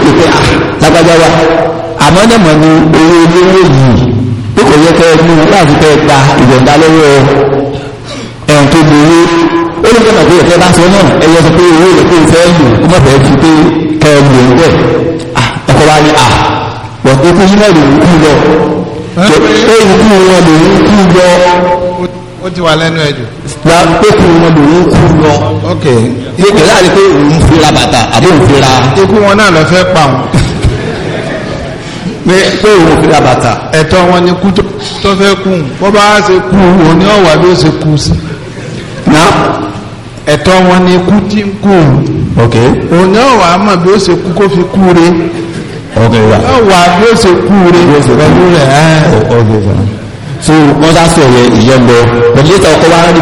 bí kò yẹ kẹ́ mú láti fẹ́ gba ìjọba lọ́wọ́ ẹ̀hún tó gbowó ó ní gbọ́dọ̀ pé ẹ̀fẹ́ bá sọ náà ẹ̀yẹ sọ pé owó rẹ̀ pé ìfẹ́ lù ó mọ̀ fẹ́ fi pé kẹ́ ẹ̀ lù ẹ̀ ẹ̀kọ́ wa ni à wọ́n tó kún sílẹ̀ lòún kú lọ èyí kú wọn lòún kú lọ. ó ti wà lẹ́nu ẹ̀ jù. wà pé òun ò fi ra bàtà ẹ̀tọ́ wọn ni kú tó fẹ́ kú bó bá ṣe kú òun ni ọ̀wà ló ṣe kú na ẹ̀tọ́ wọn ni kú tí ń kú òun ni ọ̀wà mọ̀ bí ó ṣe kú kó fi kú re ọ̀wà bí ó ṣe kú re pẹ̀lú rẹ̀ ẹ̀ so wọ́n sọ yẹ ìyẹn lọ pẹ̀lú ọkọ̀ wa rí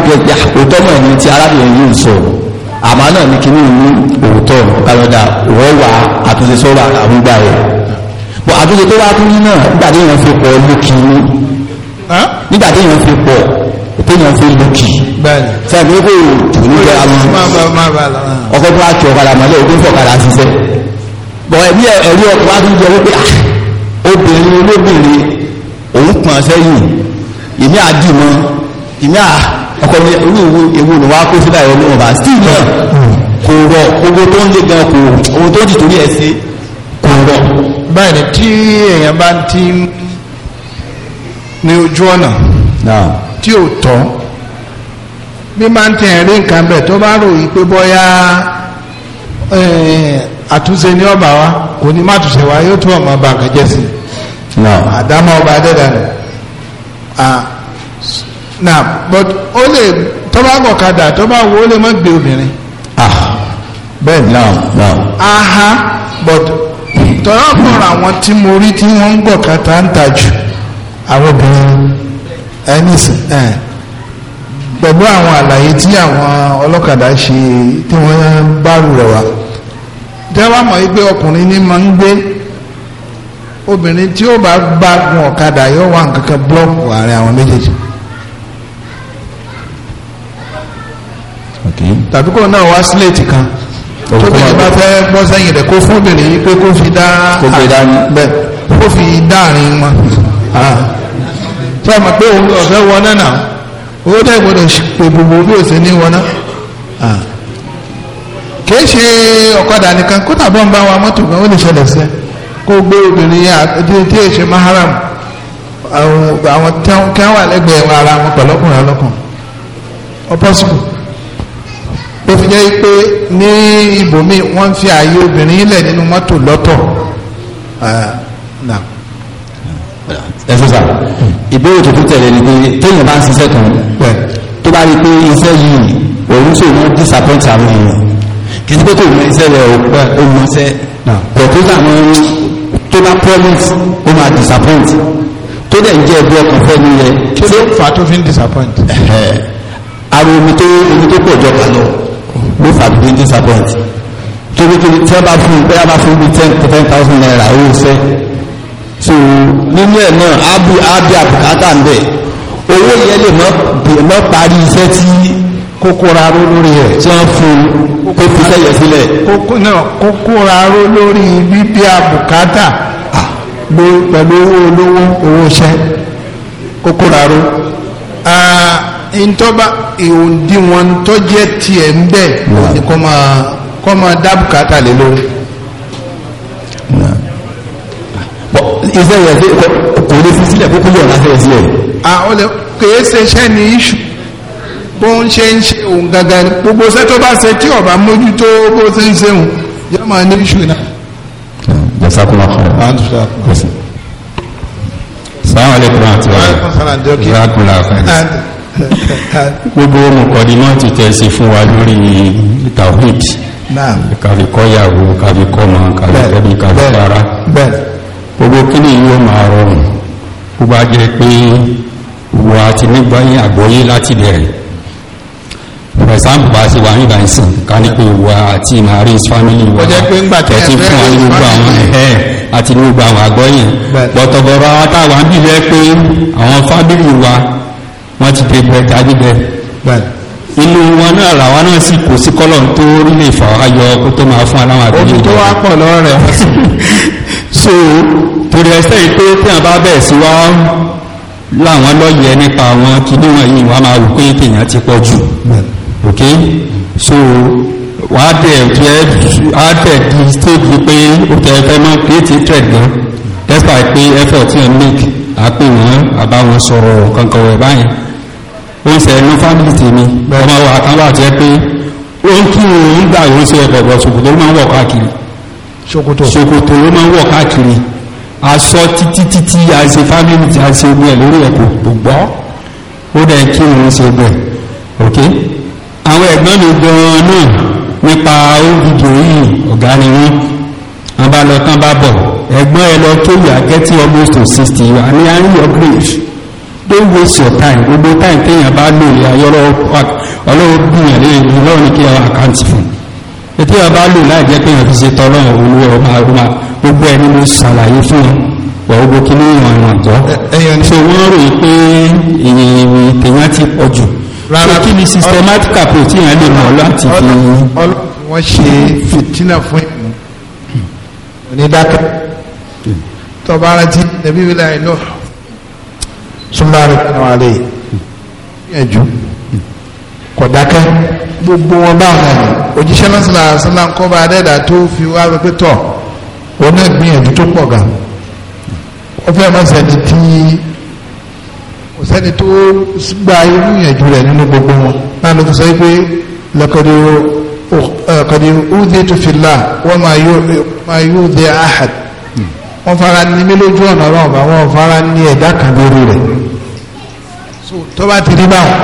òótọ́ mọ̀ ní ti arábìnrin yìí ń sọ àmọ́ náà ní kíní bọ̀ àtúnṣe tó bá tún ní náà nígbà tí èèyàn fi pọ̀ lókì inú nígbà tí èèyàn fi pọ̀ téèyàn fi lókì sẹ́yìn pé kò tún ní bẹ́ẹ̀ àwọn ọkọ̀ tó wá tún ọ̀kadà mọ́lẹ̀ òkú fọ̀kadà ṣiṣẹ́ bọ̀ ẹ̀rí ẹ̀rí ọkọ̀ wá tún jẹ́ wípé ah, obìnrin olóbìnrin òun pọ̀n sẹ́yìn ìmí àdìmọ́ ìmí à ọkọ̀ ní orí ewu ni wá kó sílẹ̀ ẹ̀rọ ọba still náà kò rọ owó tó ń lé gan kò owó tó dì torí ẹ̀ sí kò rọ báyìí ni tí èèyàn bá ti ní ojú ọ̀nà tí ò tọ́ bí máa ń tẹ̀ ẹ́ rí nǹkan bẹ̀ tó bá rò yí pé bóyá eh, àtúnṣe ní ọba wa kò ní má túnṣe wa yóò tún ọmọ ọba kan jẹ́ sí i àdámọ́ ọba adẹ́dàá na but ó lè tó bá gbọ̀kadà tó bá wo ó lè má gbé obìnrin. ah bẹ́ẹ̀ ni. aha but tọ́lá fúnra àwọn tí mo rí tí wọ́n ń gbọ̀ ń tà àwọn obìnrin ẹni pẹ̀lú àwọn àlàyé tí àwọn ọlọ́kadà ṣe tí wọ́n bá rù rẹ̀ wá jẹ́wọ́ mọ̀ wípé ọkùnrin ní máa ń gbé obìnrin tí ó bá bá gun ọ̀kadà tóbi bá fẹ́ bọ́ sẹ́yìn rẹ̀ kó fún obìnrin yìí pé kó fi dá kó fi dá àárín wọn tí a mọ̀ pé òun ọ̀fẹ́ wọn náà ó dẹ́ gbọ́dọ̀ pè gbogbo bí òsè ní wọn náà kì í ṣe ọ̀kadà nìkan kó tàbọ̀ ń bá wa mọ́tò gan ó lè ṣẹlẹ̀ sí kó gbé obìnrin tí èṣe maharam àwọn tí wọ́n wà lẹ́gbẹ̀ẹ́ ara wọn pẹ̀lọ́kùnrin ọlọ́kùnrin ọ ló fi jẹ́ pé ní ibòmíì wọ́n fi ààyè obìnrin ilẹ̀ nínú mọ́tò lọ́tọ̀ ẹ̀sùn sá ìbéèrè tó tún tẹ̀lé ni pé téèyàn bá ń ṣiṣẹ́ kan tó bá rí pé iṣẹ́ yìí òun tó mú disappoint àwọn èèyàn kì í sí pé kò mú iṣẹ́ rẹ̀ ó mú iṣẹ́ proposal mú tó bá promise ó máa disappoint tó dẹ̀ ń jẹ́ ẹgbẹ́ ọkàn fẹ́ ní yẹ. kí ló fà á tó fi ń disappoint. ara omi tó omi tó pọ̀ jọ lọ ló fà bí disappoint torítorí tí wọ́n bá fún un pé wọ́n bá fún bí ten to ten thousand naira owó iṣẹ́ so nínú ẹ̀ náà á bí á bí àbùkátà ń bẹ̀ owó yẹn lè mọ́ parí iṣẹ́ tí kókóraró lórí ẹ̀ tí wọ́n fún un pé fi iṣẹ́ yẹn sílẹ̀. kókóraró lórí bíbí àbùkátà pẹ̀lú owó olówó owó iṣẹ́ kókóraró. ntọ́ba ìhòndíwọn tọ́jẹ́ tiẹ̀ ń bẹ̀ ni kọ́ máa kọ́ máa dábùkátà lé lórí. iṣẹ́ yẹn ṣe kò lè fi sílẹ̀ kókó yọ̀ láti ẹ̀ sílẹ̀. àwọn olè kèé ṣe iṣẹ́ ní iṣu bó ń ṣe ń ṣe òun gangan gbogbo iṣẹ́ tó bá ṣe tí ọba mójútó bó ṣe ń ṣe òun yóò máa ní iṣu náà. jasakunla kọrọ. salaam aleykum wa rahmatulah. wa rahmatulah gbogbo mọ̀kọ̀dínà ti tẹ̀sí fún wa lórí tawhid kàfikọ́yàwó kàfikọ́mọ kàfikọ́bí kàfikọ́ra gbogbo kíni yóò máa rọrùn bó bá jẹ́ pé wà ti nígbàyí àgbọ́yé láti bẹ̀rẹ̀ ẹ̀sánbù bá sí wà nígbà ìsìn ká ní pé wà àti marie's family wà tẹ̀tí fún wa ní gbogbo àwọn ẹ̀ àti ní gbogbo àwọn àgbọ́yìn pọ̀tọ̀bọ̀rọ̀ àtàwà ń bí bẹ́ẹ̀ pé àwọn fábílì wa wọ́n ti dé bẹ́ẹ̀ tàbí bẹ́ẹ̀ inú wọn náà làwọn náà sì kò sí kọ́lọ̀ tó lè fà á yọ kó tó máa fún aláwọ̀ àbí ìjọba. ojú tó wá pọ̀ lọ́wọ́ rẹ̀. so torí ẹsẹ̀ yìí pé tí wọ́n bá bẹ̀ sí wá láwọn lọ́yẹ̀ nípa àwọn kìíní wọ̀nyí wọ́n máa wò pé tèèyàn ti pọ̀ jù. ok so wàá tẹ̀ jẹ́ á tẹ̀ di stage pé ó tẹ fẹ́ mọ́ create thread gan despite pé effort yẹn make àpè wọ́n àbáwọn sọ̀rọ̀ kankan wẹ̀ báyẹn wọ́n ṣe ẹnu fámìlì tèmi ọmọ wa kan wà jẹ́ pé ó ń kí òun gbà òun ṣe ẹ̀bọ̀bọ̀ ṣòkòtò ló máa ń wọ̀ káàkiri ṣòkòtò ṣòkòtò ló máa ń wọ̀ káàkiri aṣọ títí títí a ṣe fámìlì tí a ṣe ogun ẹ̀ lórí ẹ̀kọ́ gbọ́ ó dẹ̀ kí òun ṣe bẹ̀ ok àwọn ẹ̀gbọ́n mi gan-an náà nípa ogd yìí ọ̀gá ni wọ́n wọn bá lọ tán bá bọ̀ ẹ̀gbọ́n ẹ lọ kéwì àgẹ́tì almost to sixty you are nearing your grave don't waste your time gbogbo time téèyàn bá lò ní ayọ́rọ́ ọlọ́wọ́ gbìyàn lè ní lọ́wọ́ ní kí ẹ àkáǹtì fún ètò ìyá bá lò láì jẹ́ kéèyàn fi ṣe tọ́lọ́ olúwa ọba ọba gbogbo ẹni mo ṣàlàyé fún wọn wọ gbogbo kí ní ìwọ̀n ìwọ̀n àjọ so wọ́n rò pé ìrìn tèèyàn ti pọ̀ jù rárá kí ni systematic approach yẹn lè mọ̀ láti fi. wọ́n ṣe fìtínà fún ìmú onídàkẹ́ hmm. tọ́ba ara ti nàbí wíláyé náà sumari kanwale ẹjú kọdákẹ gbogbo wọn báwọn náà ni òjíṣẹ́ náà sọlá sọlá ńkọba adẹ́dà tó fi wá lọ pé tọ̀ wọn náà gbìyànjú tó pọ̀ gan ó fẹ́ mọ́ sẹ́ni tí kò tó gba irú ìyànjú rẹ̀ nínú gbogbo wọn náà ló tún sọ pé lọ́kọ̀dé ó dé tó fi là wọ́n máa yóò dé ahad wọ́n fara ní mí lójú ọ̀nà ọlọ́run bá wọ́n fara ní ẹ̀dá kan lórí rẹ̀ so tó bá ti rí báwọn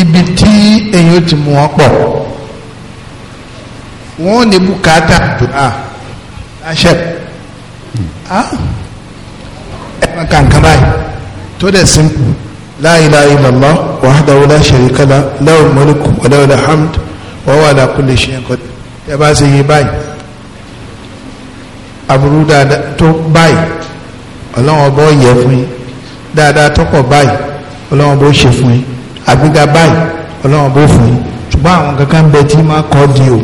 ibi tí èyàn ti mú wọn pọ̀ wọ́n ní bùkátà dùá àṣẹ ẹ̀rọ kankan báyìí tó dẹ̀ simple la ilaha illallah wahdahu la sharika lahu lahul mulku wa hamd wa huwa ala kulli shay'in qadir ẹ bá ṣe yí báyìí aburú dáadáa tó báyìí ọlọ́wọ́n bọ́ yẹ fún yín dáadáa tó pọ̀ báyìí ọlọ́wọ́n bó ṣe fún yín àgbéga báyìí ọlọ́wọ́n bó fún yín ṣùgbọ́n àwọn kankan ń bẹ tí máa kọ́ di o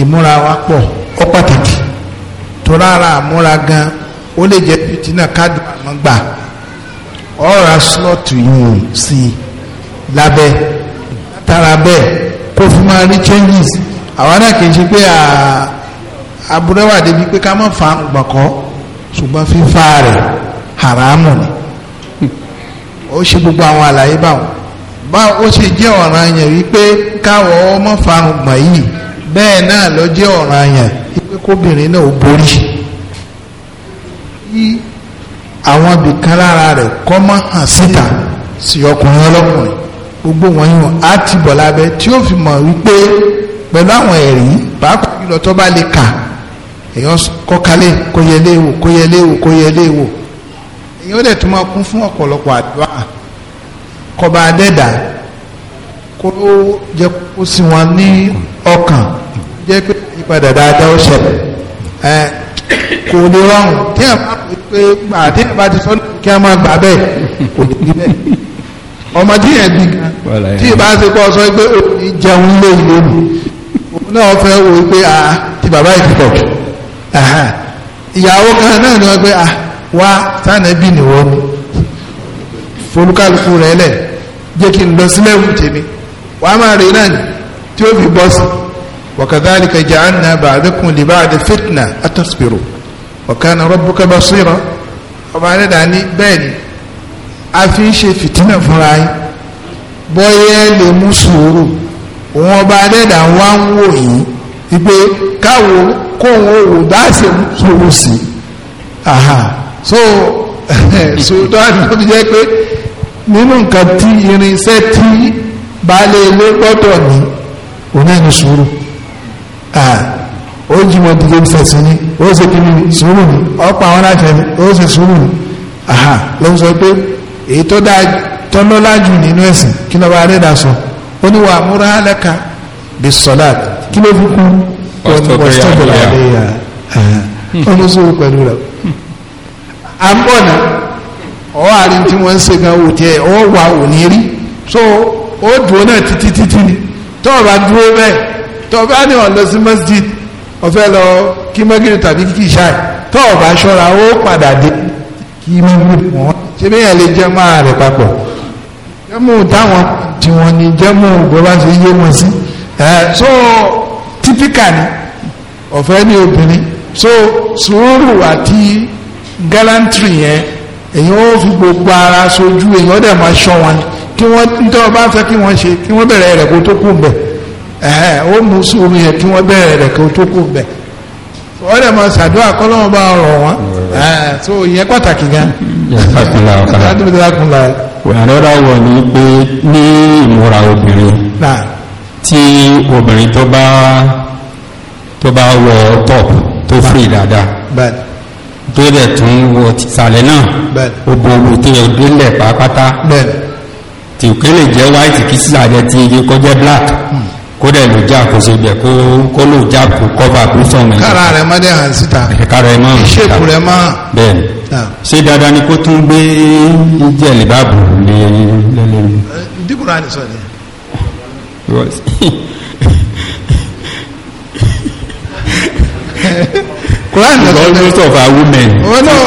ìmúra wa pọ̀ ó pàtàkì tó rárá àmúra gan ó lè jẹ́ fìtínà káàdùn àmọ́ gbà ọ̀rá slọ́ọ̀tù yìí sí i lábẹ́ látara bẹ́ẹ̀ kó fún máa rí changes àwọn náà kì í ṣe pé àà aburẹ́wà débi pé ká má fa gbàkọ́ ṣùgbọ́n fífa rẹ̀ haramu ni ó ṣe gbogbo àwọn àlàyé báwọn báwo ó ṣe jẹ́ ọ̀ràn yẹn wípé káwọ́ ọmọ farun gbọ̀n yìí bẹ́ẹ̀ náà lọ jẹ́ ọ̀ràn yẹn wípé kóbìnrin náà ó borí àwọn ibìkan lára rẹ̀ kọ́ mọ́ hàn síta sí ọkùnrin ọlọ́kùnrin gbogbo wọn yìí á ti bọ̀ lábẹ́ tí ó fi mọ̀ wípé pẹ̀lú àwọn ẹ̀rí pàápàá jùlọ tó bá lè kà èèyàn kọ́kalẹ̀ kó yẹ léèwò kó yẹ léèwò kó yẹ léèwò èèyàn dẹ̀ tún máa kún fún ọ̀pọ̀lọpọ̀ àdúrà kọba adẹ́dà kó jẹ́ kó sí wọn ní ọkàn jẹ́ pé ìpadà dáadáa ó ṣẹlẹ̀ ẹ kò lè rọrùn tí ẹ bá pé gbà tí ẹ bá ti sọ kí a máa gbà bẹ́ẹ̀ kò lè rí bẹ́ẹ̀ yẹn bí kan tí ìbá ṣe kọ́ sọ pé òun jẹun lé ìlú òun náà fẹ́ wo pé a ti bàbá ìdìbò ìyàwó kan náà ni wọ́n pé ah, wá sànẹ́bì nìwọ ni folúkálùkù rẹ̀ lẹ̀ jẹ́ kí n lọ sílẹ̀ wù tèmi wàá máa rè náà ni tí ó fi bọ́ sí wakadhalika ja'alna ba'dakum li ba'di fitna atasbiru wa kana rabbuka basira ọba adada bẹ́ẹ̀ ni a fi ń ṣe fìtínà fúnra yín bọ́yẹ́ lè mú sùúrù òun ọba adada wá ń wò yín ìgbé káwọn kóhun òwò bá ṣe sọ̀rọ̀ sí so sultan ló fi jẹ́ pé nínú nǹkan tí irinṣẹ́ tí baálé ilé gbọ́dọ̀ ní òun sùúrù ó jí wọn dìde fẹ̀sìn ní ó ṣe kí ni sùúrù ní ọ̀pọ̀ àwọn aláṣẹ ní ó ṣe sùúrù ní ló ń sọ pé èyí tó dáa tọ́lọ́lá jù nínú ẹ̀sìn kí lọ́ba rẹ̀ dà sọ ó múra lẹ́ka bí sọ́láàtì kí ló fi kún wọ́stọ́bìlà àléyà ọlọ́sọ̀rọ̀ pẹ̀lú rẹ̀ à ń bọ̀ náà tí wọ́n ṣe gan wò tiẹ̀ ọ̀ wà ò ní rí so ó dúró náà títí títí ni o bá dúró bẹ́ẹ̀ tó o bá ní ọ̀ sí masjid ọ̀fẹ́ lọ kí mọ́gìrì tàbí kí kìí ṣáì tó o bá ṣọ́ra ó padà dé kí mọ́gìrì wọ́n ṣe bí yẹn lè jẹ́ máa rẹ̀ papọ̀ jẹ́mú táwọn tí wọ́n ní jẹ́mú gbọ́dọ̀ ṣe yé wọn sí ẹ so típíkà ni ọ̀fẹ́ ni obìnrin so sùúrù àti gallantry yẹn èyàn ó fi gbogbo ara sojú èyàn ó dẹ̀ máa ṣọ́ wọn ni kí wọ́n nítorí wọn bá fẹ́ kí wọ́n ṣe kí wọ́n bẹ̀rẹ̀ rẹ̀ kó tó kù bẹ̀ ẹ̀ ó mú sùúrù yẹn kí wọ́n bẹ̀rẹ̀ rẹ̀ kó tó kù bẹ̀ wọ́n dẹ̀ máa ṣàdúrà kọ́ lọ́wọ́ bá rọ̀ wọ́n ẹ̀ so ìyẹn pàtàkì gan. another one ni pé ní ìmúra obìnrin tí obìnrin tó bá tó bá wọ top tó free dáadáa tó dẹ̀ tún wọ ìsàlẹ̀ náà ó bo owó tí yẹn délẹ̀ pàápàá tí òkè lè jẹ́ white kí sísàlẹ̀ tí iye kọjá black hmm. kó dẹ̀ ló já kó sebẹ̀ kó kó ló já kó kọ́ba kó sọ̀mù ẹ̀. kára rẹ̀ má dé hàn síta. kára rẹ̀ má hàn síta ìṣèkù rẹ̀ bẹ́ẹ̀ni ah. ṣé dáadáa ni kó tún gbé jẹ̀lẹ̀ bá bù lé lẹ́lẹ́rú. dípò náà ni sọ ni because Quran is almost of our women. wọ́n náà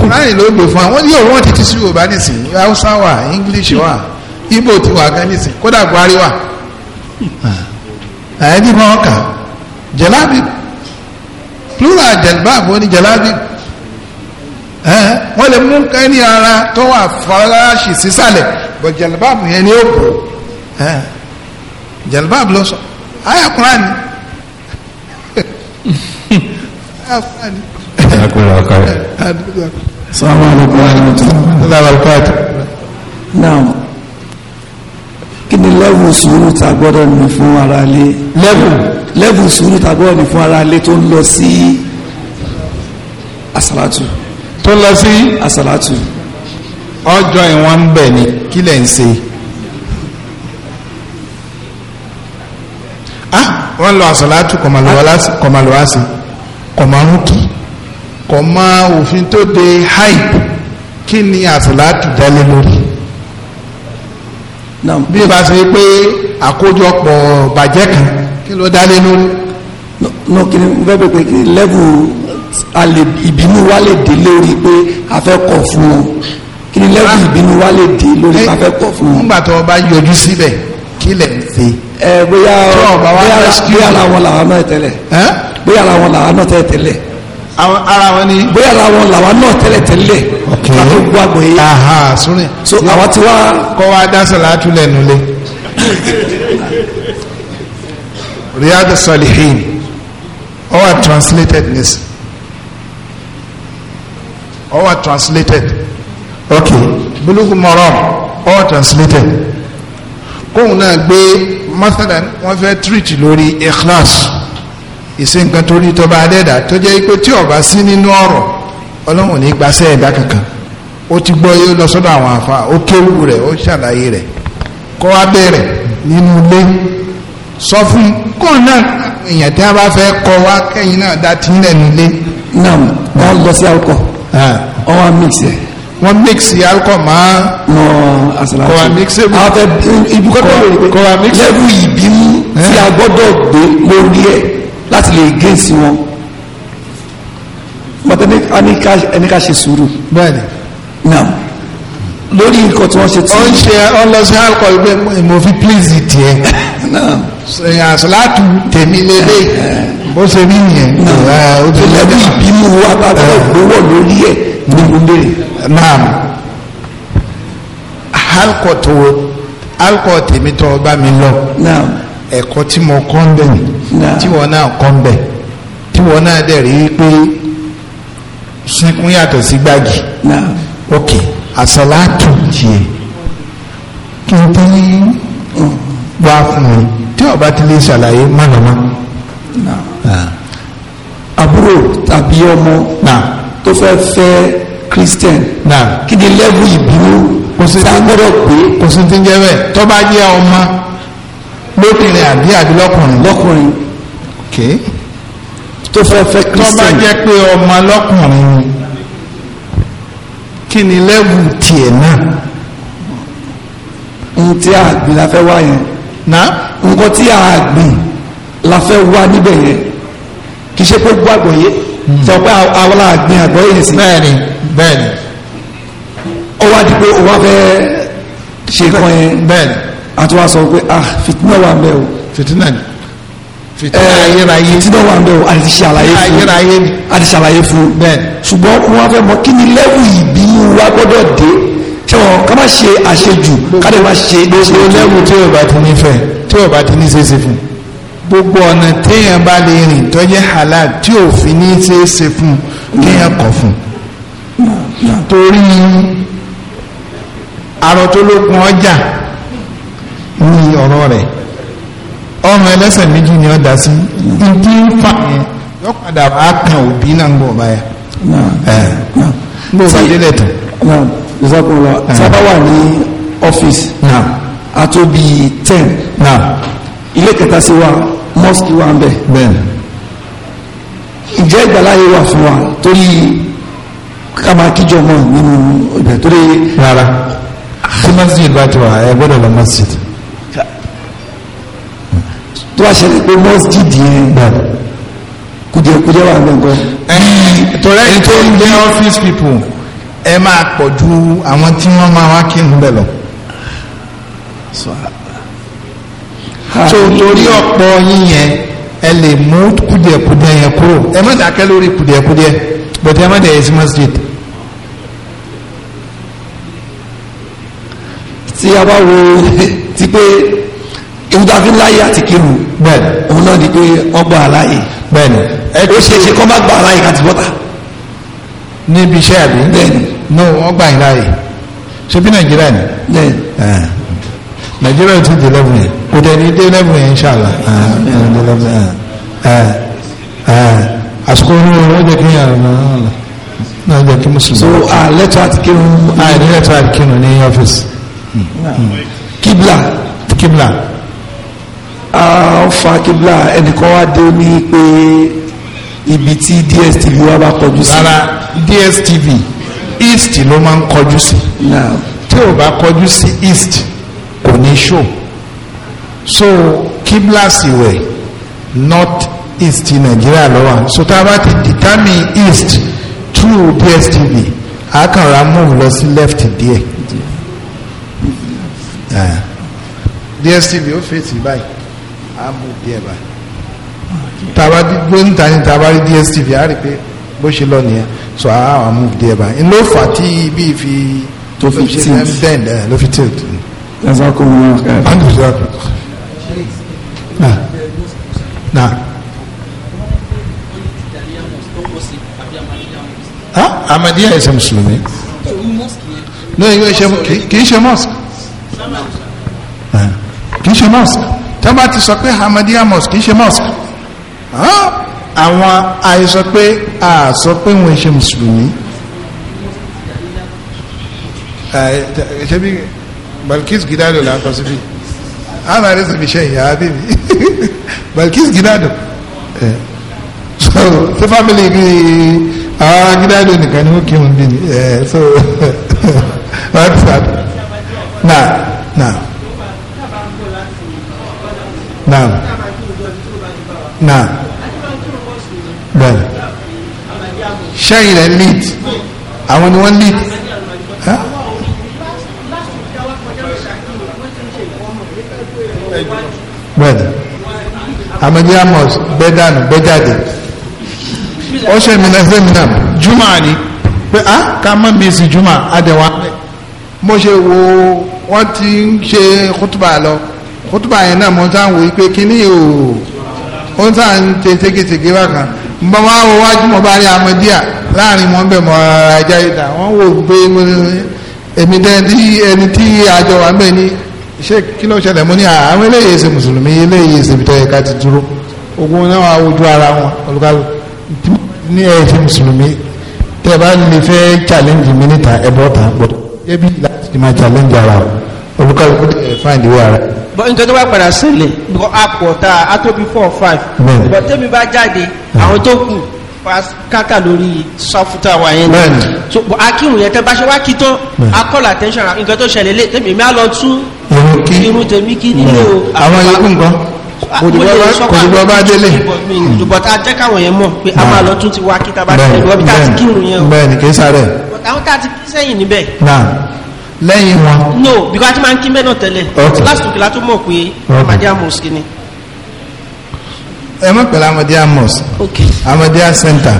Quran ló gbè fún wa wọ́n yóò wọ́n ti ti sí yorùbá nísìnyí hausa wa english wa igbo ti wà gan nísìnyí kódà buhari wa ah. àyẹ̀dí wọn kà jalabi plural jalbab wọ́n ní jalabi wọ́n lè mú kẹ́ni ara tó wà faraṣì sísàlẹ̀ bọ̀ jalbab yẹn ni ó bò. Jalba ló sọ àyà Qur'an ni. salaamaleykum wa rahmatulah. naam kí ni lẹ́wù sùúrù ta gbọ́dọ̀ ní fún ara lé. lẹ́wù lẹ́wù sùúrù ta gbọ́dọ̀ ní fún ara lé tó ń lọ sí asalatu. tó ń lọ sí asalatu. ọjọ́ ìwọ̀n ń bẹ̀ ni kí ń ṣe. ah wọ́n lọ àsọ̀látù kọ̀màlúwàsì kọ̀màrúnkì kọ̀mà òfin tó de haip kí ni àsọ̀látù dálé lórí bí o bá ṣe pé àkójọpọ̀ bàjẹ́ kan kí ló dálé lórí. no kí ni bẹ́ẹ̀ bẹ́ẹ̀ pé kí lẹ́bù ìbínú wa lè dé lórí pé a fẹ́ kọ̀ fún wọn kí ni lẹ́bù ah. ìbínú wa lè dé lórí pé a fẹ́ kọ̀ fún wọn. nígbà tó o bá yọjú síbẹ̀ kí lẹ̀ ń ṣe. ẹ bóyá bóyá ara wọn làwọn náà tẹ́lẹ̀ bóyá ara wọn làwọn náà tẹ́lẹ̀ tẹ́lẹ̀. ara wọn ni. bóyá ara wọn làwọn náà tẹ́lẹ̀ tẹ́lẹ̀. ok kí gbọ́ àgbọ̀ yìí. aha sori. so àwọn ti wá. kọ́ wa dáṣọ láti lẹ̀ nulẹ̀. Riyadus Salihin ó wà translated nis ó wà translated ok Bulugh Maram ó wà translated kóun náà gbé masalan wọ́n fẹ́ treat lórí ikhlas ìsìn nǹkan torí tọba adẹ́dà tó jẹ́ pé tí ọba sí nínú ọ̀rọ̀ ọlọ́run ní gbasẹ́ ẹ̀dá kankan ó ti gbọ́ yóò lọ sọ́dọ̀ àwọn àfa ó kéwù rẹ̀ ó ṣàlàyé rẹ̀ kọ́ wá bẹ̀rẹ̀ nínú ilé sọ fún kóun náà èèyàn tí a bá fẹ́ kọ́ wá kẹ́yìn náà dá tí nílé. náà wọ́n lọ sí àwòkọ́ ah. ọwọ́ mix ẹ̀ wọ́n mixi alcohol máa kọ́ wa mixi mu kọ́ wa mixi mu lẹ́rù ìbínú tí a gbọ́dọ̀ gbé lórí ẹ̀ láti lè gé sí wọn mọ̀tẹ́ ẹni ká ṣe sùúrù bẹ́ẹ̀ni naam lórí nǹkan tí wọ́n ṣe tí. ó ń ṣe ó ń lọ sí alcohol pé mo fi please tiẹ̀ àṣàlátù tèmi lélẹ̀ eh, eh. bó ṣe rí yẹn. lẹ́rù ìbínú wa bá gbọ́dọ̀ gbówó lórí ẹ̀ nígbìndé naam alkọ tó alkọ tèmi tọ bá mi lọ ẹ̀kọ́ tí mo kọ́ ń bẹ̀ tí wọ́n náà kọ́ ń bẹ̀ tí wọ́n náà dẹ̀ rí pé sínkún yàtọ̀ sí gbági ok àsọ̀látò tiẹ̀ kí n tẹ́lẹ̀ wá fún mi tí ọba ti lè ṣàlàyé mọ̀nàmọ́. Ah. àbúrò tàbí ọmọ náà tó fẹ́ fẹ́ christian kí ni lẹ́bù ìbúrú sàgbọ́dọ̀ pé. kò sí ti ń jẹ́ bẹ́ẹ̀ tó ọmọ lóbìnrin àbí àbí lọ́kùnrin. lọ́kùnrin. okay. tó fẹ́ fẹ́ christian. tó bá jẹ́ pé ọmọ lọ́kùnrin ni kí ni lẹ́bù tiẹ̀ náà. n tí a la fẹ́ wá yẹn. na. nǹkan tí a gbìn la fẹ́ wá níbẹ̀ yẹn kì í ṣe pé gbàgbọ́ yẹn sọ pé àwọn àgbìn àgbọ̀ yìí sí. bẹ́ẹ̀ni bẹ́ẹ̀ni. ó wá di pé òun wá fẹ́ ṣe kan yẹn. bẹ́ẹ̀ni. àti wàá sọ pé ah fìtínà wà mẹ́ o. fìtínà ni fìtínà eh, ayérayé fìtínà wà mẹ́ o a ti ṣàlàyé fún ayérayé a ti ṣàlàyé fún. bẹ́ẹ̀ni. ṣùgbọ́n wọn fẹ́ mọ kí ni lẹ́wù ìbínú wa gbọ́dọ̀ dé ṣé wọn ká má ṣe àṣejù ká lè má ṣe. gbogbo lẹ́wù tí yóò bá ti ní fẹ́ tí yóò bá ti ní ṣe fún gbogbo ọ̀nà téèyàn bá lè rìn tó jẹ́ halal tí òfin ní í ṣe é ṣe fún kéèyàn kọ̀ fún torí arọ tó lókun ọjà ní ọ̀rọ̀ rẹ̀ ọrùn ẹlẹ́sẹ̀ méjì ni ọ dá sí ìdí ń fà yẹn yọ padà wà kan òbí náà ń bọ̀ báyà gbogbo ìdílé tán. ìsọkùnrin sábà wà ní ọ́fíìsì a ten ilé kẹta sí wa mosque wà ń bẹ̀. bẹ́ẹ̀ni. ìjẹ́ ìgbàláyé wà fún wa torí Kama máa kíjọ mọ́ nínú ibẹ̀ torí. rárá tí masjid bá ti wà ẹ gbọ́dọ̀ lọ masjid. tó bá ṣẹlẹ̀ pé masjid yẹn kùdìẹ̀kùdìẹ̀ wà gbọ̀ngàn. torí ẹni tó ń jẹ́ office people ẹ máa pọ̀ ju àwọn tí wọ́n máa wá kí n bẹ̀ lọ. Ah. so torí ọ̀pọ̀ yín yẹn ẹ lè mú kùdìẹ̀kùdìẹ̀ yẹn kúrò ẹ má dàkẹ́ lórí kùdìẹ̀kùdìẹ̀ bọ̀dẹ̀ ẹ má dẹ̀ ẹ̀sìn masjid. tí a bá wo ti pé ìwúdàfín láyé àti kírun bẹ́ẹ̀ni òun náà di pé wọ́n gbọ́ àláyé bẹ́ẹ̀ni ó ṣe é ṣe kọ́ bá gbọ́ àláyé káti bọ́ta. níbi iṣẹ́ àbí bẹ́ẹ̀ni no wọ́n gbà yín láyé ṣe bí nàìjíríà ni. bẹ́ẹ̀ni ah nàìjíríà ti dé lẹ́bùn yẹn kò tẹ̀ ní dé lẹ́bùn yẹn ṣàlà ah, ah, ah, àsìkò oníwọ̀ wọ́n jẹ́ kí yàrá náà lọ náà jẹ́ kí mùsùlùmí. so a lẹ́tọ̀ àti kírun. a ní lẹ́tọ̀ àti ní ọ́fíìsì. Hmm, hmm. kíbla. kíbla. a ń fa kíbla ẹnìkan wá dé ní pé ibi tí dstv wa bá kọjú sí. rárá dstv east ló máa ń kọjú sí. tí ò bá kọjú sí east kò ní ṣò so kíbla sì wẹ̀ north east Nigeria lọ́wọ́ so tá a bá ti determine east through DSTV a kàn ra move lọ sí left díẹ̀ eh. DSTV ó fèsì báyìí a mú díẹ̀ báyìí tàbá gbóyún tani tàbá rí DSTV a rí pé bó ṣe lọ nìyẹn so a wà move díẹ̀ báyìí ló fà tí ibi fi tó fi tilt eh, ló fi tilt. Jazakumullahu khairan. Alhamdu jazakum. Naa. Naa. Ha? Amadiya ẹsẹ̀ Mùsùlùmí. Náà yóò ṣe kì í ṣe mosque. Kì í ṣe mosque. Tẹ́bà ti sọ pé Amadiya mosque kì í ṣe mosque. Àwọn àìsọ pé a sọ pé wọ́n ṣe Mùsùlùmí. Ṣé Balkis Gidado là ń kọ síbi àmà rẹ̀ sì fi ṣe ìyá bíbí Balkis Gidado eh. so so family bi àwọn ah, Gidado nìkan ni ó kí wọn bí ni eh, so wọ́n ti na na na na bẹ́ẹ̀ ṣẹ́yìn rẹ̀ lead àwọn ni wọ́n lead. Huh? bẹ́ẹ̀ni amadiya mosque gbẹdànù gbẹjáde ọṣẹ mìíràn sẹmìíràn juma ni pé ah, a ká má mèsì juma adẹwà mo ṣe wo wọn ti ń ṣe kútùbà lọ kútùbà yẹn náà mo ń sáà wò ó pé kíní o ó ń sáà ń ṣe ségesège bákan mo máa wo wájú mo bá rí amadiya láàrin wọn bẹ mọ ara ajá ìdá wọn wò pé èmi dẹ́ni ẹni tí àjọ wà ń bẹ ní ṣé kí ló ṣẹlẹ̀ mo ní àwọn eléyìí ṣe mùsùlùmí eléyìí ṣe bìtọ́ ẹ̀ka ti dúró ogun náà wà ojú ara wọn olùkàlù ní ẹ̀ ṣe mùsùlùmí tẹ́ bá lè fẹ́ challenge mi níta ẹ bọ́ ta gbọ́dọ̀ ẹbí láti ti máa challenge ara wọn olùkàlù kò tẹ̀ ẹ̀ fáìn ìwé ara. bọ́ nítorí wàá padà sílẹ̀ bọ́ àpò ta àtòbí four or five bọ́ tẹ́mi bá jáde àwọn tó kù káka lórí sọfúta wa yẹn ni so akírun yẹn tẹ bá ṣe wá kí tán akọ́lá attention nǹkan tó ṣẹlẹ̀ lé tẹ́mi mi á lọ tún irun kí irun tèmi kí ah, lẹ́yìn wọn no because a ti máa kí mẹ́nà tẹ́lẹ̀ lásìkò kìlá tó mọ̀ pé amadi amos ni ẹ mọ̀ pẹ̀lú Ahmadiyya mosque okay. center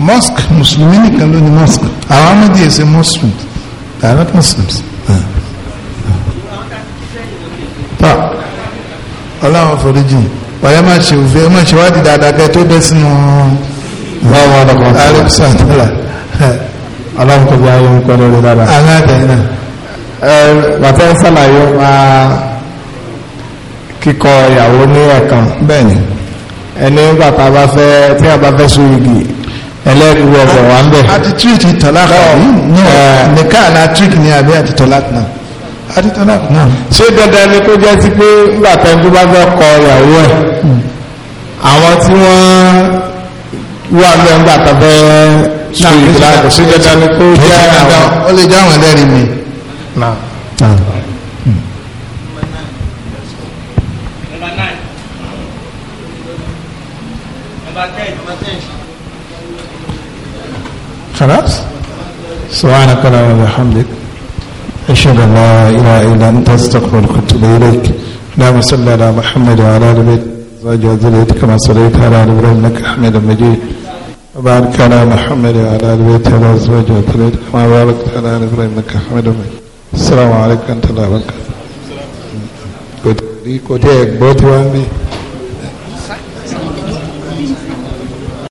mosque mùsùlùmí nìkan ló ní mosque àwọn Ahmadiyya ṣe muslims are not muslims. Uh. tọ́ ọlọ́run foríjì ọ̀yẹ́ má ṣe òfin ẹ ṣe dáadáa kẹ́ tó bẹ́ sínú kíkọ ìyàwó ní ẹ̀kan. bẹ́ẹ̀ni. ẹni bàtà bá fẹ́ tí a bá fẹ́ sún igi wà ń bẹ̀. àti tọ́lá kan nìkan ní abẹ́ àti tọ́lá kan. adìtọ́nà ṣé dandan ni kó jẹ́ sí pé nígbà tẹ́ńkú bá fẹ́ kọ ìyàwó ẹ̀ hmm. àwọn tí wọ́n wà ní ẹgbà tàbẹ́ ṣe ìgbà ṣé dandan ni kó jẹ́ àwọn. ó lè jẹ́ àwọn ẹlẹ́rìí mi. خلاص سبحانك اللهم وبحمدك أشهد أن لا إله إلا أنت أستغفرك وأتوب إليك اللهم صل على محمد وعلى آل بيت أزواج وذريته كما صليت على آل إبراهيم إنك حميد مجيد وبارك على محمد وعلى آل بيت وأزواج كما باركت على آل إبراهيم إنك حميد مجيد السلام عليكم ورحمة الله وبركاته Good. Good. Good. Good. Good.